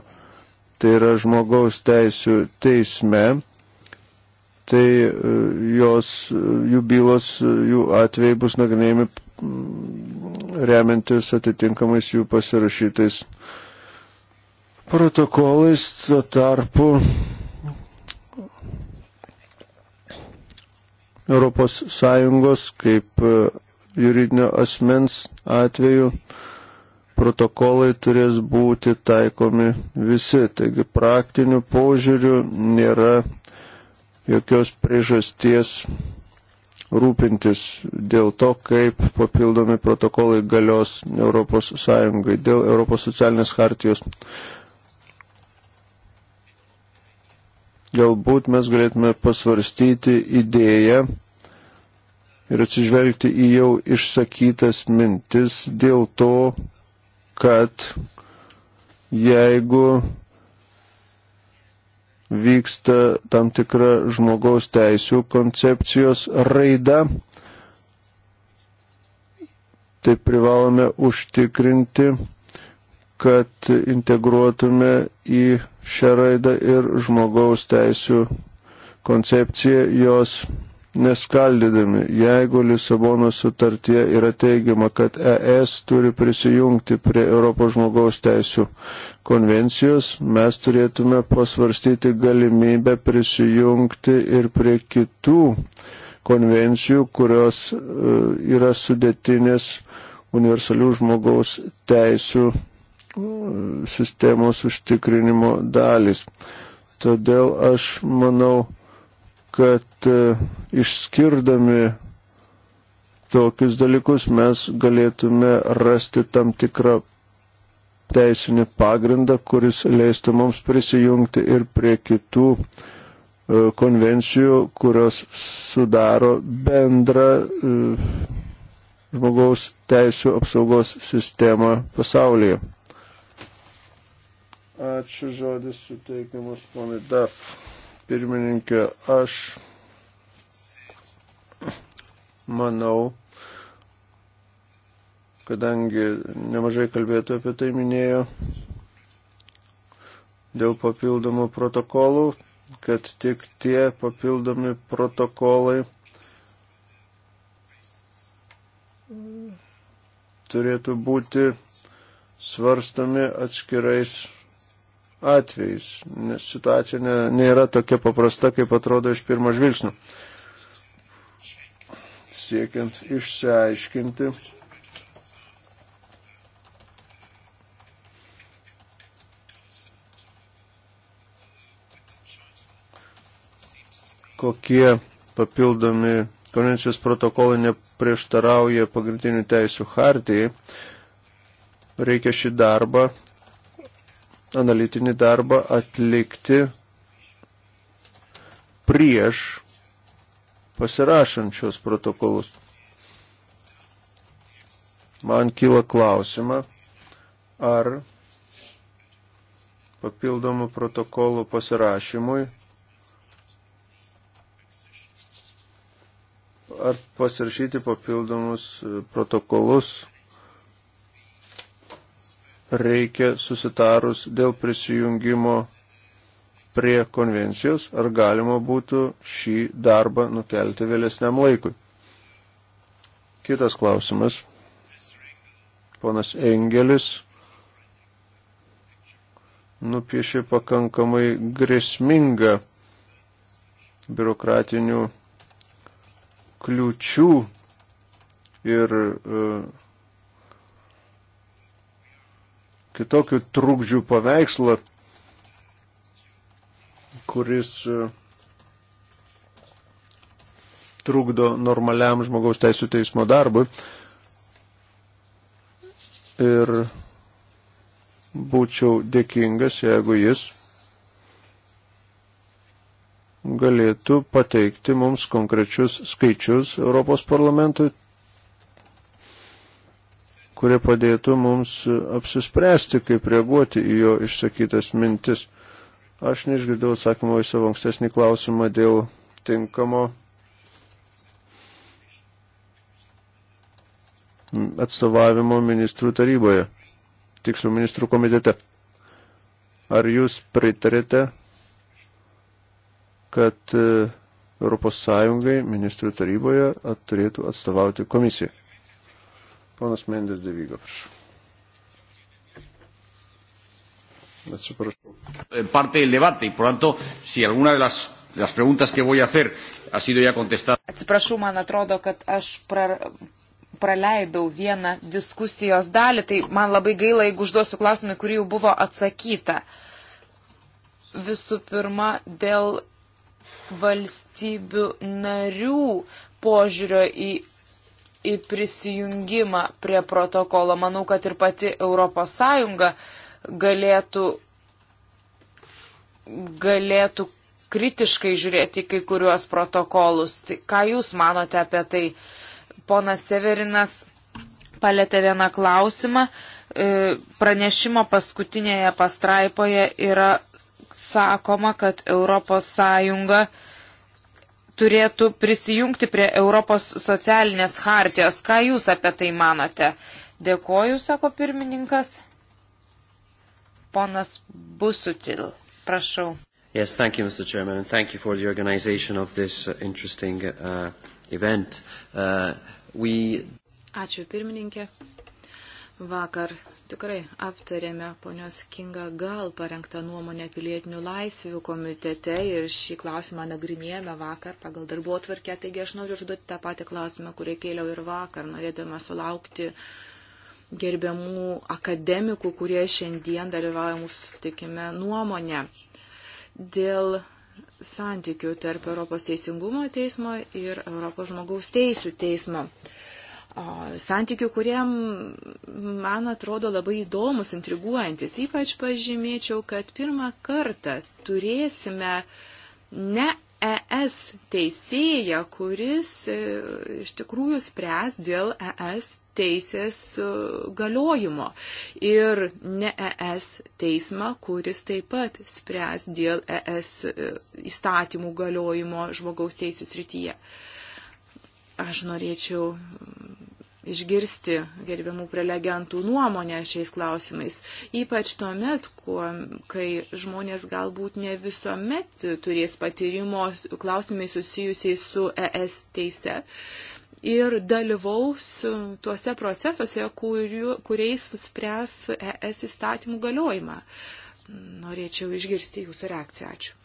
Speaker 3: tai yra žmogaus teisų teisme, tai e, jos, jų bylos, jų atvejai bus nagrinėjami mm, remiantis atitinkamais jų pasirašytais protokolais, tuo tarpu ES kaip e, juridinio asmens atveju protokolai turės būti taikomi visi. Taigi praktinių požiūrių nėra jokios priežasties rūpintis dėl to, kaip papildomi protokolai galios ES dėl ES hartijos galbūt mes galėtume pasvarstyti idėją ir atsižvelgti į jau išsakytas mintis dėl to, kad jeigu vyksta tam tikra žmogaus teisų koncepcijos raida, tai privalome užtikrinti, kad integruotume į šią raidą ir žmogaus teisų koncepciją jos neskaldydami. Jeigu Lisabono sutartie yra teigiama, kad ES turi prisijungti prie Europos žmogaus teisų konvencijos, mes turėtume pasvarstyti galimybę prisijungti ir prie kitų konvencijų, kurios e, yra sudėtinės universalių žmogaus teisų sistemos užtikrinimo dalis. Todėl aš manau, kad e, išskirdami tokius dalykus mes galėtume rasti tam tikrą teisinį pagrindą, kuris leistų mums prisijungti ir prie kitų e, konvencijų, kurios sudaro bendrą e, žmogaus teisų apsaugos sistemą pasaulyje. Ačiū žodis suteikiamas ponai DAF. Pirmininkė, aš manau, kadangi nemažai kalbėtų apie tai minėjo, dėl papildomų protokolų, kad tik tie papildomi protokolai turėtų būti svarstami atskirais atvejais, nes situacija ne, nėra tokia paprasta, kaip atrodo iš pirmo žvilgsnio. Siekiant išsiaiškinti, kokie papildomi konvencijos protokolai neprieštarauja pagrindinių teisų hartijai, reikia šį darbą analitinį darbą atlikti prieš pasirašant šios protokolus. Man kyla klausima, ar papildomų protokolų pasirašymui ar pasirašyti papildomus protokolus reikia susitarus dėl prisijungimo prie konvencijos, ar galima būtų šį darbą nukelti vėlesniam laikui. Kitas klausimas. Ponas Engelis nupiešė pakankamai grėsmingą biurokratinių kliučių ir uh, kitokių trukdžių paveikslą, kuris e, trukdo normaliam žmogaus teisų teismo darbui. Ir būčiau dėkingas, jeigu jis galėtų pateikti mums konkrečius skaičius Europos parlamentui kurie padėtų mums apsispręsti, kaip reaguoti į jo išsakytas mintis. Aš neišgirdau atsakymo į savo ankstesnį klausimą dėl tinkamo atstovavimo ministrų taryboje, tiksliau ministrų komitete. Ar jūs pritarėte, kad ES ministrų taryboje turėtų atstovauti komisiją? Ponas Mendes Devygo, prašau. Atsiprašau.
Speaker 1: Eh, parte del debate y por tanto, si alguna de las, de las preguntas que voy a hacer ha sido ya contestada. Atsiprašau, man atrodo, kad aš pra,
Speaker 2: praleidau vieną diskusijos dalį, tai man labai gaila, jeigu užduosiu klausimą, kurį jau buvo atsakyta. Visų pirma, dėl valstybių narių požiūrio į į prisijungimą prie protokolo. Manau, kad ir pati ES galėtų, galėtų kritiškai žiūrėti kai kuriuos protokolus. Tai ką Jūs manote apie tai? Ponas Severinas palėtė vieną klausimą. E, pranešimo paskutinėje pastraipoje yra sakoma, kad ES turėtų prisijungti prie Europos socialinės hartijos. Ką Jūs apie tai manote? Dėkoju, sako pirmininkas. Ponas Busutil, prašau.
Speaker 3: Yes, thank you, Mr. Chairman, and thank you for the organization of this uh, interesting uh, event. Uh, we...
Speaker 4: Ačiū, pirmininkė. Vakar Tikrai aptarėme ponios Kinga gal parengtą nuomonę pilietinių laisvių komitete ir šį klausimą nagrinėjame vakar pagal darbo atvarkę, taigi aš noriu užduoti tą patį klausimą, kurį kėliau ir vakar, norėdama sulaukti gerbiamų akademikų, kurie šiandien dalyvauja mūsų sutikime nuomonę dėl santykių tarp Europos teisingumo teismo ir Europos žmogaus teisų teismo. teismo santykių, kurie, man atrodo, labai įdomus, intriguojantis. Ypač pažymėčiau, kad pirmą kartą turėsime ne ES teisėją, kuris e, iš tikrųjų spręs dėl ES teisės e, galiojimo ir ne ES teismą, kuris taip pat spręs dėl ES e, įstatymų galiojimo žmogaus teisų srityje. Aš norėčiau išgirsti gerbiamų prelegentų nuomonę šiais klausimais, ypač tuo met, kuo, kai žmonės galbūt ne visuomet turės patyrimo klausimai susijusiai su ES teise ir dalyvaus tuose procesuose, kuriu, kuriais suspręs ES įstatymų galiojimą. Norėčiau išgirsti jūsų reakciją. Ačiū.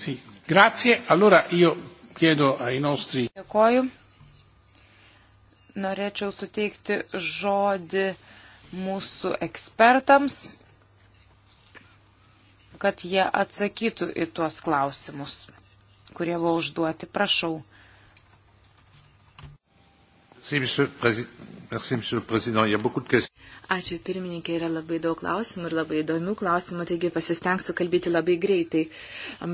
Speaker 1: Sì, grazie. Allora io chiedo ai nostri. Dėkoju.
Speaker 2: Norėčiau suteikti žodį mūsų ekspertams, kad jie atsakytų į tuos klausimus, kurie buvo užduoti. Prašau.
Speaker 1: Merci, monsieur le président. Il y a beaucoup de questions.
Speaker 4: Ačiū pirmininkė, yra labai daug klausimų ir labai įdomių klausimų, taigi pasistengsiu kalbėti labai greitai.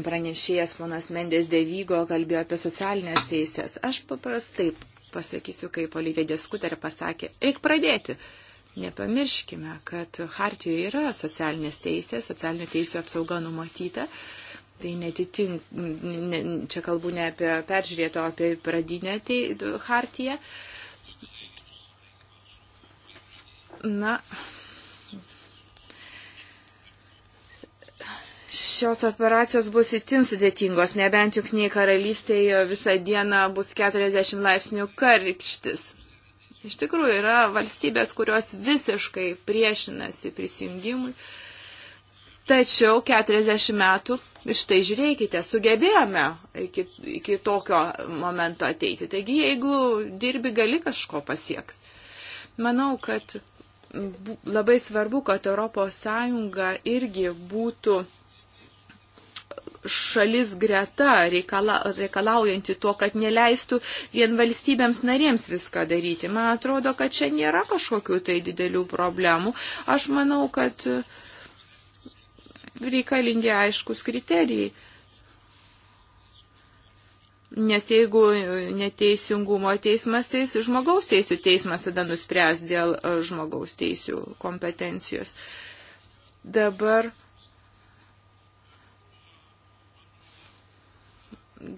Speaker 4: Pranešėjas ponas Mendės Devygo kalbėjo apie socialinės teisės. Aš paprastai pasakysiu, kaip Olivė Deskuterė pasakė, reik pradėti. Nepamirškime, kad Hartijoje yra socialinės teisės, socialinių teisų apsauga numatyta. Tai netitink, ne, čia kalbu ne apie peržiūrėto, apie pradinę tai, Hartiją. Uh, Na, Šios operacijos bus itin sudėtingos, nebent juk nei karalystėje visą dieną bus 40 laipsnių karštis. Iš tikrųjų, yra valstybės, kurios visiškai priešinasi prisijungimui. Tačiau 40 metų, iš tai žiūrėkite, sugebėjome iki, iki tokio momento ateiti. Taigi, jeigu dirbi, gali kažko pasiekti. Manau, kad labai svarbu, kad ES irgi būtų šalis greta reikala, reikalaujanti to, kad neleistų vien valstybėms narėms viską daryti. Man atrodo, kad čia nėra kažkokių tai didelių problemų. Aš manau, kad reikalingi aiškus kriterijai. Nes jeigu neteisingumo teismas, tai žmogaus teisų teismas tada nuspręs dėl e, žmogaus teisų kompetencijos. Dabar,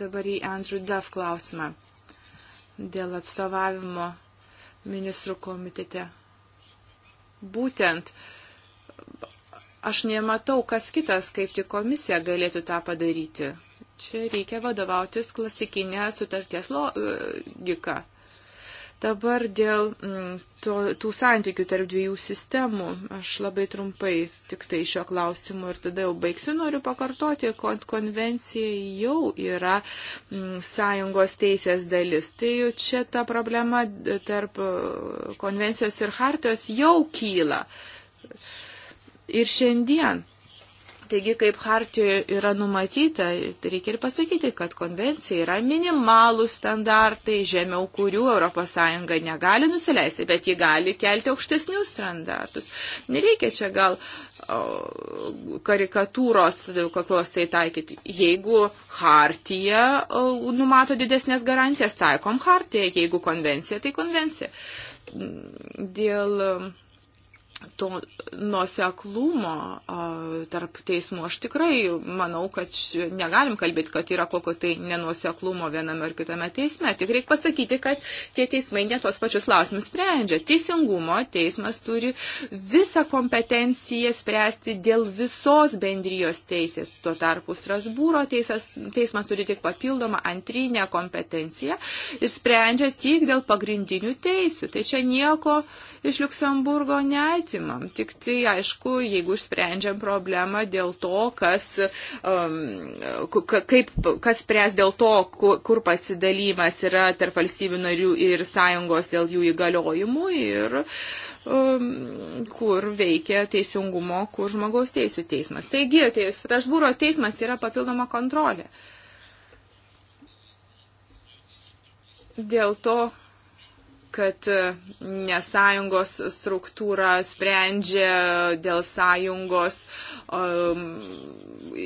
Speaker 4: dabar į Andrew Duff klausimą dėl atstovavimo ministrų komitete. Būtent aš nematau, kas kitas kaip tik komisija galėtų tą padaryti. Čia reikia vadovautis klasikinė sutarties e, logika. Dabar dėl mm, to, tų santykių tarp dviejų sistemų, aš labai trumpai tik tai šio klausimu ir tada jau baigsiu, noriu pakartoti, kad konvencija jau yra m, mm, sąjungos teisės dalis. Tai jau čia ta problema tarp e, konvencijos ir hartijos jau kyla. Ir šiandien Taigi, kaip hartijoje yra numatyta, tai reikia ir pasakyti, kad konvencija yra minimalų standartai, žemiau kurių ES negali nusileisti, bet ji gali kelti aukštesnius standartus. Nereikia čia gal o, karikatūros kokios tai taikyti. Jeigu hartija o, numato didesnės garantijas, taikom hartiją, jeigu konvencija, tai konvencija. Dėl to nuoseklumo tarp teismų. Aš tikrai manau, kad negalim kalbėti, kad yra kokio tai nenuoseklumo viename ar kitame teisme. Tik reikia pasakyti, kad tie teismai ne tos pačius klausimus sprendžia. Teisingumo teismas turi visą kompetenciją spręsti dėl visos bendrijos teisės. Tuo tarpu Strasbūro teisas, teismas turi tik papildomą antrinę kompetenciją ir sprendžia tik dėl pagrindinių teisių. Tai čia nieko iš Luksemburgo neatėjo įstatymam. Tik tai, aišku, jeigu išsprendžiam problemą dėl to, kas, um, kaip, kas spręs dėl to, kur, kur pasidalymas yra tarp valstybių narių ir sąjungos dėl jų įgaliojimų ir um, kur veikia teisingumo, kur žmogaus teisų teismas. Taigi, Strasbūro teismas yra papildoma kontrolė. Dėl to kad e, nesąjungos struktūra sprendžia dėl sąjungos um,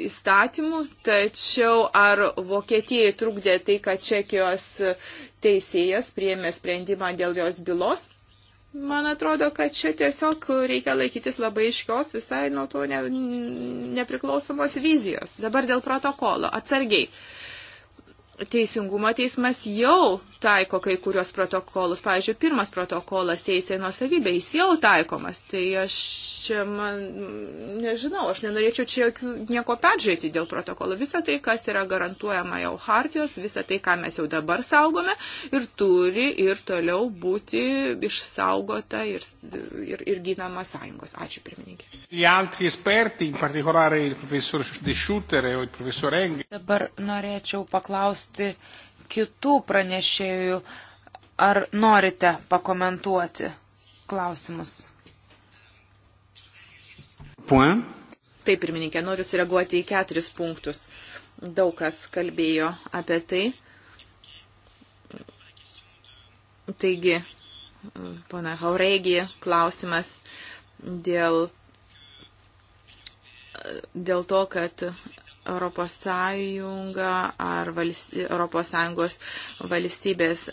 Speaker 4: įstatymų, tačiau ar Vokietijai trukdė tai, kad Čekijos teisėjas priėmė sprendimą dėl jos bylos? Man atrodo, kad čia tiesiog reikia laikytis labai iškios visai nuo to ne, nepriklausomos vizijos. Dabar dėl protokolo. Atsargiai. Teisingumo teismas jau taiko kai kurios protokolus. Pavyzdžiui, pirmas protokolas teisė nuosavybė, jis jau taikomas. Tai aš čia man nežinau, aš nenorėčiau čia jokių, nieko peržiūrėti dėl protokolo. Visa tai, kas yra garantuojama jau hartijos, visa tai, ką mes jau dabar saugome ir turi ir toliau būti išsaugota ir, ir, ir ginama sąjungos. Ačiū, pirmininkė.
Speaker 1: E
Speaker 2: dabar norėčiau paklausti kitų pranešėjų. Ar norite pakomentuoti
Speaker 4: klausimus? Point. Taip, pirmininkė, noriu sureaguoti į keturis punktus. Daug kas kalbėjo apie tai. Taigi, pana Hauregi, klausimas dėl, dėl to, kad Europos Sąjunga ar valsty, Europos Sąjungos valstybės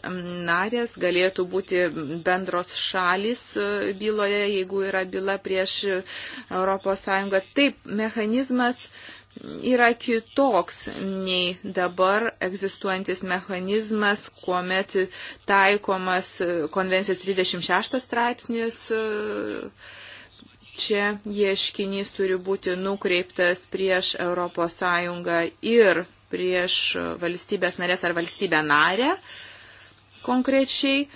Speaker 4: narės galėtų būti bendros šalis e, byloje, jeigu yra byla prieš Europos Sąjungą. Taip, mechanizmas yra kitoks nei dabar egzistuojantis mechanizmas, kuomet taikomas konvencijos 36 straipsnis e, čia ieškinys turi būti nukreiptas prieš ES ir prieš valstybės narės ar valstybę narę konkrečiai.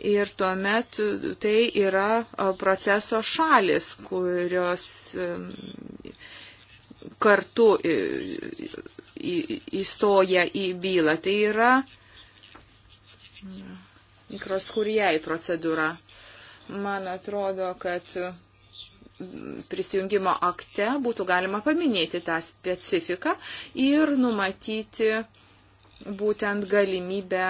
Speaker 4: Ir tuomet tai yra e, proceso šalis, kurios e, kartu e, įstoja į bylą. Tai yra mikroskuriai procedūra. Man atrodo, kad prisijungimo akte būtų galima paminėti tą specifiką ir numatyti būtent galimybę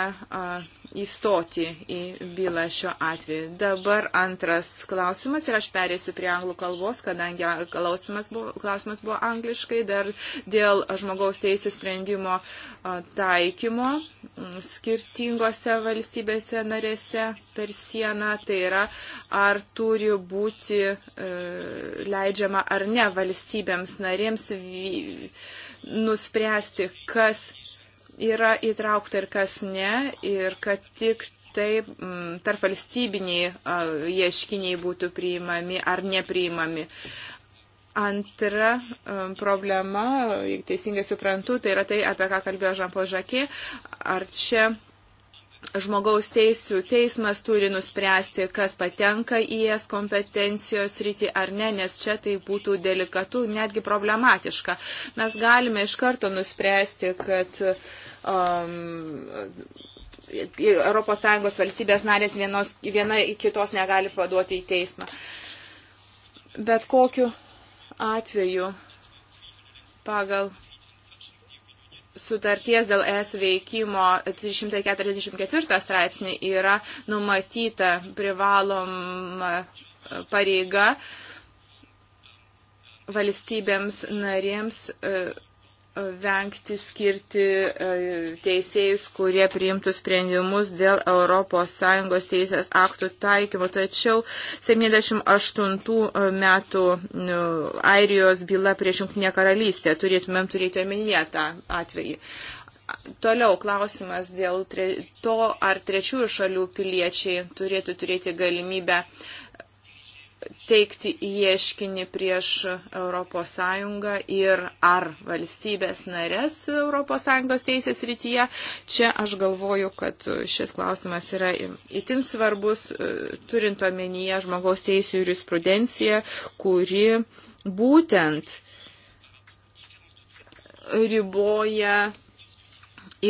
Speaker 4: įstoti į bylą šiuo atveju. Dabar antras klausimas ir aš perėsiu prie anglų kalbos, kadangi klausimas buvo, klausimas buvo angliškai, dar dėl žmogaus teisų sprendimo taikymo skirtingose valstybėse narėse per sieną, tai yra ar turi būti e, leidžiama ar ne valstybėms narėms vy, nuspręsti, kas yra įtraukta ir kas ne, ir kad tik tai mm, tarp valstybiniai ieškiniai būtų priimami ar nepriimami. Antra problema, jeigu teisingai suprantu, tai yra tai, apie ką kalbėjo Žampo Žakė, ar čia žmogaus teisų teismas turi nuspręsti, kas patenka į es kompetencijos rytį ar ne, nes čia tai būtų delikatu, netgi problematiška. Mes galime iš karto nuspręsti, kad uh, um, ES valstybės narės vienos, viena kitos negali paduoti į teismą. Bet kokiu atveju pagal sutarties dėl es veikimo 344 straipsnį yra numatyta privaloma pareiga valstybėms narėms. E, vengti skirti e, teisėjus, kurie priimtų sprendimus dėl ES teisės aktų taikymo. Tačiau 78 metų e, Airijos byla prieš Junktinę karalystę turėtumėm turėti omenyje tą atvejį. Toliau klausimas dėl to, ar trečiųjų šalių piliečiai turėtų turėti galimybę uh, teikti ieškinį prieš ES ir ar valstybės narės ES teisės rytyje. Čia aš galvoju, kad šis klausimas yra itin svarbus, e, turint omenyje žmogaus teisų jurisprudenciją, kuri būtent riboja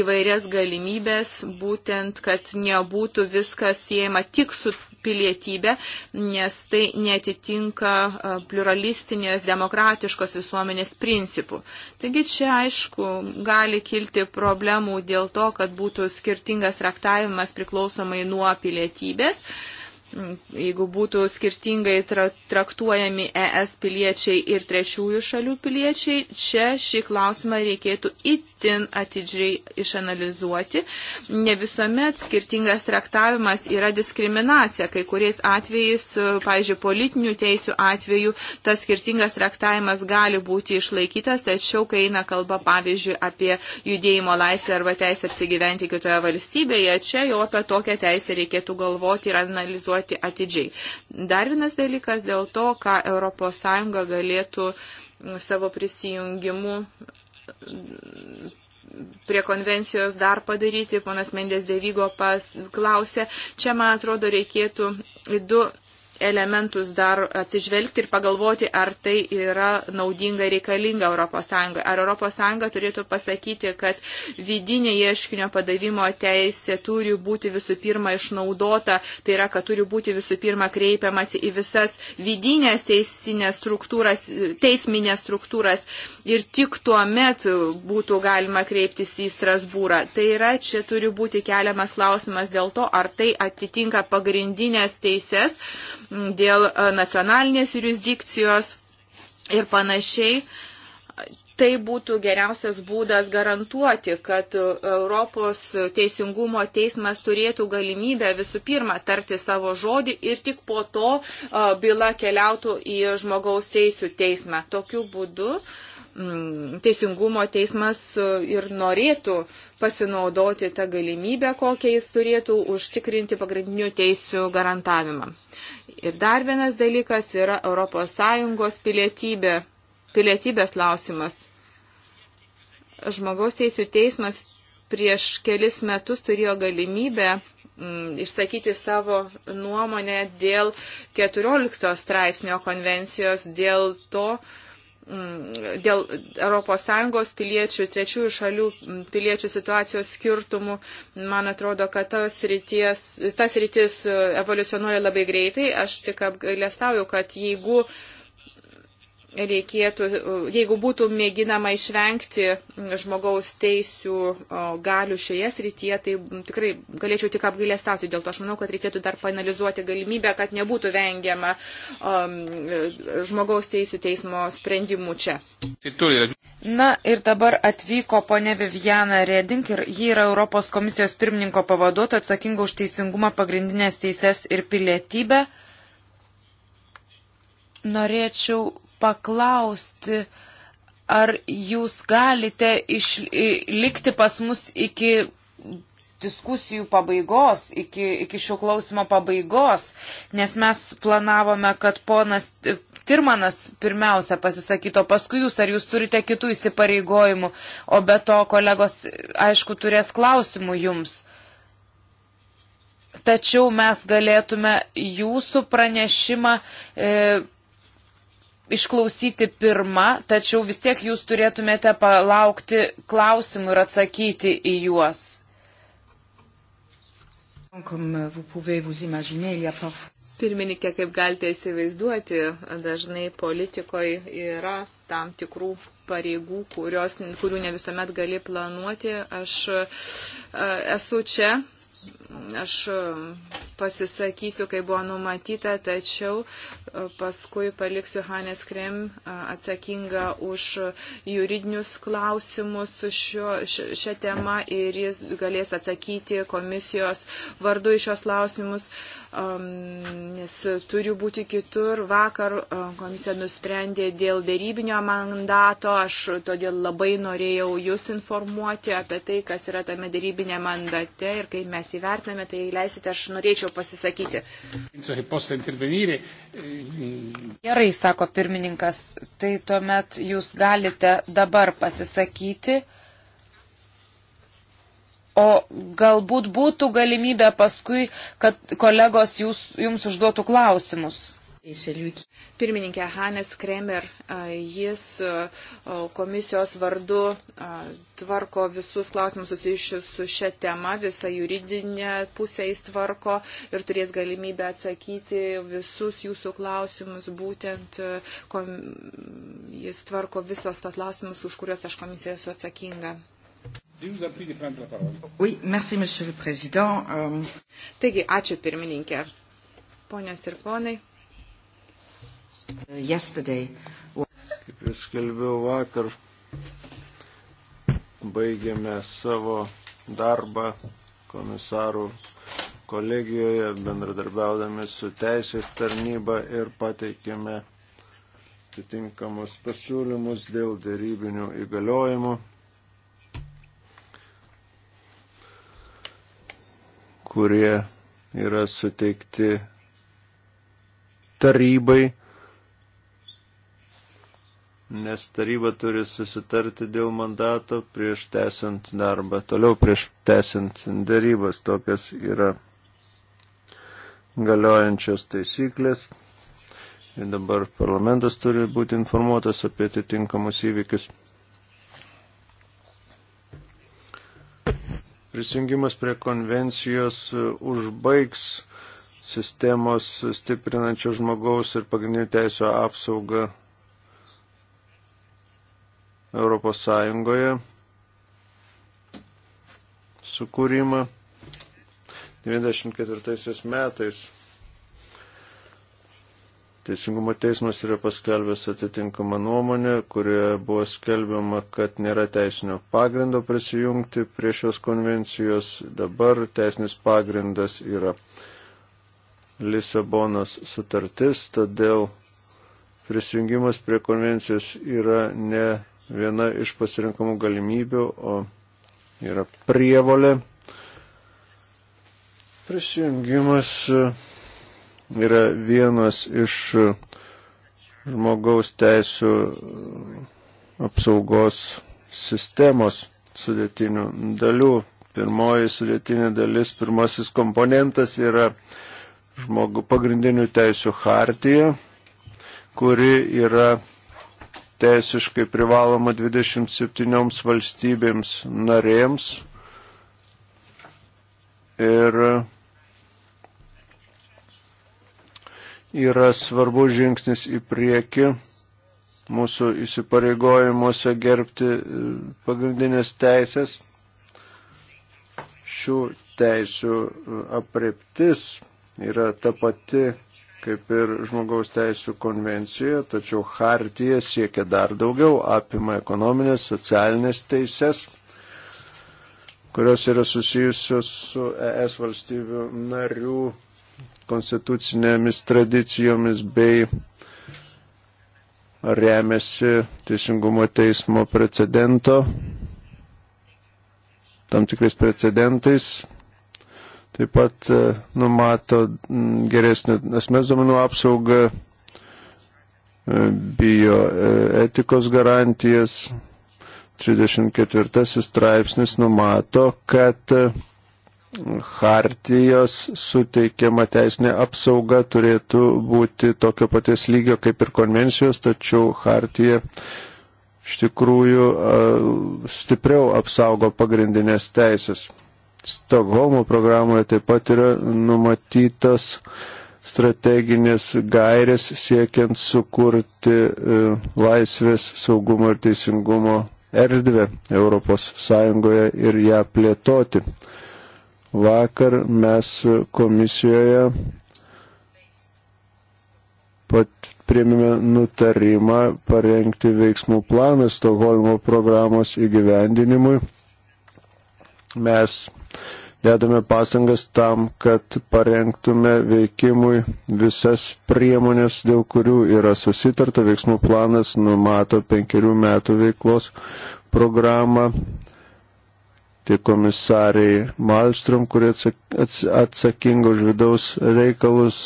Speaker 4: įvairias galimybės, būtent, kad nebūtų viskas siejama tik su pilietybę, nes tai netitinka e, pluralistinės, demokratiškos visuomenės principų. Taigi čia aišku gali kilti problemų dėl to, kad būtų skirtingas raktavimas priklausomai nuo pilietybės. Uh, jeigu būtų skirtingai tra traktuojami ES piliečiai ir trečiųjų šalių piliečiai, čia šį klausimą reikėtų itin atidžiai išanalizuoti. Ne visuomet skirtingas traktavimas yra diskriminacija. Kai kuriais atvejais, pavyzdžiui, politinių teisių atveju, tas skirtingas traktavimas gali būti išlaikytas, tačiau kai eina kalba, pavyzdžiui, apie judėjimo laisvę arba teisę apsigyventi kitoje valstybėje, čia jau apie tokią teisę reikėtų galvoti ir analizuoti pagalvoti atidžiai. Dar vienas dalykas dėl to, ką ES galėtų savo prisijungimu prie konvencijos dar padaryti, ponas Mendės Devygo pas klausė, čia man atrodo reikėtų du elementus dar atsižvelgti ir pagalvoti, ar tai yra naudinga ir reikalinga ES. Ar ES turėtų pasakyti, kad vidinė ieškinio padavimo teisė turi būti visų pirma išnaudota, tai yra, kad turi būti visų pirma kreipiamasi į visas vidinės teisinės struktūras, teisminės struktūras ir tik tuo met būtų galima kreiptis į Strasbūrą. Tai yra, čia turi būti keliamas klausimas dėl to, ar tai atitinka pagrindinės teises dėl e, nacionalinės jurisdikcijos ir panašiai tai būtų geriausias būdas garantuoti, kad Europos teisingumo teismas turėtų galimybę visų pirma tarti savo žodį ir tik po to e, byla keliautų į žmogaus teisų teismą. Tokiu būdu uh, Mm, teisingumo teismas e, ir norėtų pasinaudoti tą galimybę, kokią jis turėtų užtikrinti pagrindinių teisių garantavimą. Ir dar vienas dalykas yra ES pilietybė, pilietybės klausimas. Žmogaus teisų teismas prieš kelis metus turėjo galimybę mm, išsakyti savo nuomonę dėl 14 straipsnio konvencijos, dėl to, Mm, dėl ES piliečių, trečiųjų šalių mm, piliečių situacijos skirtumų, man atrodo, kad tas rytis, tas rytis e, evoliucionuoja labai greitai. Aš tik apgailestauju, kad jeigu uh, reikėtų, jeigu būtų mėginama išvengti žmogaus teisių galių šioje srityje, tai tikrai galėčiau tik apgailestauti. Dėl to aš manau, kad reikėtų dar panalizuoti galimybę, kad nebūtų vengiama um, žmogaus teisų teismo sprendimų čia. Na ir dabar atvyko ponė Viviana Redink ir ji yra Europos komisijos
Speaker 2: pirmininko pavaduota atsakinga už teisingumą, pagrindinės teises ir pilietybę. Norėčiau paklausti, ar jūs galite išlikti pas mus iki diskusijų pabaigos, iki, iki šio klausimo pabaigos, nes mes planavome, kad ponas Tirmanas pirmiausia pasisakyto, paskui jūs, ar jūs turite kitų įsipareigojimų, o be to kolegos, aišku, turės klausimų jums. Tačiau mes galėtume jūsų pranešimą e, išklausyti pirmą, tačiau vis tiek jūs turėtumėte palaukti klausimų ir atsakyti į juos.
Speaker 4: Pirmininkė, kaip galite įsivaizduoti, dažnai politikoje yra tam tikrų pareigų, kurios, kurių ne visuomet gali planuoti. Aš e, esu čia, aš pasisakysiu, kai buvo numatyta, tačiau e, paskui paliksiu Hanes Krem e, atsakingą už juridinius klausimus šio, šią temą ir jis galės atsakyti komisijos vardu į šios klausimus, nes turiu būti kitur. Vakar e, komisija nusprendė dėl dėrybinio mandato, aš todėl labai norėjau jūs informuoti apie tai, kas yra tame dėrybinė mandate ir kaip mes įvertiname, tai leisite, aš norėčiau norėčiau pasisakyti.
Speaker 1: Eh, Gerai,
Speaker 2: sako pirmininkas, tai tuomet jūs galite dabar pasisakyti. O galbūt būtų galimybė paskui, kad kolegos jūs, jums užduotų klausimus.
Speaker 4: Pirmininkė Hannes Kremer, jis komisijos vardu tvarko visus klausimus susijusius su šia tema, visą juridinę pusę jis tvarko ir turės galimybę atsakyti visus jūsų klausimus, būtent kom... jis tvarko visos tos klausimus, už kuriuos aš komisijoje esu atsakinga. Oui, merci,
Speaker 2: euh,
Speaker 4: Taigi, ačiū pirmininkė. Ponios ir ponai.
Speaker 3: Yesterday. Kaip ir skelbiau vakar, baigėme savo darbą komisarų kolegijoje, bendradarbiaudami su teisės tarnyba ir pateikėme atitinkamus pasiūlymus dėl dėrybinių įgaliojimų. kurie yra suteikti tarybai nes taryba turi susitarti dėl mandato prieš tęsiant darbą, toliau prieš tęsiant darybas. Tokias yra galiojančios taisyklės. Ir dabar parlamentas turi būti informuotas apie atitinkamus įvykius. Prisijungimas prie konvencijos užbaigs sistemos stiprinančios žmogaus ir pagrindinių teisų apsaugą Europos Sąjungoje sukūrimą 94 metais. Teisingumo teismas yra paskelbęs atitinkamą nuomonę, kurioje buvo skelbiama, kad nėra teisinio pagrindo prisijungti prie šios konvencijos. Dabar teisinis pagrindas yra Lisabonos sutartis, todėl prisijungimas prie konvencijos yra ne viena iš pasirinkamų galimybių, o yra prievolė. Prisijungimas e, yra vienas iš e, žmogaus teisų e, apsaugos sistemos sudėtinių dalių. Pirmoji sudėtinė dalis, pirmasis komponentas yra žmogų pagrindinių teisų hartija, kuri yra teisiškai privaloma 27 valstybėms narėms. Ir yra svarbu žingsnis į priekį mūsų įsipareigojimuose gerbti e, pagrindinės teisės. Šių teisų e, apreptis yra ta pati kaip ir žmogaus teisų konvencija, tačiau hartija siekia dar daugiau, apima ekonominės, socialinės teises, kurios yra susijusios su ES valstybių narių konstitucinėmis tradicijomis bei remiasi Teisingumo teismo precedento, tam tikrais precedentais, taip pat e, numato geresnį asmens duomenų apsaugą, e, bio e, etikos garantijas. 34 straipsnis numato, kad Hartijos suteikiama teisinė apsauga turėtų būti tokio paties lygio kaip ir konvencijos, tačiau Hartija iš tikrųjų stipriau apsaugo pagrindinės teisės. Stokholmo programoje taip pat yra numatytas strateginės gairės siekiant sukurti e, laisvės, saugumo ir teisingumo erdvę Europos Sąjungoje ir ją plėtoti. Vakar mes komisijoje pat priėmėme nutarimą parengti veiksmų planą Stokholmo programos įgyvendinimui. Mes dedame pasangas tam, kad parengtume veikimui visas priemonės, dėl kurių yra susitarta. Veiksmų planas numato penkerių metų veiklos programą. Tai komisariai Malstrom, kurie atsakinga už vidaus reikalus,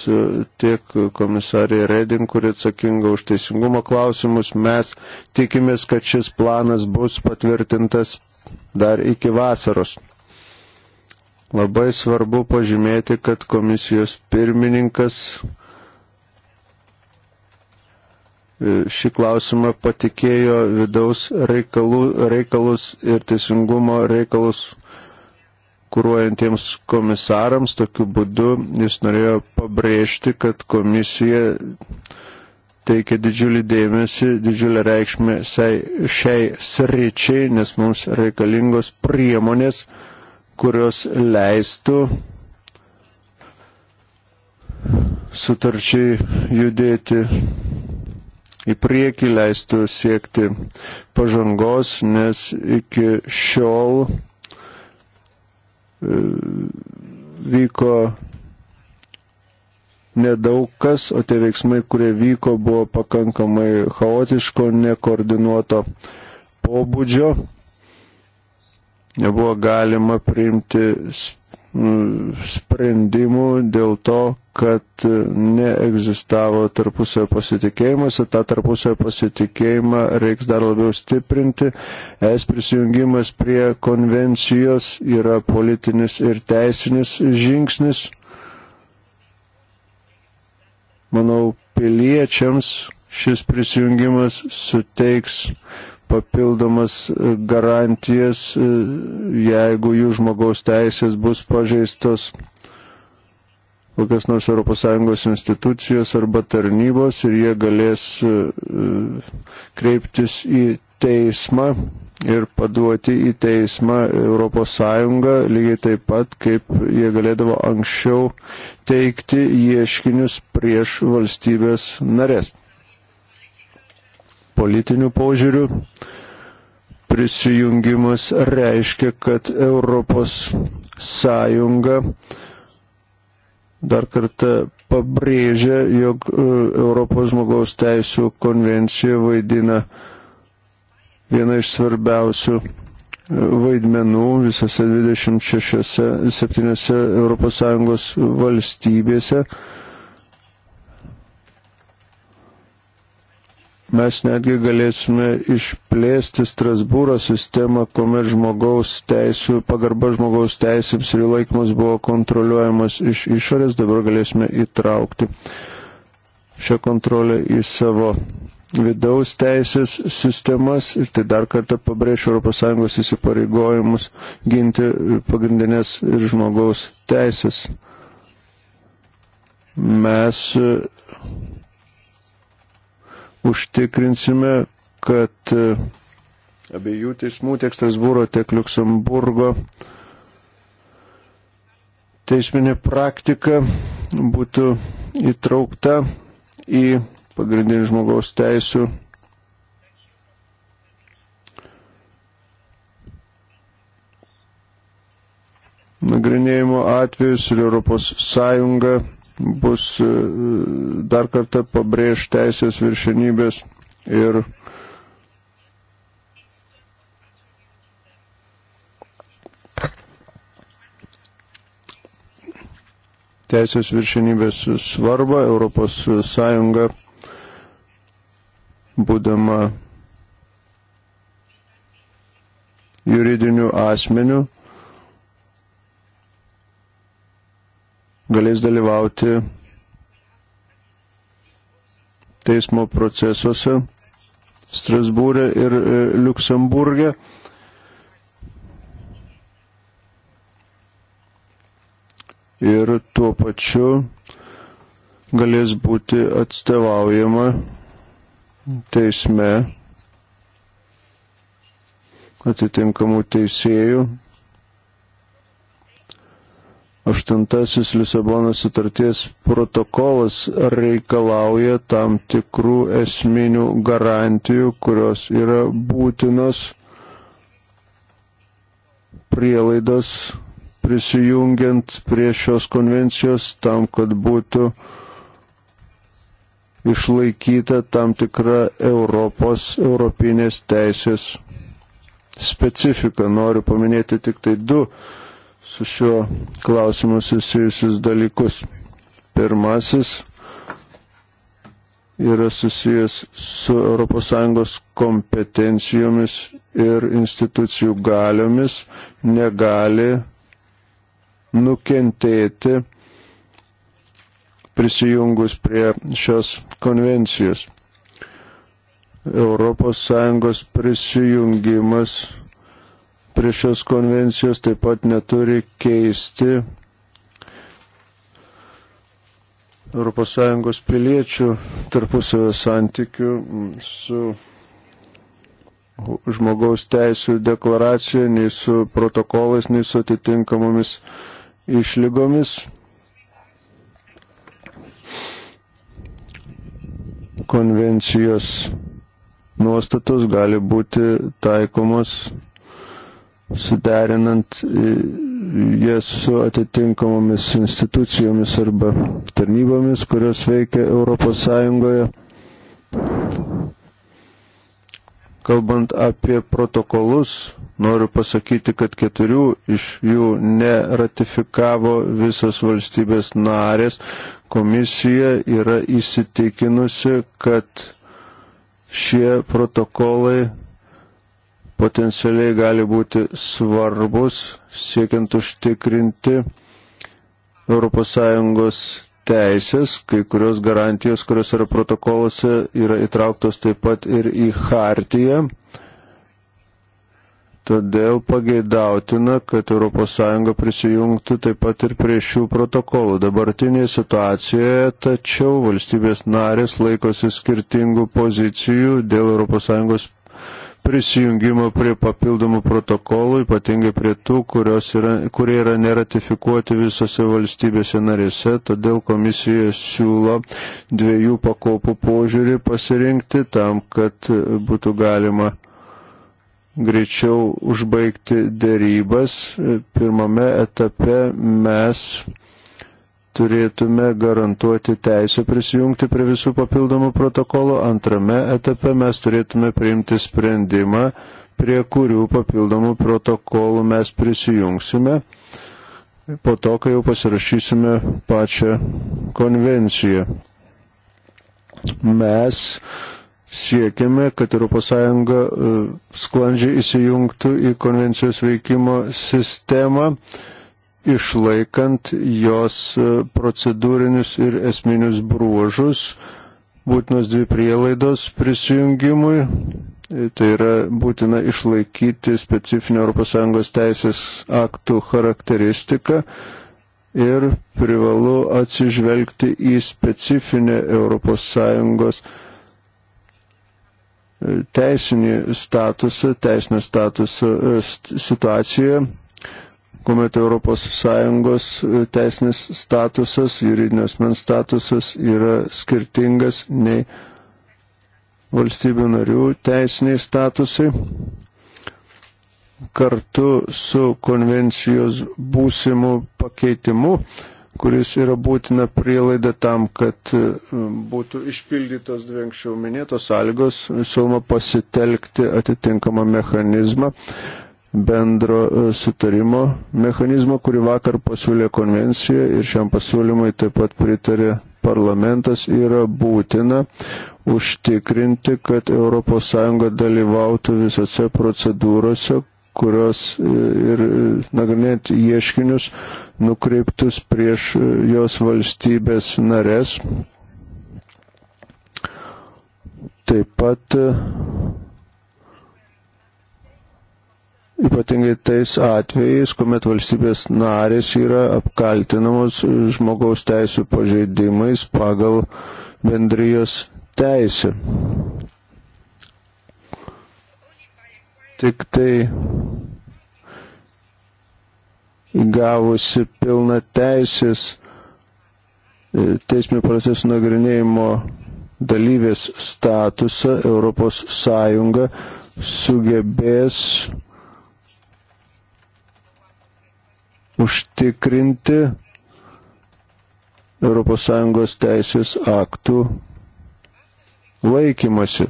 Speaker 3: tiek komisariai Redin, kurie atsakinga už teisingumo klausimus, mes tikimės, kad šis planas bus patvirtintas dar iki vasaros. Labai svarbu pažymėti, kad komisijos pirmininkas e, šį klausimą patikėjo vidaus reikalų, reikalus ir teisingumo reikalus kūruojantiems komisarams. Tokiu būdu jis norėjo pabrėžti, kad komisija teikia didžiulį dėmesį, didžiulę reikšmę šiai sričiai, nes mums reikalingos priemonės, kurios leistų sutarčiai judėti į priekį, leistų siekti pažangos, nes iki šiol e, vyko nedaug kas, o tie veiksmai, kurie vyko, buvo pakankamai chaotiško, nekoordinuoto pobūdžio nebuvo galima priimti nu, sprendimų dėl to, kad e, neegzistavo tarpusio pasitikėjimas ir tą tarpusio pasitikėjimą reiks dar labiau stiprinti. Es prisijungimas prie konvencijos yra politinis ir teisinis žingsnis. Manau, piliečiams šis prisijungimas suteiks papildomas e, garantijas, e, jeigu jų žmogaus teisės bus pažeistos kokios nors ES institucijos arba tarnybos ir jie galės e, kreiptis į teismą ir paduoti į teismą ES lygiai taip pat, kaip jie galėdavo anksčiau teikti ieškinius prieš valstybės narės politinių požiūrių prisijungimas reiškia, kad Europos sąjunga dar kartą pabrėžia, jog e, Europos žmogaus teisų konvencija vaidina vieną iš svarbiausių e, vaidmenų visose 26-7 ES valstybėse. Mes netgi galėsime išplėsti Strasbūro sistemą, kuomet žmogaus teisų, pagarba žmogaus teisėms ir laikymas buvo kontroliuojamas iš išorės, dabar galėsime įtraukti šią kontrolę į savo vidaus teisės sistemas ir tai dar kartą pabrėšiu ES įsipareigojimus ginti pagrindinės ir žmogaus teisės. Mes užtikrinsime, kad e, abiejų teismų, tiek Strasbūro, tiek Luxemburgo teisminė praktika būtų įtraukta į pagrindinį žmogaus teisų nagrinėjimo atvejus ir Europos Sąjunga bus e, dar kartą pabrėž teisės viršenybės ir teisės viršenybės svarbą Europos Sąjunga būdama juridiniu asmeniu galės dalyvauti teismo procesuose Strasbūrė ir e, Luksemburgė. Ir tuo pačiu galės būti atstovaujama teisme atitinkamų teisėjų Aštuntasis Lisabonos sutarties protokolas reikalauja tam tikrų esminių garantijų, kurios yra būtinos prielaidos prisijungiant prie šios konvencijos tam, kad būtų išlaikyta tam tikra Europos, europinės teisės specifika. Noriu paminėti tik tai du su šiuo klausimu susijusius dalykus. Pirmasis yra susijęs su ES kompetencijomis ir institucijų galiomis, negali nukentėti prisijungus prie šios konvencijos. ES prisijungimas prie šios konvencijos taip pat neturi keisti ES piliečių tarpusavio santykių su žmogaus teisų deklaracija, nei su protokolais, nei su atitinkamomis išlygomis. Konvencijos nuostatos gali būti taikomos suderinant e, jas su atitinkamomis institucijomis arba tarnybomis, kurios veikia Europos Sąjungoje. Kalbant apie protokolus, noriu pasakyti, kad keturių iš jų neratifikavo visas valstybės narės. Komisija yra įsitikinusi, kad šie protokolai potencialiai gali būti svarbus siekiant užtikrinti ES teisės, kai kurios garantijos, kurios yra protokolose, yra įtrauktos taip pat ir į hartiją. Todėl pageidautina, kad ES prisijungtų taip pat ir prie šių protokolų. Dabartinėje situacijoje tačiau valstybės narės laikosi skirtingų pozicijų dėl ES prisijungimo prie papildomų protokolų, ypatingai prie tų, yra, kurie yra neratifikuoti visose valstybėse narėse, todėl komisija siūlo dviejų pakopų požiūrį pasirinkti tam, kad būtų galima greičiau užbaigti dėrybas. Pirmame etape mes turėtume garantuoti teisę prisijungti prie visų papildomų protokolų. Antrame etape mes turėtume priimti sprendimą, prie kurių papildomų protokolų mes prisijungsime po to, kai jau pasirašysime pačią konvenciją. Mes siekiame, kad ES e, sklandžiai įsijungtų į konvencijos veikimo sistemą išlaikant jos e, procedūrinius ir esminius bruožus, būtinos dvi prielaidos prisijungimui. E, tai yra būtina išlaikyti specifinę ES teisės aktų charakteristiką ir privalu atsižvelgti į specifinę ES e, teisinį statusą, teisinę statusą situacijoje kuomet ES e, teisinis statusas, juridinio asmens statusas yra skirtingas nei valstybių narių teisiniai statusai. Kartu su konvencijos būsimu pakeitimu, kuris yra būtina prielaida tam, kad e, būtų išpildytos dvi anksčiau minėtos sąlygos, siūloma pasitelkti atitinkamą mechanizmą, bendro e, sutarimo mechanizmo, kurį vakar pasiūlė konvencija ir šiam pasiūlymui taip pat pritarė parlamentas, yra būtina užtikrinti, kad ES dalyvautų visose procedūrose, kurios e, ir e, nagrinėjant ieškinius nukreiptus prieš jos valstybės narės. Taip pat ypatingai tais atvejais, kuomet valstybės narės yra apkaltinamos žmogaus teisų pažeidimais pagal bendrijos teisę. Tik tai įgavusi pilna teisės e, teisminio procesų nagrinėjimo dalyvės statusą Europos Sąjunga sugebės užtikrinti ES teisės aktų laikymasi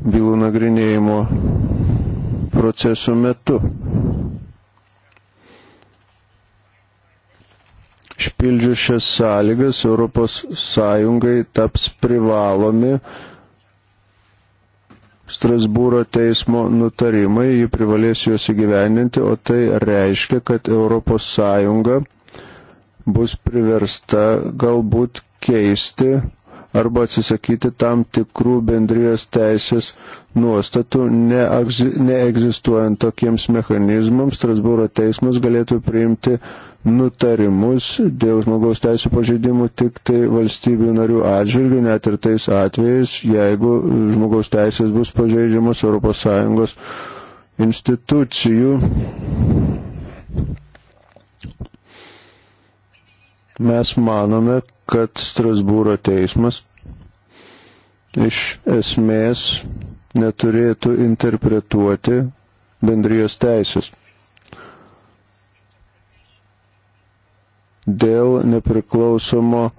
Speaker 3: bylų nagrinėjimo procesų metu. Išpildžius šias sąlygas ES taps privalomi Strasbūro teismo nutarimai, ji privalės juos įgyveninti, o tai reiškia, kad ES bus priversta galbūt keisti arba atsisakyti tam tikrų bendrijos teisės nuostatų, neegzistuojant tokiems mechanizmams, Strasbūro teismas galėtų priimti nutarimus dėl žmogaus teisų pažeidimų tik tai valstybių narių atžvilgių, net ir tais atvejais, jeigu žmogaus teisės bus pažeidžiamos ES institucijų. Mes manome, kad Strasbūro teismas iš esmės neturėtų interpretuoti bendrijos teisės. dėl nepriklausomo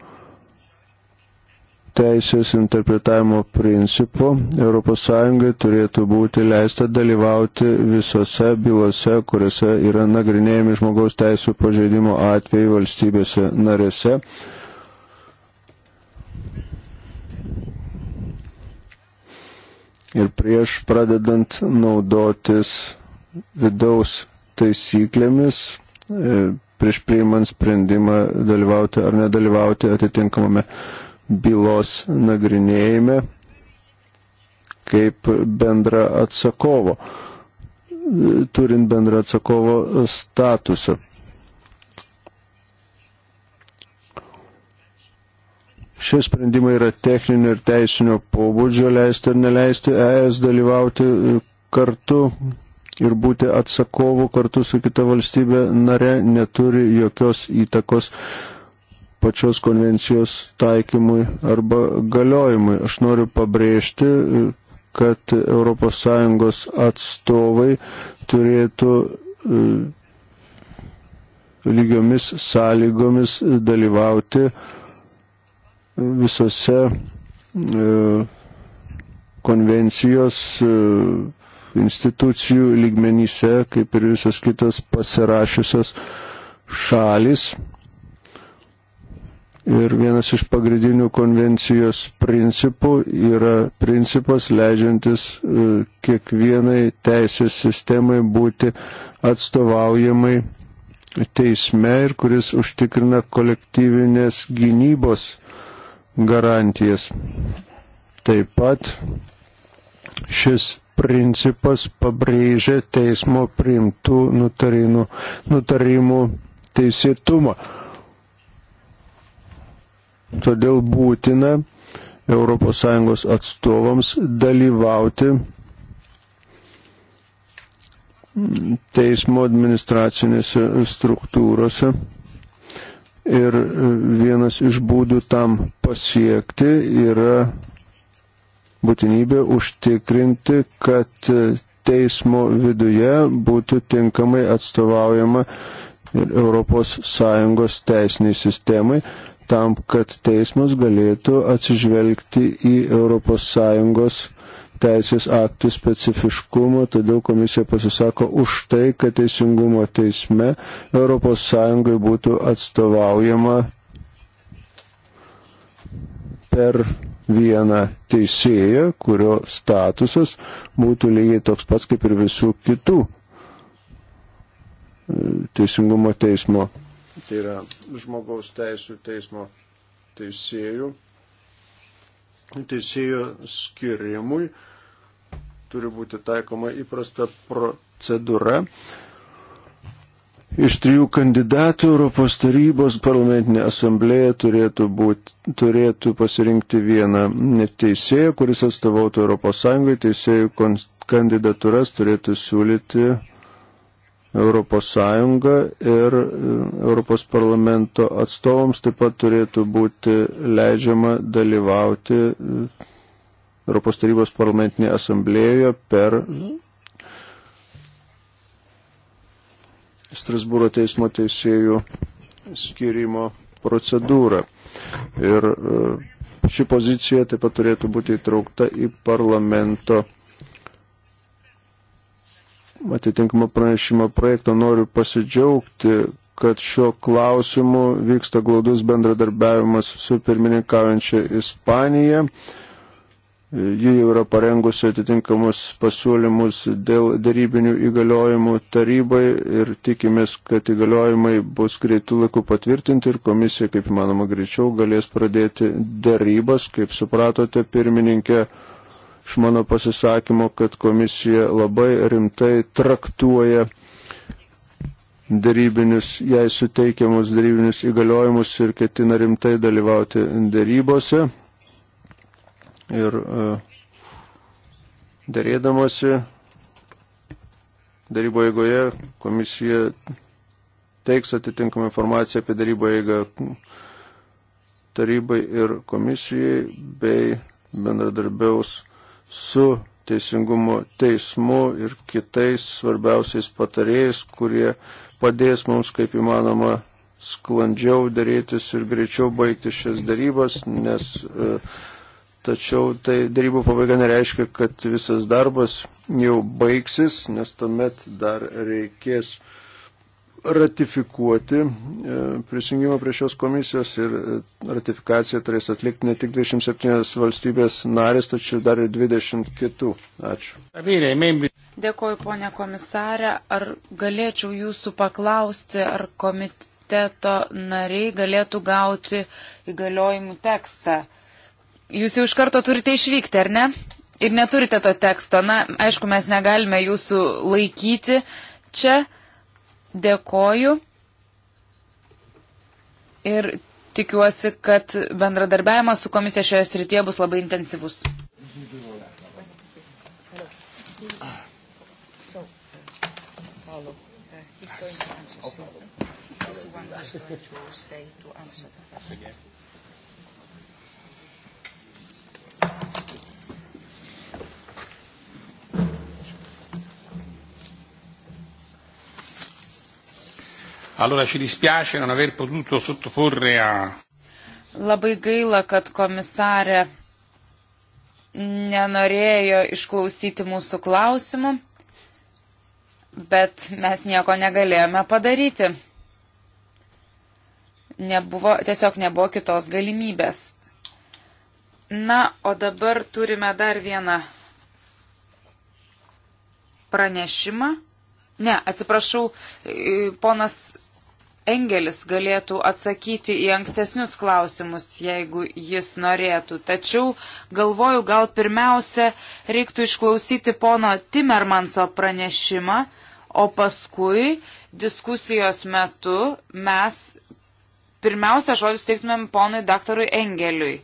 Speaker 3: teisės interpretavimo principų ES turėtų būti leista dalyvauti visose bylose, kuriuose yra nagrinėjami žmogaus teisų pažeidimo atvejai valstybėse narėse. Ir prieš pradedant naudotis vidaus taisyklėmis, e, prieš priimant sprendimą dalyvauti ar nedalyvauti atitinkamame bylos nagrinėjime kaip bendra atsakovo, turint bendrą atsakovo statusą. Šie sprendimai yra techninio ir teisinio pobūdžio leisti ar neleisti ES dalyvauti kartu ir būti atsakovu kartu su kita valstybė nare neturi jokios įtakos pačios konvencijos taikymui arba galiojimui. Aš noriu pabrėžti, kad ES atstovai turėtų e, lygiomis sąlygomis dalyvauti visose e, konvencijos e, institucijų lygmenyse, kaip ir visos kitos pasirašiusios šalis. Ir vienas iš pagrindinių konvencijos principų yra principas leidžiantis e, kiekvienai teisės sistemai būti atstovaujamai teisme ir kuris užtikrina kolektyvinės gynybos garantijas. Taip pat šis principas pabrėžia teismo priimtų nutarimų, nutarimų teisėtumą. Todėl būtina ES atstovams dalyvauti teismo administracinėse struktūrose. Ir vienas iš būdų tam pasiekti yra būtinybė užtikrinti, kad teismo viduje būtų tinkamai atstovaujama ES teisiniai sistemai tam, kad teismas galėtų atsižvelgti į ES teisės aktų specifiškumą, todėl komisija pasisako už tai, kad teisingumo teisme ES būtų atstovaujama per vieną teisėją, kurio statusas būtų lygiai toks pats kaip ir visų kitų e, teisingumo teismo, tai yra žmogaus teisų teismo teisėjų, teisėjo skirimui turi būti taikoma įprasta procedūra iš trijų kandidatų Europos tarybos parlamentinė asamblėja turėtų, būt, turėtų pasirinkti vieną teisėją, kuris atstovautų Europos Sąjungai. Teisėjų kandidatūras turėtų siūlyti Europos Sąjunga ir e, Europos parlamento atstovams taip pat turėtų būti leidžiama dalyvauti e, Europos tarybos parlamentinėje asamblėjoje per Strasbūro teismo teisėjų skirimo procedūrą. Ir e, ši pozicija taip pat turėtų būti įtraukta į parlamento atitinkamą pranešimą projektą. Noriu pasidžiaugti, kad šiuo klausimu vyksta glaudus bendradarbiavimas su pirmininkaujančia Ispanija. Ji jau yra parengusi atitinkamus pasiūlymus dėl darybinių įgaliojimų tarybai ir tikimės, kad įgaliojimai bus greitų laikų patvirtinti ir komisija, kaip manoma, greičiau galės pradėti darybas, kaip supratote, pirmininkė iš mano pasisakymo, kad komisija labai rimtai traktuoja darybinius, jai suteikiamus darybinius įgaliojimus ir ketina rimtai dalyvauti darybose ir e, dėrėdamasi darybo eigoje komisija teiks atitinkamą informaciją apie darybo eigą tarybai ir komisijai bei bendradarbiaus su teisingumo teismu ir kitais svarbiausiais patarėjais, kurie padės mums kaip įmanoma sklandžiau darytis ir greičiau baigti šias darybas, nes uh, Tačiau tai darybų pabaiga nereiškia, kad visas darbas jau baigsis, nes tuomet dar reikės ratifikuoti e, prisijungimą prie šios komisijos ir e, ratifikaciją turės atlikti ne tik 27 valstybės narės, tačiau dar ir 20 kitų. Ačiū.
Speaker 2: Dėkoju, ponė komisarė. Ar galėčiau jūsų paklausti, ar komiteto nariai galėtų gauti įgaliojimų tekstą? Jūs jau iš karto turite išvykti, ar ne? Ir neturite to teksto. Na, aišku, mes negalime jūsų laikyti čia. Dėkoju. Ir tikiuosi, kad bendradarbiavimas su komisija šioje srityje bus labai intensyvus. He's going to answer. So, he's the one that's going to stay to answer the question.
Speaker 1: Allora ci dispiace non aver potuto sottoporre a.
Speaker 2: Labai gaila, kad komisarė nenorėjo išklausyti mūsų klausimų, bet mes nieko negalėjome padaryti. Nebuvo, tiesiog nebuvo kitos galimybės. Na, o dabar turime dar vieną pranešimą. Ne, atsiprašau, ponas Engelis galėtų atsakyti į ankstesnius klausimus, jeigu jis norėtų. Tačiau galvoju, gal pirmiausia reiktų išklausyti pono Timermanso pranešimą, o paskui diskusijos metu mes pirmiausia žodį suteiktumėm ponui daktarui Engeliui.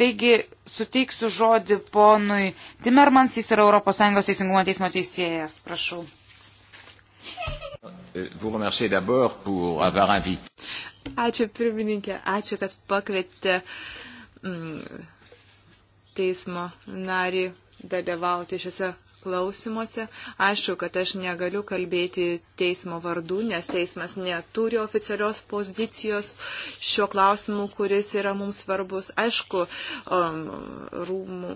Speaker 2: Taigi suteiksiu žodį ponui Timermans, jis yra ES teisingumo teismo teisėjas, prašau. *laughs*
Speaker 3: Euh,
Speaker 1: vous remercier d'abord pour avoir invité.
Speaker 4: Ačiū pirmininkė, ačiū, kad pakvietė mm, teismo narį dalyvauti šiuose klausimuose. Aišku, kad aš negaliu kalbėti teismo vardu, nes teismas neturi oficialios pozicijos šiuo klausimu, kuris yra mums svarbus. Aišku, um, rūmų,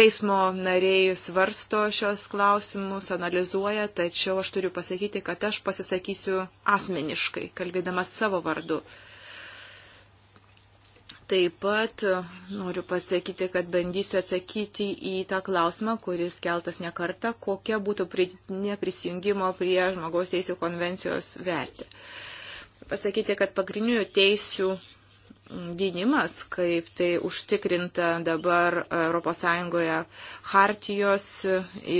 Speaker 4: teismo nariai svarsto šios klausimus, analizuoja, tačiau aš turiu pasakyti, kad aš pasisakysiu asmeniškai, kalbėdamas savo vardu. Taip pat noriu pasakyti, kad bandysiu atsakyti į tą klausimą, kuris keltas nekarta, kokia būtų neprisijungimo prie žmogaus teisų konvencijos vertė. Pasakyti, kad pagrindinių teisių gynimas, kaip tai užtikrinta dabar ES hartijos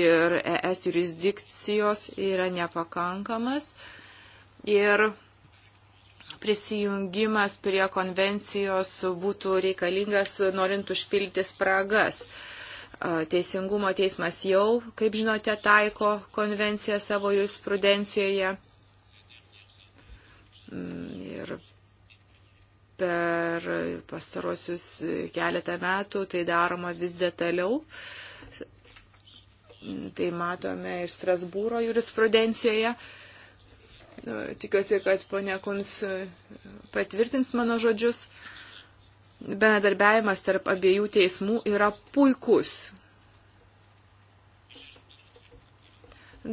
Speaker 4: ir ES jurisdikcijos yra nepakankamas. Ir prisijungimas prie konvencijos būtų reikalingas, norint užpildyti spragas. Teisingumo teismas jau, kaip žinote, taiko konvenciją savo jurisprudencijoje. Mm, ir per pastarosius keletą metų tai daroma vis detaliau. Mm, tai matome ir Strasbūro jurisprudencijoje. Tikiuosi, kad ponia Kuns e, patvirtins mano žodžius. Benedarbiavimas tarp abiejų teismų yra puikus.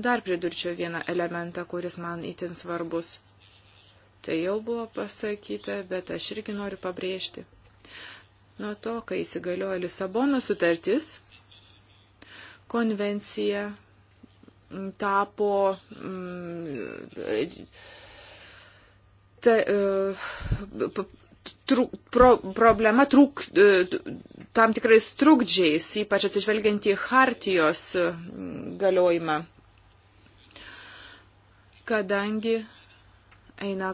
Speaker 4: Dar pridurčiau vieną elementą, kuris man įtin svarbus. Tai jau buvo pasakyta, bet aš irgi noriu pabrėžti. Nuo to, kai įsigaliojo Lisabono sutartis, konvencija tapo mm, ta, e, truk, pro, problema trūk, e, tam tikrais trukdžiais, ypač atsižvelgiant į hartijos mm, galiojimą. Kadangi eina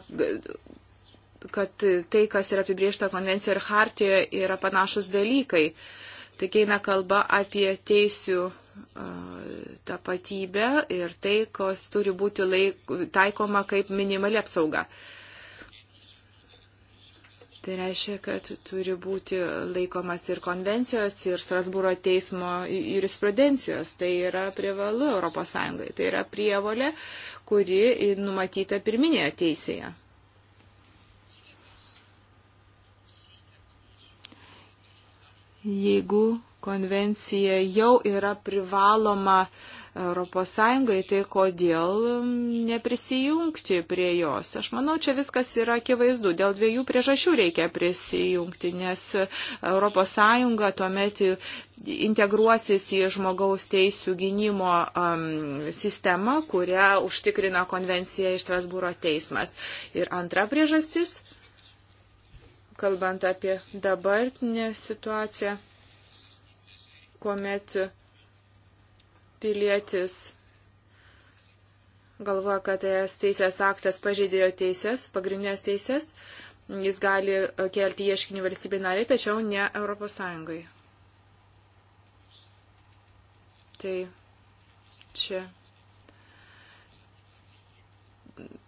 Speaker 4: kad tai, kas yra apibriešta konvencijoje ir hartijoje, yra panašus dalykai. Tik eina kalba apie teisių tapatybę ir tai, kas turi būti laik, taikoma kaip minimali apsauga. Tai reiškia, kad turi būti laikomas ir konvencijos, ir Strasbūro teismo jurisprudencijos. Tai yra privalu ES. Tai yra prievolė, kuri numatyta pirminėje teisėje. Jeigu konvencija jau yra privaloma ES, tai kodėl mm, neprisijungti prie jos? Aš manau, čia viskas yra akivaizdu. Dėl dviejų priežasčių reikia prisijungti, nes ES tuomet integruosis į žmogaus teisų gynimo um, sistemą, kurią užtikrina konvencija iš Strasbūro teismas. Ir antra priežastis, kalbant apie dabartinę situaciją kuomet pilietis galvoja, kad es teisės aktas pažeidėjo teisės, pagrindinės teisės, jis gali kelti ieškinį valstybei nariai, tačiau ne Europos Sąjungai. Tai čia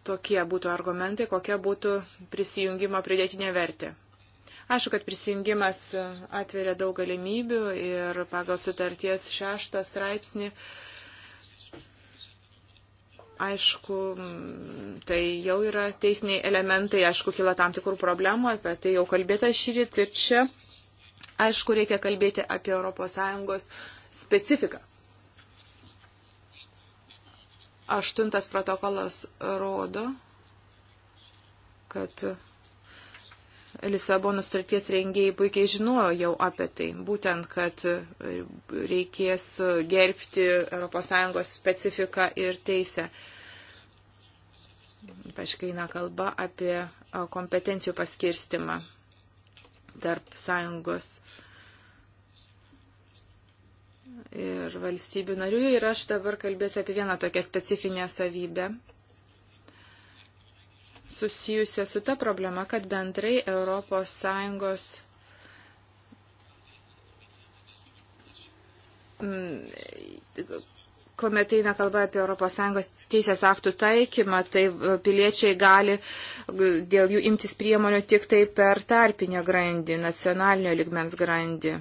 Speaker 4: tokie būtų argumentai, kokia būtų prisijungimo pridėtinė vertė. Aišku, kad prisijungimas e, atveria daug galimybių ir pagal sutarties šeštą straipsnį aišku, tai jau yra teisiniai elementai, aišku, kila tam tikrų problemų, apie tai jau kalbėta šįryt ir čia, aišku, reikia kalbėti apie ES specifiką. Aštuntas protokolas rodo, kad Lisabono sutarties rengėjai puikiai žinojo jau apie tai, būtent, kad reikės gerbti ES specifiką ir teisę. Ypač kai eina kalba apie kompetencijų paskirstimą tarp sąjungos ir valstybių narių. Ir aš dabar kalbėsiu apie vieną tokią specifinę savybę susijusią su ta problema, kad bendrai ES mm, kuomet eina kalba apie ES teisės aktų taikymą, tai e, piliečiai gali dėl jų imtis priemonių tik tai per tarpinę grandį, nacionalinio ligmens grandį.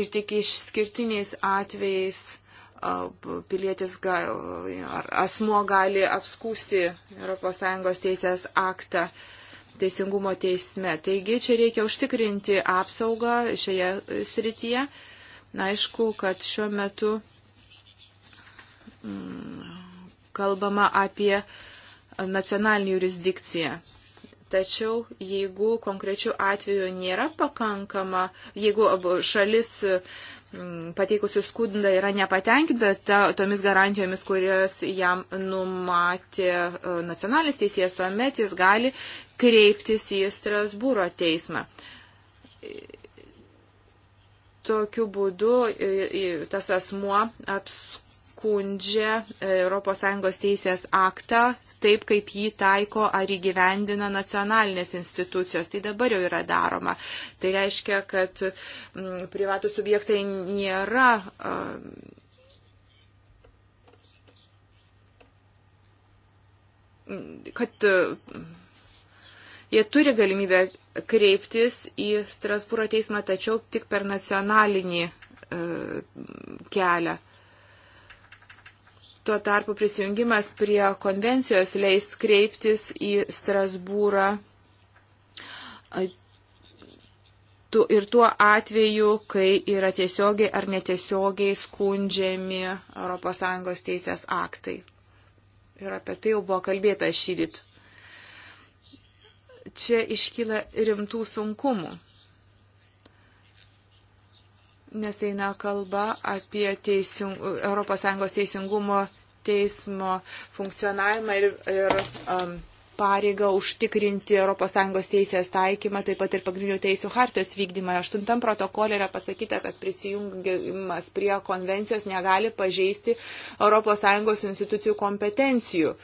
Speaker 4: Ir tik išskirtiniais atvejais pilietis ar asmo gali apskūsti ES teisės aktą teisingumo teisme. Taigi čia reikia užtikrinti apsaugą šioje srityje. Na, aišku, kad šiuo metu mm, kalbama apie nacionalinį jurisdikciją. Tačiau jeigu konkrečių atveju nėra pakankama, jeigu šalis Mm, pateikusių skundą yra nepatenkinta ta, tomis garantijomis, kurios jam numatė e, nacionalinis teisėjas, tuomet jis gali kreiptis į Strasbūro teismą. Tokiu būdu e, e, tas asmuo apskundė skundžia e, ES teisės aktą taip, kaip jį taiko ar įgyvendina nacionalinės institucijos. Tai dabar jau yra daroma. Tai reiškia, kad privatų subjektai nėra. kad e, jie turi galimybę kreiptis į Strasbūro teismą, tačiau tik per nacionalinį e, kelią. Tuo tarpu prisijungimas prie konvencijos leis kreiptis į Strasbūrą ir tuo atveju, kai yra tiesiogiai ar netiesiogiai skundžiami ES teisės aktai. Ir apie tai jau buvo kalbėta šyrit. Čia iškyla rimtų sunkumų nes eina kalba apie teising, ES teisingumo teismo funkcionavimą ir, ir um, pareigą užtikrinti ES teisės taikymą, taip pat ir pagrindinių teisų hartijos vykdymą. Aštuntam protokolė yra pasakyta, kad prisijungimas prie konvencijos negali pažeisti ES institucijų kompetencijų.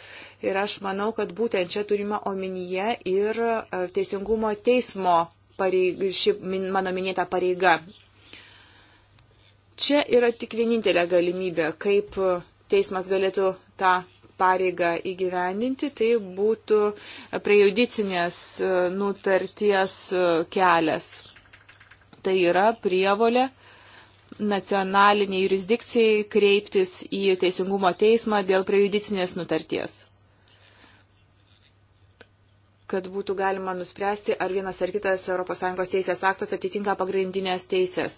Speaker 4: Ir aš manau, kad būtent čia turime omenyje ir e, teisingumo teismo pareig, ši mano minėta pareiga Čia yra tik vienintelė galimybė, kaip teismas galėtų tą pareigą įgyvendinti, tai būtų prejudicinės e, nutarties e, kelias. Tai yra prievolė nacionaliniai jurisdikcijai kreiptis į Teisingumo teismą dėl prejudicinės nutarties kad būtų galima nuspręsti, ar vienas ar kitas ES teisės aktas atitinka pagrindinės teisės.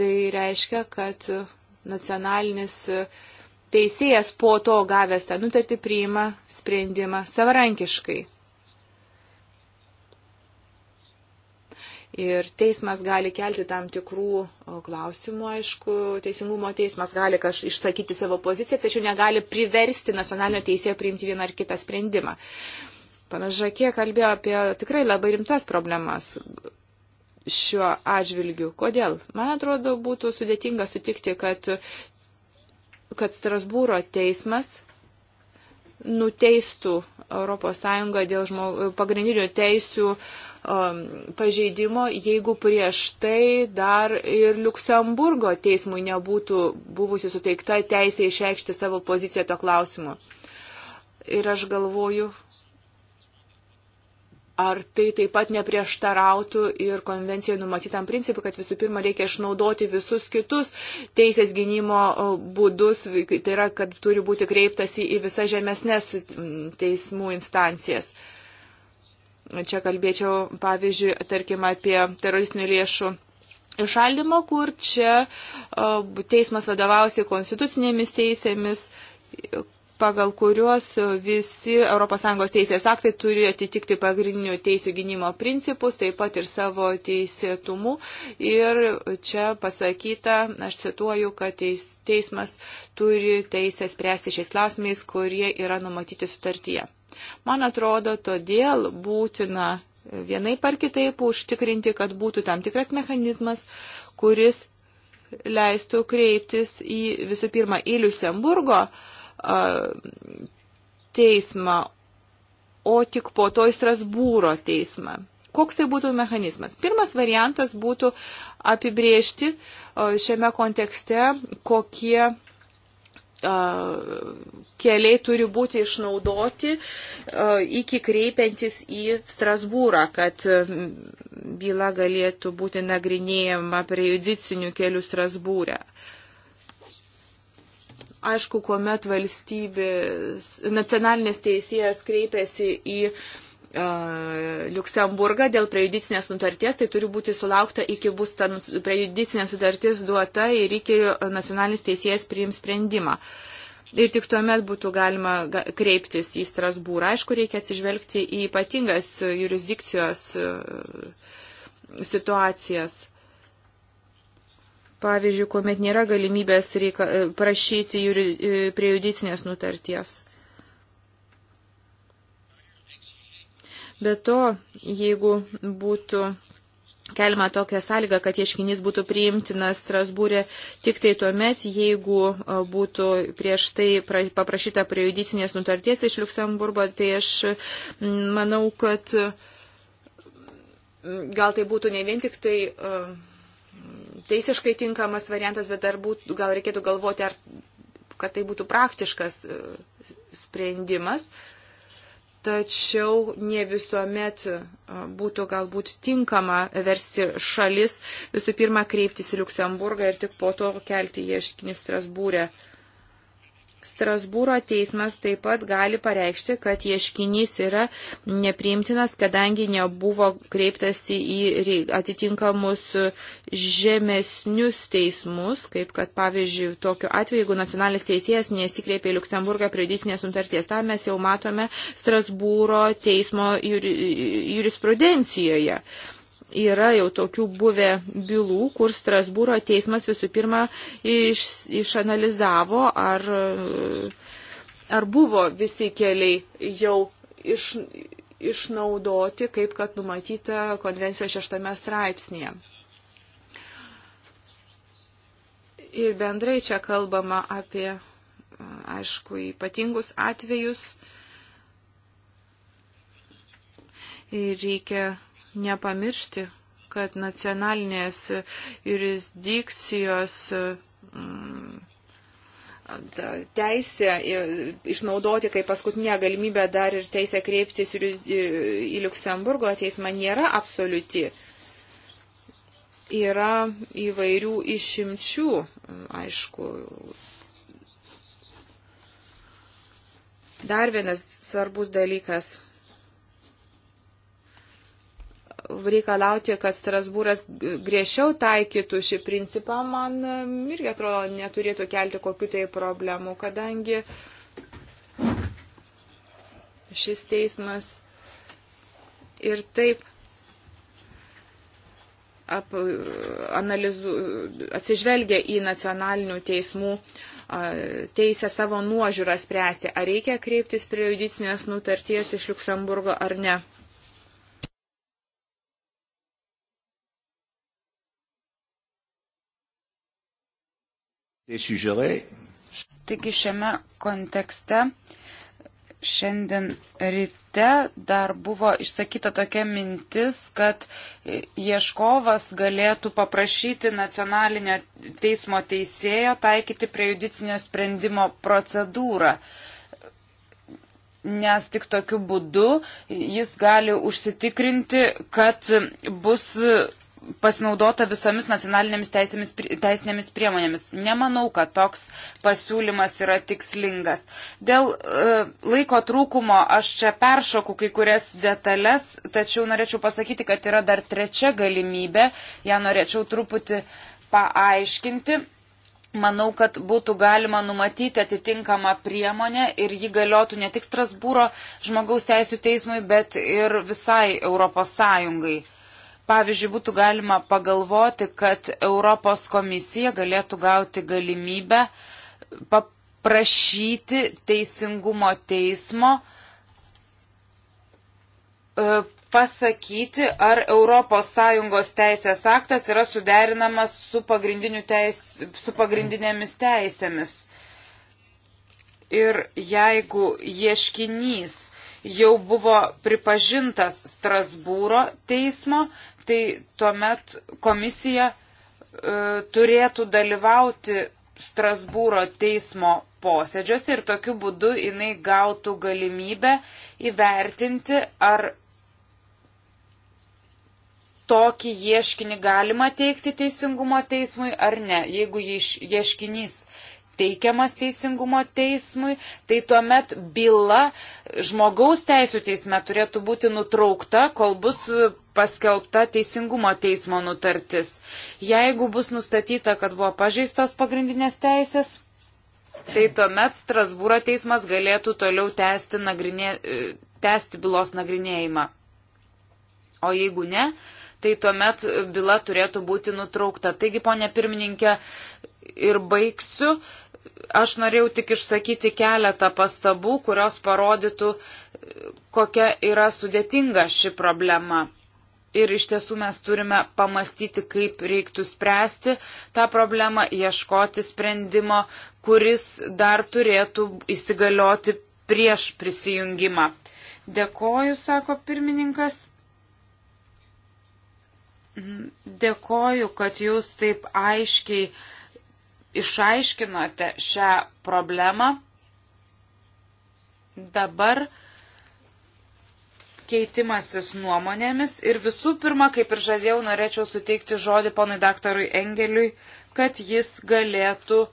Speaker 4: Tai reiškia, kad nacionalinis teisėjas po to gavęs tą nutartį priima sprendimą savarankiškai. Ir teismas gali kelti tam tikrų klausimų, aišku, teisingumo teismas gali kaž, išsakyti savo poziciją, tačiau negali priversti nacionalinio teisėjo priimti vieną ar kitą sprendimą. Panažakė kalbėjo apie tikrai labai rimtas problemas šiuo atžvilgiu. Kodėl? Man atrodo, būtų sudėtinga sutikti, kad, kad Strasbūro teismas nuteistų ES dėl žmog... pagrindinių teisių um, pažeidimo, jeigu prieš tai dar ir Luksemburgo teismui nebūtų buvusi suteikta teisė išreikšti savo poziciją to klausimu. Ir aš galvoju, Ar tai taip pat neprieštarautų ir konvencijoje numatytam principui, kad visų pirma reikia išnaudoti visus kitus teisės gynimo būdus, tai yra, kad turi būti kreiptasi į visas žemesnės teismų instancijas. Čia kalbėčiau, pavyzdžiui, tarkim, apie teroristinių lėšų išaldymą, kur čia teismas vadovausi konstitucinėmis teisėmis, pagal kuriuos visi ES teisės aktai turi atitikti pagrindinių teisų gynimo principus, taip pat ir savo teisėtumu. Ir čia pasakyta, aš cituoju, kad teis, teismas turi teisę spręsti šiais klausimais, kurie yra numatyti sutartyje. Man atrodo, todėl būtina vienai par kitaip užtikrinti, kad būtų tam tikras mechanizmas, kuris leistų kreiptis į visų pirma į Liusemburgo uh, teismą, o tik po to į Strasbūro teismą. Koks tai būtų mechanizmas? Pirmas variantas būtų apibriežti šiame kontekste, kokie keliai turi būti išnaudoti iki kreipiantis į Strasbūrą, kad byla galėtų būti nagrinėjama prie judicinių kelių Strasbūrę. E aišku, kuomet valstybės, nacionalinės teisėjas kreipiasi į e, Liuksemburgą dėl prejudicinės nutarties, tai turi būti sulaukta iki bus ta prejudicinė sutartis duota ir iki nacionalinis teisėjas priims sprendimą. Ir tik tuomet būtų galima kreiptis į Strasbūrą. Aišku, reikia atsižvelgti į ypatingas jurisdikcijos e, situacijas. Pavyzdžiui, kuomet nėra galimybės reika, e, prašyti juri, e, prie judicinės nutarties. Be to, jeigu būtų Keliama tokia sąlyga, kad ieškinys būtų priimtinas Strasbūrė tik tai tuo met, jeigu e, būtų prieš tai paprašyta prie judicinės nutarties iš Luksemburgo, tai aš manau, kad gal tai būtų ne vien tik tai teisiškai tinkamas variantas, bet dar būtų, gal reikėtų galvoti, ar, kad tai būtų praktiškas e, sprendimas. Tačiau ne visuomet e, būtų galbūt tinkama versti šalis visų pirma kreiptis į Luksemburgą ir tik po to kelti ieškinį Strasbūrę. E Strasbūro teismas taip pat gali pareikšti, kad ieškinys yra nepriimtinas, kadangi nebuvo kreiptasi į atitinkamus žemesnius teismus, kaip kad pavyzdžiui tokiu atveju, jeigu nacionalinis teisėjas nesikreipė į Luksemburgą prie judicinės sutarties, tą mes jau matome Strasbūro teismo jurisprudencijoje. Juri yra jau tokių buvę bylų, kur Strasbūro teismas visų pirma iš, išanalizavo, ar, ar buvo visi keliai jau iš, išnaudoti, kaip kad numatyta konvencijos šeštame straipsnėje. Ir bendrai čia kalbama apie, aišku, ypatingus atvejus. Ir reikia nepamiršti, kad nacionalinės jurisdikcijos mm, teisė e, išnaudoti kaip paskutinę galimybę dar ir teisę kreiptis e, į Luksemburgo teismą nėra absoliuti. Yra įvairių išimčių, aišku. Dar vienas svarbus dalykas reikalauti, kad Strasbūras griežčiau taikytų šį principą, man um, irgi atrodo neturėtų kelti kokiu tai problemu, kadangi šis teismas ir taip ap, analizu, atsižvelgia į nacionalinių teismų teisę savo nuožiūrą spręsti, ar reikia kreiptis prie judicinės nutarties iš Luksemburgo ar ne.
Speaker 2: Taigi šiame kontekste šiandien ryte dar buvo išsakyta tokia mintis, kad ieškovas galėtų paprašyti nacionalinio teismo teisėjo taikyti prejudicinio sprendimo procedūrą. Nes tik tokiu būdu jis gali užsitikrinti, kad bus pasinaudota visomis nacionalinėmis teisėmis, teisinėmis priemonėmis. Nemanau, kad toks pasiūlymas yra tikslingas. Dėl e, laiko trūkumo aš čia peršoku kai kurias detalės, tačiau norėčiau pasakyti, kad yra dar trečia galimybė, ją norėčiau truputį paaiškinti. Manau, kad būtų galima numatyti atitinkamą priemonę ir ji galiotų ne tik Strasbūro žmogaus teisų teismui, bet ir visai Europos Sąjungai. Pavyzdžiui, būtų galima pagalvoti, kad Europos komisija galėtų gauti galimybę paprašyti teisingumo teismo e, pasakyti, ar ES teisės aktas yra suderinamas su, teis, su pagrindinėmis teisėmis. Ir jeigu ieškinys jau buvo pripažintas Strasbūro teismo, tai tuomet komisija e, turėtų dalyvauti Strasbūro teismo posėdžiuose ir tokiu būdu jinai gautų galimybę įvertinti, ar tokį ieškinį galima teikti teisingumo teismui ar ne. Jeigu ieškinys teikiamas teisingumo teismui, tai tuomet byla žmogaus teisų teisme turėtų būti nutraukta, kol bus paskelbta teisingumo teismo nutartis. Jeigu bus nustatyta, kad buvo pažeistos pagrindinės teisės, tai tuomet Strasbūro teismas galėtų toliau tęsti, nagrinė, e, tęsti bylos nagrinėjimą. O jeigu ne, tai tuomet byla turėtų būti nutraukta. Taigi, ponė pirmininkė, ir baigsiu aš norėjau tik išsakyti keletą pastabų, kurios parodytų, kokia yra sudėtinga ši problema. Ir iš tiesų mes turime pamastyti, kaip reiktų spręsti tą problemą, ieškoti sprendimo, kuris dar turėtų įsigalioti prieš prisijungimą. Dėkoju, sako pirmininkas. Dėkoju, kad jūs taip aiškiai uh, išaiškinote šią problemą. Dabar keitimasis nuomonėmis ir visų pirma, kaip ir žadėjau, norėčiau suteikti žodį ponui daktarui Engeliui, kad jis galėtų e,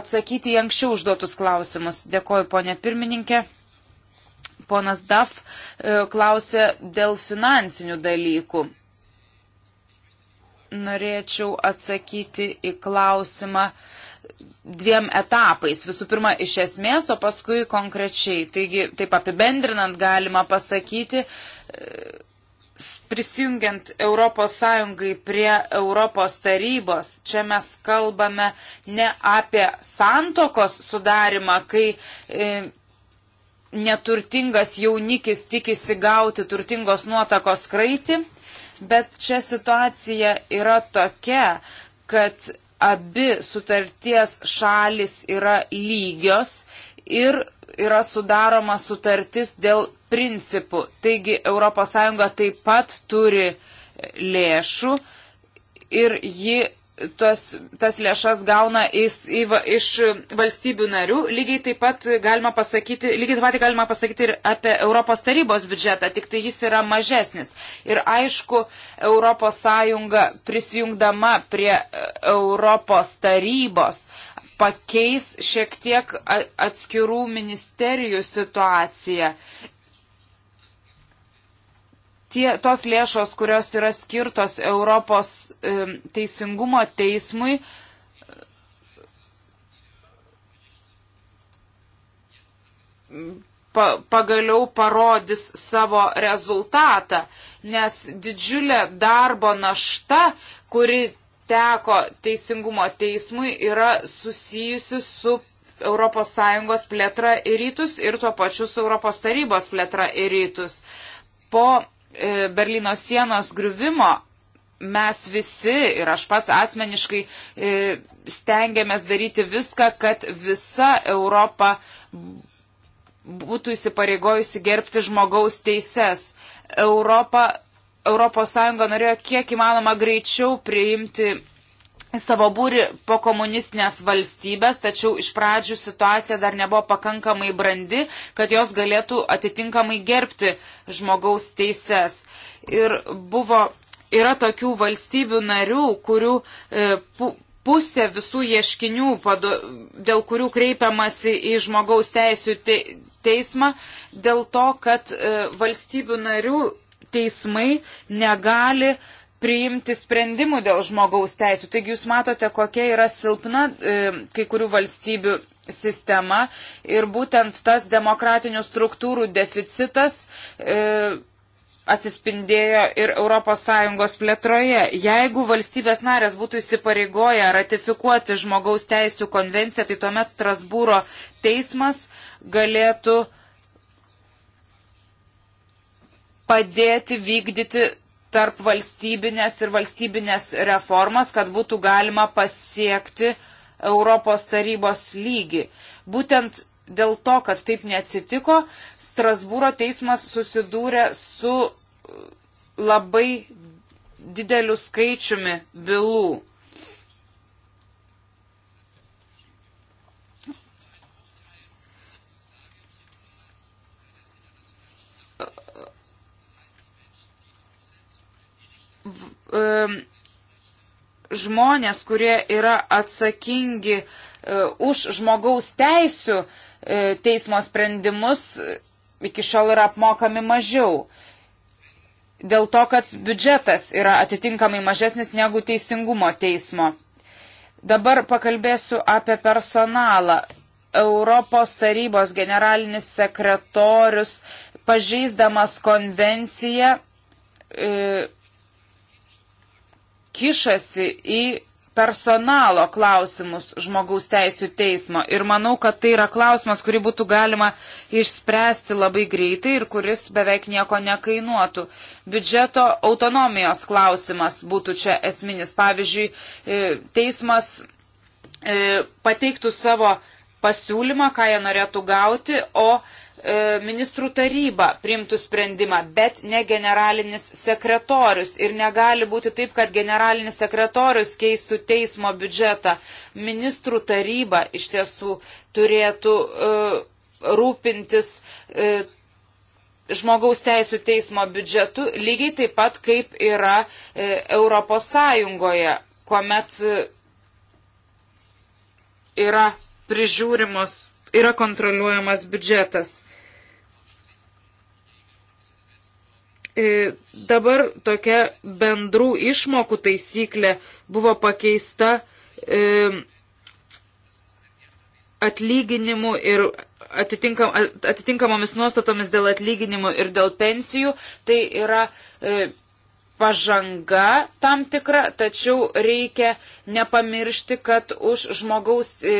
Speaker 2: atsakyti į anksčiau užduotus klausimus. Dėkoju, ponė pirmininkė. Ponas Daf e, klausė dėl finansinių dalykų norėčiau atsakyti į klausimą dviem etapais. Visų pirma, iš esmės, o paskui konkrečiai. Taigi, taip apibendrinant galima pasakyti, prisijungiant ES prie Europos tarybos, čia mes kalbame ne apie santokos sudarimą, kai e, neturtingas jaunikis tikisi gauti turtingos nuotakos kraitį, bet čia situacija yra tokia, kad abi sutarties šalis yra lygios ir yra sudaroma sutartis dėl principų. Taigi ES taip pat turi lėšų ir ji tas, tas lėšas gauna iš, iš valstybių narių. Lygiai taip pat galima pasakyti, lygiai taip pat galima pasakyti ir apie Europos tarybos biudžetą, tik tai jis yra mažesnis. Ir aišku, Europos Sąjunga prisijungdama prie Europos tarybos pakeis šiek tiek atskirų ministerijų situaciją tie, tos lėšos, kurios yra skirtos Europos e, teisingumo teismui, pa, pagaliau parodys savo rezultatą, nes didžiulė darbo našta, kuri teko teisingumo teismui, yra susijusi su ES plėtra į rytus ir tuo pačiu su ES plėtra į rytus. Po E, Berlyno sienos griuvimo mes visi ir aš pats asmeniškai e, stengiamės daryti viską, kad visa Europa būtų įsipareigojusi gerbti žmogaus teises. Europa, Europos Sąjunga norėjo kiek įmanoma greičiau priimti savo būri po komunistinės valstybės, tačiau iš pradžių situacija dar nebuvo pakankamai brandi, kad jos galėtų atitinkamai gerbti žmogaus teises. Ir buvo, yra tokių valstybių narių, kurių e, pu, pusė visų ieškinių, dėl kurių kreipiamasi į žmogaus teisų te, teismą, dėl to, kad e, valstybių narių teismai negali e, priimti sprendimų dėl žmogaus teisų. Taigi jūs matote, kokia yra silpna e, kai kurių valstybių sistema ir būtent tas demokratinių struktūrų deficitas e, atsispindėjo ir ES plėtroje. Jeigu valstybės narės būtų įsipareigoję ratifikuoti žmogaus teisų konvenciją, tai tuomet Strasbūro teismas galėtų padėti vykdyti tarp valstybinės ir valstybinės reformas, kad būtų galima pasiekti Europos tarybos lygį. Būtent dėl to, kad taip neatsitiko, Strasbūro teismas susidūrė su labai dideliu skaičiumi bylų. um, žmonės, kurie yra atsakingi uh, už žmogaus teisų uh, teismo sprendimus, uh, iki šiol yra apmokami mažiau. Dėl to, kad biudžetas yra atitinkamai mažesnis negu teisingumo teismo. Dabar pakalbėsiu apie personalą. Europos tarybos generalinis sekretorius, pažeisdamas konvenciją, e, kišasi į personalo klausimus žmogaus teisų teismo. Ir manau, kad tai yra klausimas, kurį būtų galima išspręsti labai greitai ir kuris beveik nieko nekainuotų. Biudžeto autonomijos klausimas būtų čia esminis. Pavyzdžiui, e, teismas e, pateiktų savo pasiūlymą, ką jie norėtų gauti, o E, ministrų taryba priimtų sprendimą, bet ne generalinis sekretorius. Ir negali būti taip, kad generalinis sekretorius keistų teismo biudžetą. Ministrų taryba iš tiesų turėtų uh, rūpintis uh, žmogaus teisų teismo biudžetu, lygiai taip pat kaip yra uh, Europos Sąjungoje, kuomet uh, yra prižiūrimos yra kontroliuojamas biudžetas. E, dabar tokia bendrų išmokų taisyklė buvo pakeista e, atlyginimu ir atitinkam, atitinkamomis nuostatomis dėl atlyginimų ir dėl pensijų. Tai yra e, pažanga tam tikra, tačiau reikia nepamiršti, kad už žmogaus e,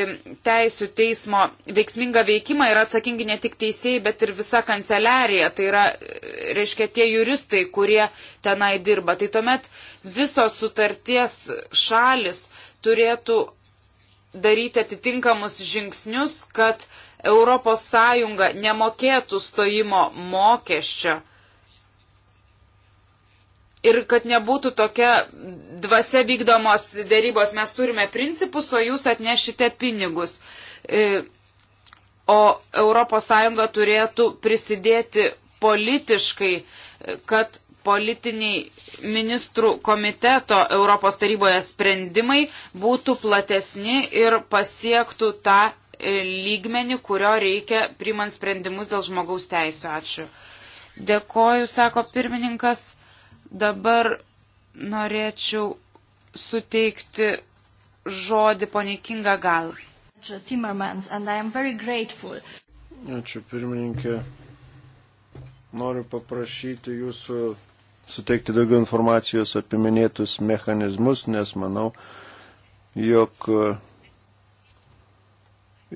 Speaker 2: teisų teismo veiksmingą veikimą yra atsakingi ne tik teisėjai, bet ir visa kanceliarija. Tai yra, e, reiškia, tie juristai, kurie tenai dirba. Tai tuomet visos sutarties šalis turėtų daryti atitinkamus žingsnius, kad ES nemokėtų stojimo mokesčio ir kad nebūtų tokia dvasia vykdomos dėrybos, mes turime principus, o jūs atnešite pinigus. E, o ES turėtų prisidėti politiškai, e, kad politiniai ministrų komiteto Europos taryboje sprendimai būtų platesni ir pasiektų tą e, lygmenį, kurio reikia primant sprendimus dėl žmogaus teisų. Ačiū. Dėkoju, sako pirmininkas. Dabar norėčiau suteikti žodį ponikinga gal.
Speaker 3: Ačiū pirmininkė. Noriu paprašyti jūsų suteikti daugiau informacijos apie minėtus mechanizmus, nes manau, jog e,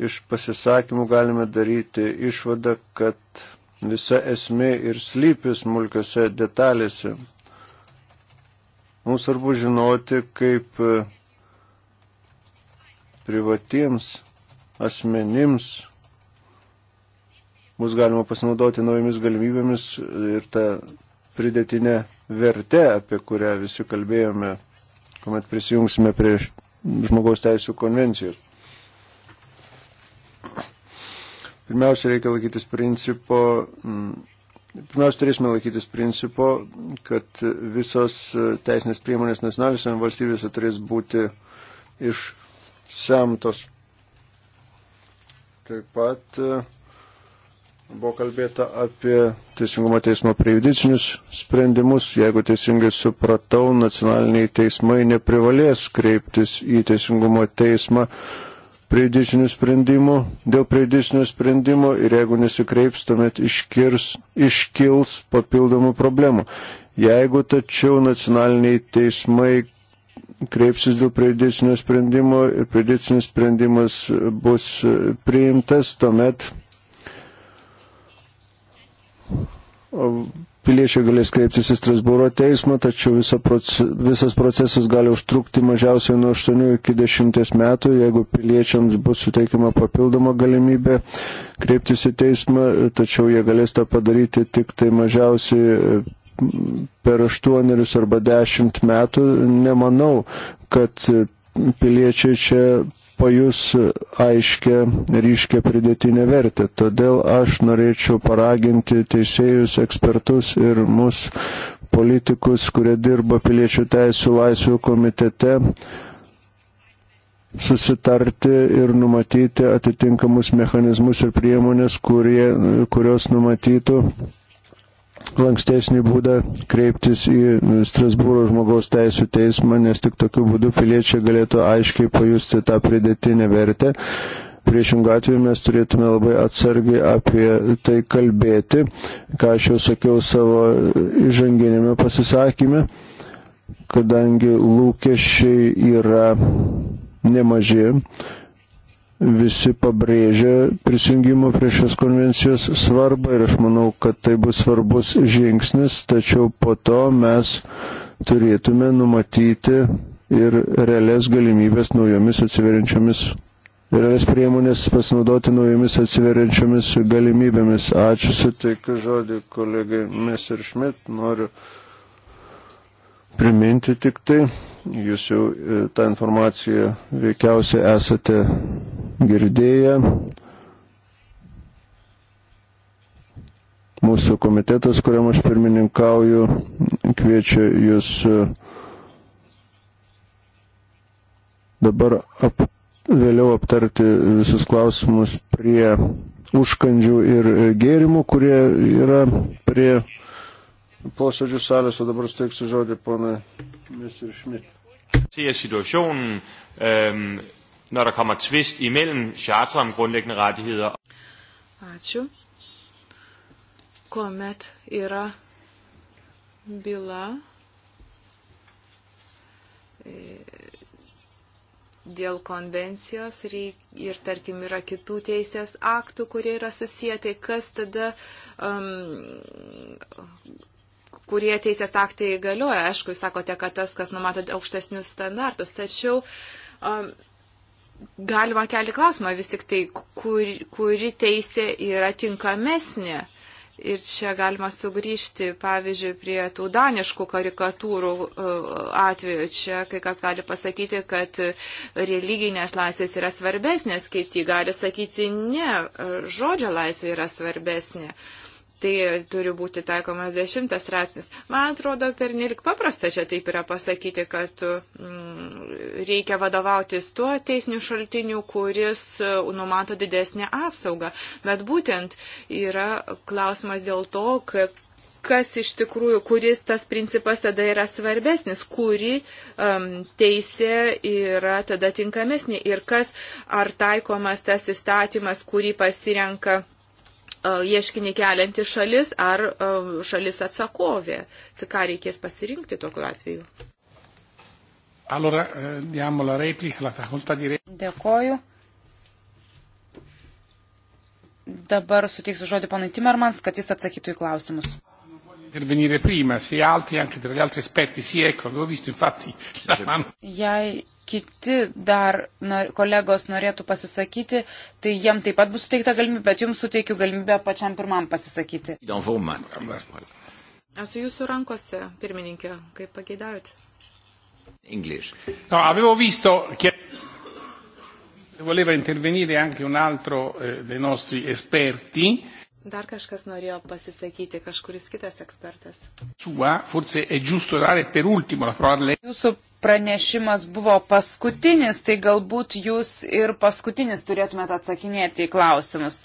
Speaker 3: iš pasisakymų galime daryti išvadą, kad visa esmė ir slypi smulkiose detalėse. Mums svarbu žinoti, kaip e, privatiems asmenims bus galima pasinaudoti naujomis galimybėmis ir tą pridėtinę vertę, apie kurią visi kalbėjome, kuomet prisijungsime prie žmogaus teisų konvencijos. Pirmiausia, reikia laikytis principo Pirmiausia, turėsime laikytis principo, kad visos e, teisinės priemonės nacionalinėse valstybėse turės būti išsemtos. Taip pat e, buvo kalbėta apie Teisingumo teismo prejudicinius sprendimus. Jeigu teisingai supratau, nacionaliniai teismai neprivalės kreiptis į Teisingumo teismą priedisnių sprendimų, dėl priedisnių sprendimų ir jeigu nesikreips, tuomet iškirs, iškils papildomų problemų. Jeigu tačiau nacionaliniai teismai kreipsis dėl priedicinio sprendimo ir priedicinis sprendimas bus priimtas, tuomet piliečiai galės kreiptis į Strasbūro teismą, tačiau visa proces, visas procesas gali užtrukti mažiausiai nuo 8 iki 10 metų, jeigu piliečiams bus suteikima papildoma galimybė kreiptis į teismą, tačiau jie galės tą padaryti tik tai mažiausiai e, per 8 arba 10 metų. Nemanau, kad piliečiai čia pajus e, aiškę ryškę pridėtinę vertę. Todėl aš norėčiau paraginti teisėjus, ekspertus ir mus politikus, kurie dirba piliečių teisų laisvių komitete, susitarti ir numatyti atitinkamus mechanizmus ir priemonės, kurie, kurios numatytų lankstesnį būdą kreiptis į Strasbūro žmogaus teisų teismą, nes tik tokiu būdu piliečiai galėtų aiškiai pajusti tą pridėtinę vertę. Priešingų atveju mes turėtume labai atsargiai apie tai kalbėti, ką aš jau sakiau savo įžanginėme pasisakymė, kadangi lūkesčiai yra nemaži visi pabrėžia prisijungimo prie šios konvencijos svarbą ir aš manau, kad tai bus svarbus žingsnis, tačiau po to mes turėtume numatyti ir realias galimybės naujomis atsiveriančiomis. Realias priemonės pasinaudoti naujomis atsiveriančiomis galimybėmis. Ačiū, suteikiu žodį kolegai Messer Schmidt. Noriu priminti tik tai, jūs jau e, tą informaciją veikiausiai esate girdėję. Mūsų komitetas, kuriam aš pirmininkauju, kviečia jūs e, dabar ap, vėliau aptarti visus klausimus prie užkandžių ir gėrimų, kurie yra prie posėdžių salės, o dabar steiksiu žodį ponai Mr. Schmidt. Situationen,
Speaker 1: ähm, når der kommer tvist imellem charter om grundlæggende rettigheder.
Speaker 4: Ačiū. Kuomet yra byla e, dėl konvencijos ir, tarkim, yra kitų teisės aktų, kurie yra susiję, tai kas tada, um, kurie teisės aktai galioja. Aišku, jūs sakote, kad tas, kas numato aukštesnius standartus, tačiau um, galima kelti klausimą vis tik tai, kur, kuri teisė yra tinkamesnė. Ir čia galima sugrįžti, pavyzdžiui, prie tų daniškų karikatūrų e, atveju. Čia kai kas gali pasakyti, kad religinės laisvės yra svarbesnės, kiti gali sakyti, ne, žodžio laisvė yra svarbesnė. Uh, tai turi būti taikomas dešimtas straipsnis. Man atrodo, per nelik paprasta čia taip yra pasakyti, kad mm, reikia vadovautis tuo teisiniu šaltiniu, kuris e, numato didesnę apsaugą. Bet būtent yra klausimas dėl to, kad kas iš tikrųjų, kuris tas principas tada yra svarbesnis, kuri um, teisė yra tada tinkamesnė ir kas ar taikomas tas įstatymas, kurį pasirenka E, ieškinį kelianti šalis ar e, šalis atsakovė. Tai ką reikės pasirinkti tokiu atveju?
Speaker 1: Allora, eh, diamo la replica, la facoltà di replica. Dėkoju.
Speaker 2: Dabar suteiksiu žodį panai Timermans, kad jis atsakytų į klausimus
Speaker 1: intervenire prima, se altri anche tra gli altri esperti, sì ecco, avevo visto infatti la mano.
Speaker 2: Jei kiti dar nor, kolegos norėtų pasisakyti, tai jam taip pat bus suteikta galimybė, bet jums suteikiu galimybę pačiam pirmam pasisakyti.
Speaker 4: Esu jūsų rankose, pirmininkė, kaip pageidaujate.
Speaker 1: English. No, avevo visto che voleva intervenire anche un altro eh, dei nostri esperti.
Speaker 4: Dar kažkas norėjo pasisakyti, kažkuris kitas ekspertas.
Speaker 1: Jūsų pranešimas buvo paskutinis,
Speaker 2: tai galbūt jūs ir paskutinis turėtumėte atsakinėti į klausimus.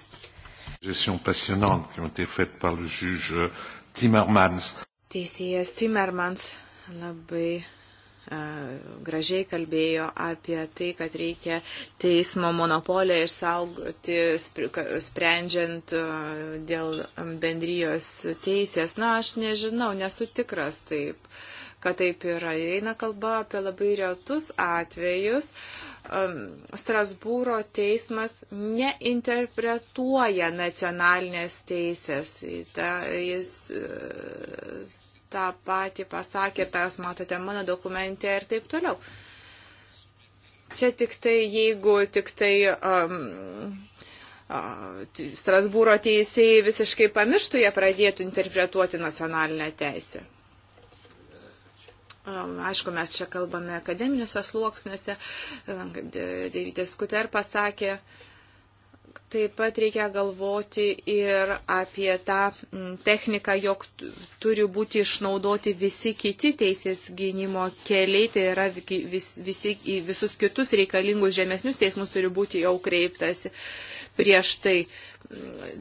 Speaker 1: Teisėjas
Speaker 4: Timmermans labai E, gražiai kalbėjo apie tai, kad reikia teismo monopolę išsaugoti, sprendžiant e, dėl bendrijos teisės. Na, aš nežinau, nesu tikras taip, kad taip yra. Eina kalba apie labai retus atvejus. Strasbūro teismas neinterpretuoja nacionalinės teisės. Ta, jis e, tą patį pasakė ir tą jūs matote mano dokumente ir taip toliau. Čia tik tai, jeigu tik tai. Um, Strasbūro teisėjai visiškai pamirštų, jie pradėtų interpretuoti nacionalinę teisę. Um, aišku, mes čia kalbame akademiniuose sluoksniuose, um, e, Davidas Kuter pasakė, Taip pat reikia galvoti ir apie tą mm, techniką, jog turi būti išnaudoti visi kiti teisės gynimo keliai, tai yra vis, visi, į visus kitus reikalingus žemesnius teismus turi būti jau kreiptasi prieš tai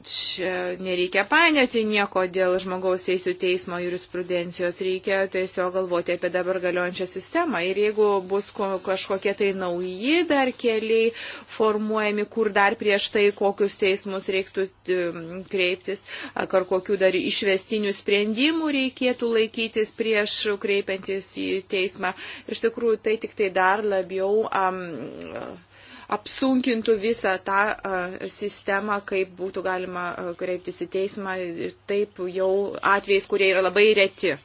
Speaker 4: čia nereikia painioti nieko dėl žmogaus teisų teismo jurisprudencijos, reikia tiesiog galvoti apie dabar galiojančią sistemą. Ir jeigu bus kažkokie tai nauji dar keliai formuojami, kur dar prieš tai kokius teismus reiktų um, kreiptis, ar kokių dar išvestinių sprendimų reikėtų laikytis prieš kreipiantis į teismą, iš tikrųjų tai tik tai dar labiau. Um, apsunkintų visą tą sistemą, kaip būtų galima kreiptis į teismą ir taip jau atvejais, kurie yra labai reti.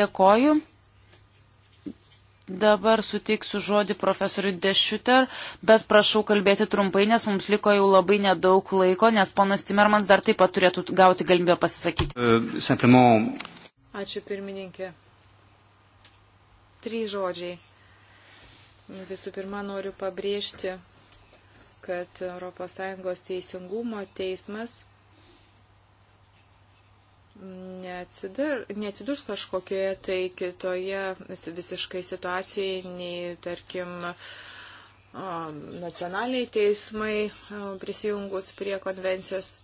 Speaker 2: Dėkoju. Dabar suteiksiu žodį profesoriui Dešiuter, bet prašau kalbėti trumpai, nes mums liko jau labai nedaug laiko, nes ponas Timermans dar taip pat turėtų gauti galimybę pasisakyti. Uh,
Speaker 4: Ačiū pirmininkė. Trys žodžiai. Visų pirma, noriu pabrėžti, kad ES teisingumo teismas neatsidur, neatsidurs kažkokioje tai kitoje visiškai situacijai, nei, tarkim, nacionaliniai teismai prisijungus prie konvencijos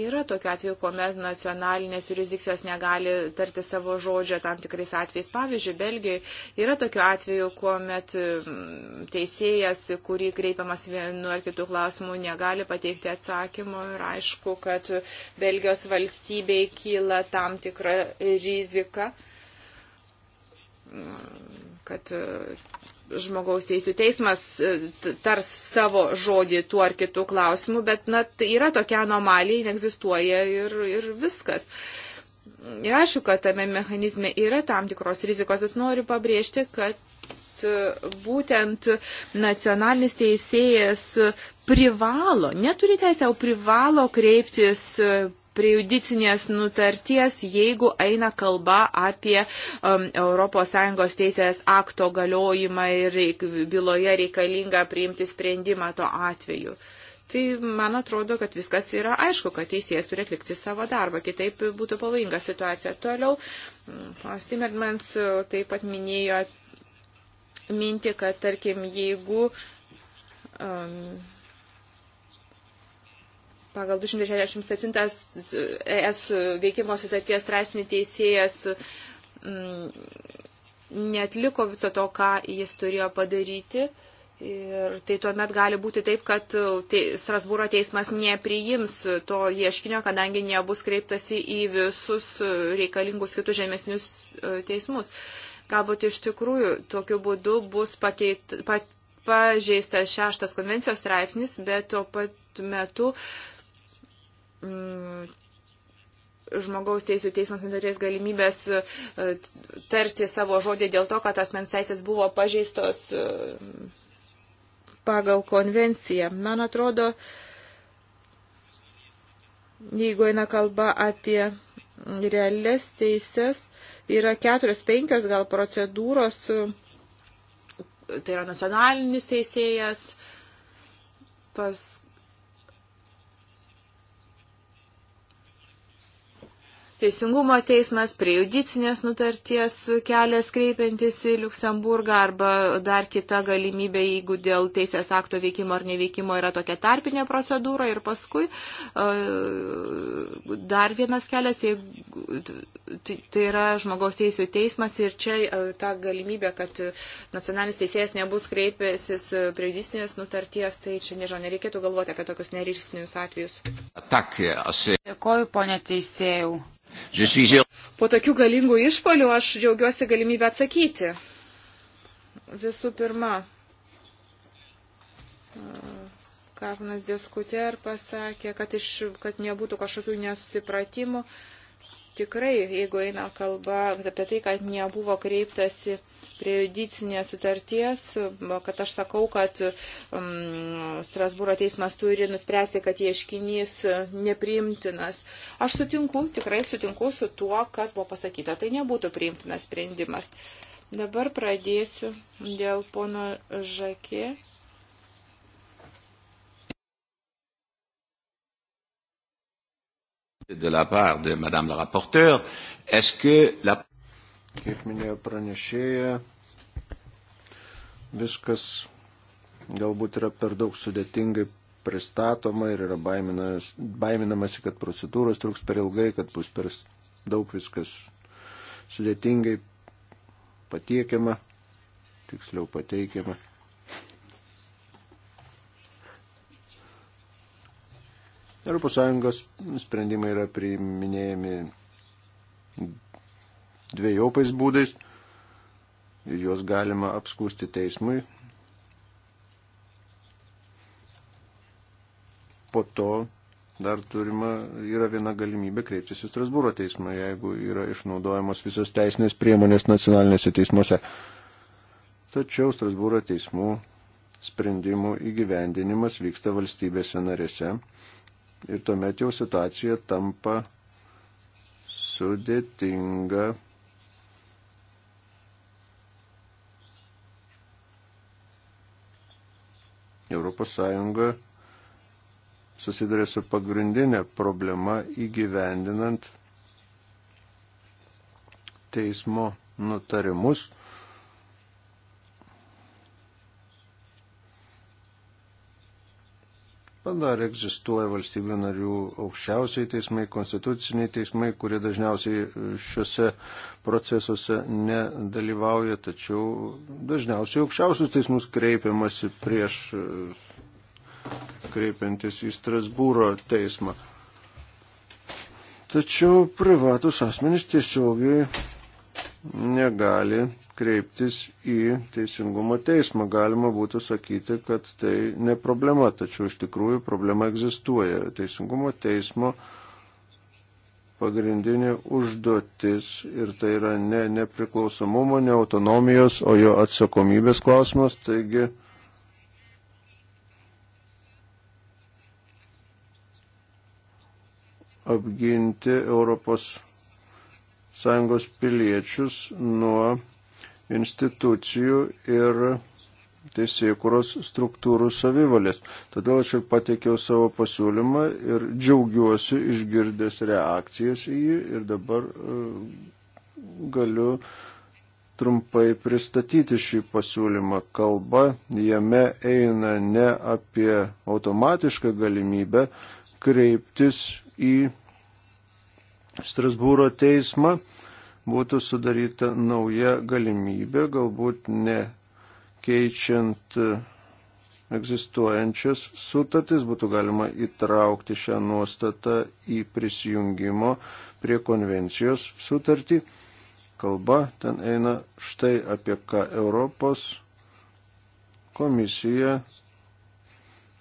Speaker 4: Yra tokiu atveju, kuomet nacionalinės jurisdikcijos negali tarti savo žodžio tam tikrais atvejais. Pavyzdžiui, Belgijoje yra tokiu atveju, kuomet mm, teisėjas, kurį kreipiamas vienu ar kitų klausimų, negali pateikti atsakymų ir aišku, kad Belgijos valstybei kyla tam tikra rizika, mm, kad žmogaus teisų teismas e, tars savo žodį tuo ar kitų klausimų, bet na, tai yra tokia anomalija, neegzistuoja ir, ir viskas. Ir aišku, kad tame mechanizme yra tam tikros rizikos, bet noriu pabrėžti, kad e, būtent nacionalinis teisėjas privalo, neturi teisę, o privalo kreiptis e, prejudicinės nutarties, jeigu eina kalba apie um, ES teisės akto galiojimą ir reik, byloje reikalingą priimti sprendimą to atveju. Tai man atrodo, kad viskas yra aišku, kad teisėjas turi atlikti savo darbą, kitaip būtų pavojinga situacija. Toliau, mm, Stimermans e, taip pat minėjo mintį, kad tarkim, jeigu um, Pagal 267 e, ES veikimo sutarties straipsnių teisėjas mm, netliko viso to, ką jis turėjo padaryti. Ir tai tuomet gali būti taip, kad te, Strasbūro teismas nepriims to ieškinio, kadangi nebus kreiptasi į visus reikalingus kitus žemesnius e, teismus. Galbūt iš tikrųjų tokiu būdu bus pakeit, pat, pažeistas šeštas konvencijos straipsnis, bet tuo pat metu mm, žmogaus teisų teismas neturės galimybės e, tarti savo žodį dėl to, kad asmens teisės buvo pažeistos e, pagal konvenciją. Man atrodo, jeigu eina kalba apie realias teises, yra keturios, penkios gal procedūros, e, tai yra nacionalinis teisėjas, pas Teisingumo teismas, prejudicinės nutarties kelias kreipiantis į Luksemburgą arba dar kita galimybė, jeigu dėl teisės akto veikimo ar neveikimo yra tokia tarpinė procedūra ir paskui e, dar vienas kelias, tai, tai yra žmogaus teisų teismas ir čia e, ta galimybė, kad nacionalinis teisėjas nebus kreipęsis prejudicinės nutarties, tai čia nežinau, nereikėtų galvoti apie tokius neryškinius atvejus.
Speaker 1: Tak, e, aš...
Speaker 4: Dėkoju, ponė teisėjau. Po tokių galingų išpolių aš džiaugiuosi galimybę atsakyti. Visų pirma, Kapinas Diskuter pasakė, kad, iš, kad nebūtų kažkokių nesusipratimų. Uh, tikrai, jeigu eina kalba apie tai, kad nebuvo kreiptasi prie judicinės sutarties, kad aš sakau, kad um, Strasbūro teismas turi nuspręsti, kad ieškinys nepriimtinas. Aš sutinku, tikrai sutinku su tuo, kas buvo pasakyta. Tai nebūtų priimtinas sprendimas. Dabar pradėsiu dėl pono Žakė
Speaker 1: de la part de Madame la rapporteure, est-ce
Speaker 3: que la... Kaip minėjo pranešėja, viskas galbūt yra per daug sudėtingai pristatoma ir yra baiminas, baiminamasi, kad procedūros truks per ilgai, kad bus per daug viskas sudėtingai patiekiama, tiksliau pateikiama. ES sprendimai yra priiminėjami dviejopais būdais ir juos galima apskūsti teismui. Po to dar turima, yra viena galimybė kreiptis į Strasbūro teismą, jeigu yra išnaudojamos visos teisinės priemonės nacionalinėse teismuose. Tačiau Strasbūro teismų sprendimų įgyvendinimas vyksta valstybėse narėse ir tuomet jau situacija tampa sudėtinga. Europos Sąjunga susiduria su pagrindinė problema įgyvendinant teismo nutarimus Man dar egzistuoja valstybių narių aukščiausiai teismai, konstituciniai teismai, kurie dažniausiai e, šiuose procesuose nedalyvauja, tačiau dažniausiai aukščiausius teismus kreipiamasi prieš e, kreipiantis į Strasbūro teismą. Tačiau privatus asmenys tiesiogiai negali kreiptis į teisingumo teismą. Galima būtų sakyti, kad tai ne problema, tačiau iš tikrųjų problema egzistuoja. Teisingumo teismo pagrindinė užduotis ir tai yra ne nepriklausomumo, ne autonomijos, o jo atsakomybės klausimas. Taigi, apginti Europos sąjungos piliečius nuo institucijų ir teisėkuros struktūrų savivalės. Todėl aš ir pateikiau savo pasiūlymą ir džiaugiuosi išgirdęs reakcijas į jį ir dabar e, galiu trumpai pristatyti šį pasiūlymą. Kalba jame eina ne apie automatišką galimybę kreiptis į Strasbūro teismą, būtų sudaryta nauja galimybė, galbūt ne keičiant e, egzistuojančias sutartis, būtų galima įtraukti šią nuostatą į prisijungimo prie konvencijos sutartį. Kalba ten eina štai apie ką Europos komisija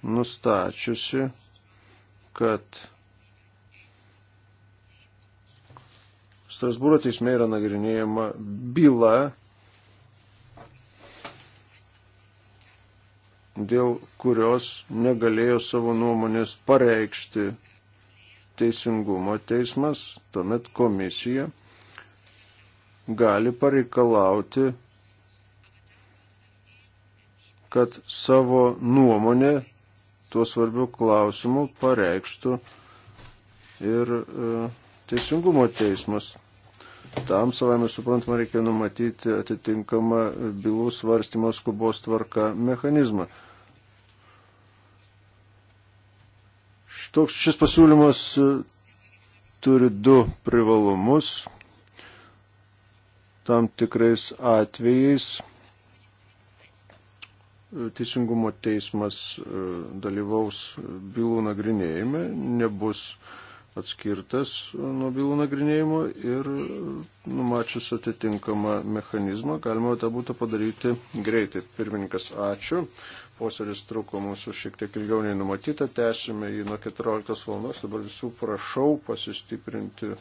Speaker 3: nustačiusi, kad Strasbūro teisme yra nagrinėjama byla, dėl kurios negalėjo savo nuomonės pareikšti teisingumo teismas, tuomet komisija gali pareikalauti, kad savo nuomonę tuo svarbiu klausimu pareikštų ir e, teisingumo teismas. Tam savame suprantama reikia numatyti atitinkamą bylų svarstymo skubos tvarka mechanizmą. Štoks, šis pasiūlymas turi du privalumus. Tam tikrais atvejais teisingumo teismas e, dalyvaus bylų nagrinėjime, nebus uh, atskirtas nuo bylų nagrinėjimo ir numačius atitinkamą mechanizmą galima tą būtų padaryti greitai. Pirmininkas, ačiū. Posėdis truko mūsų šiek tiek ilgiau nei numatyta. Tęsime jį nuo 14 valandos. Dabar visų prašau pasistiprinti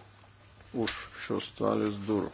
Speaker 3: už šios talės durų.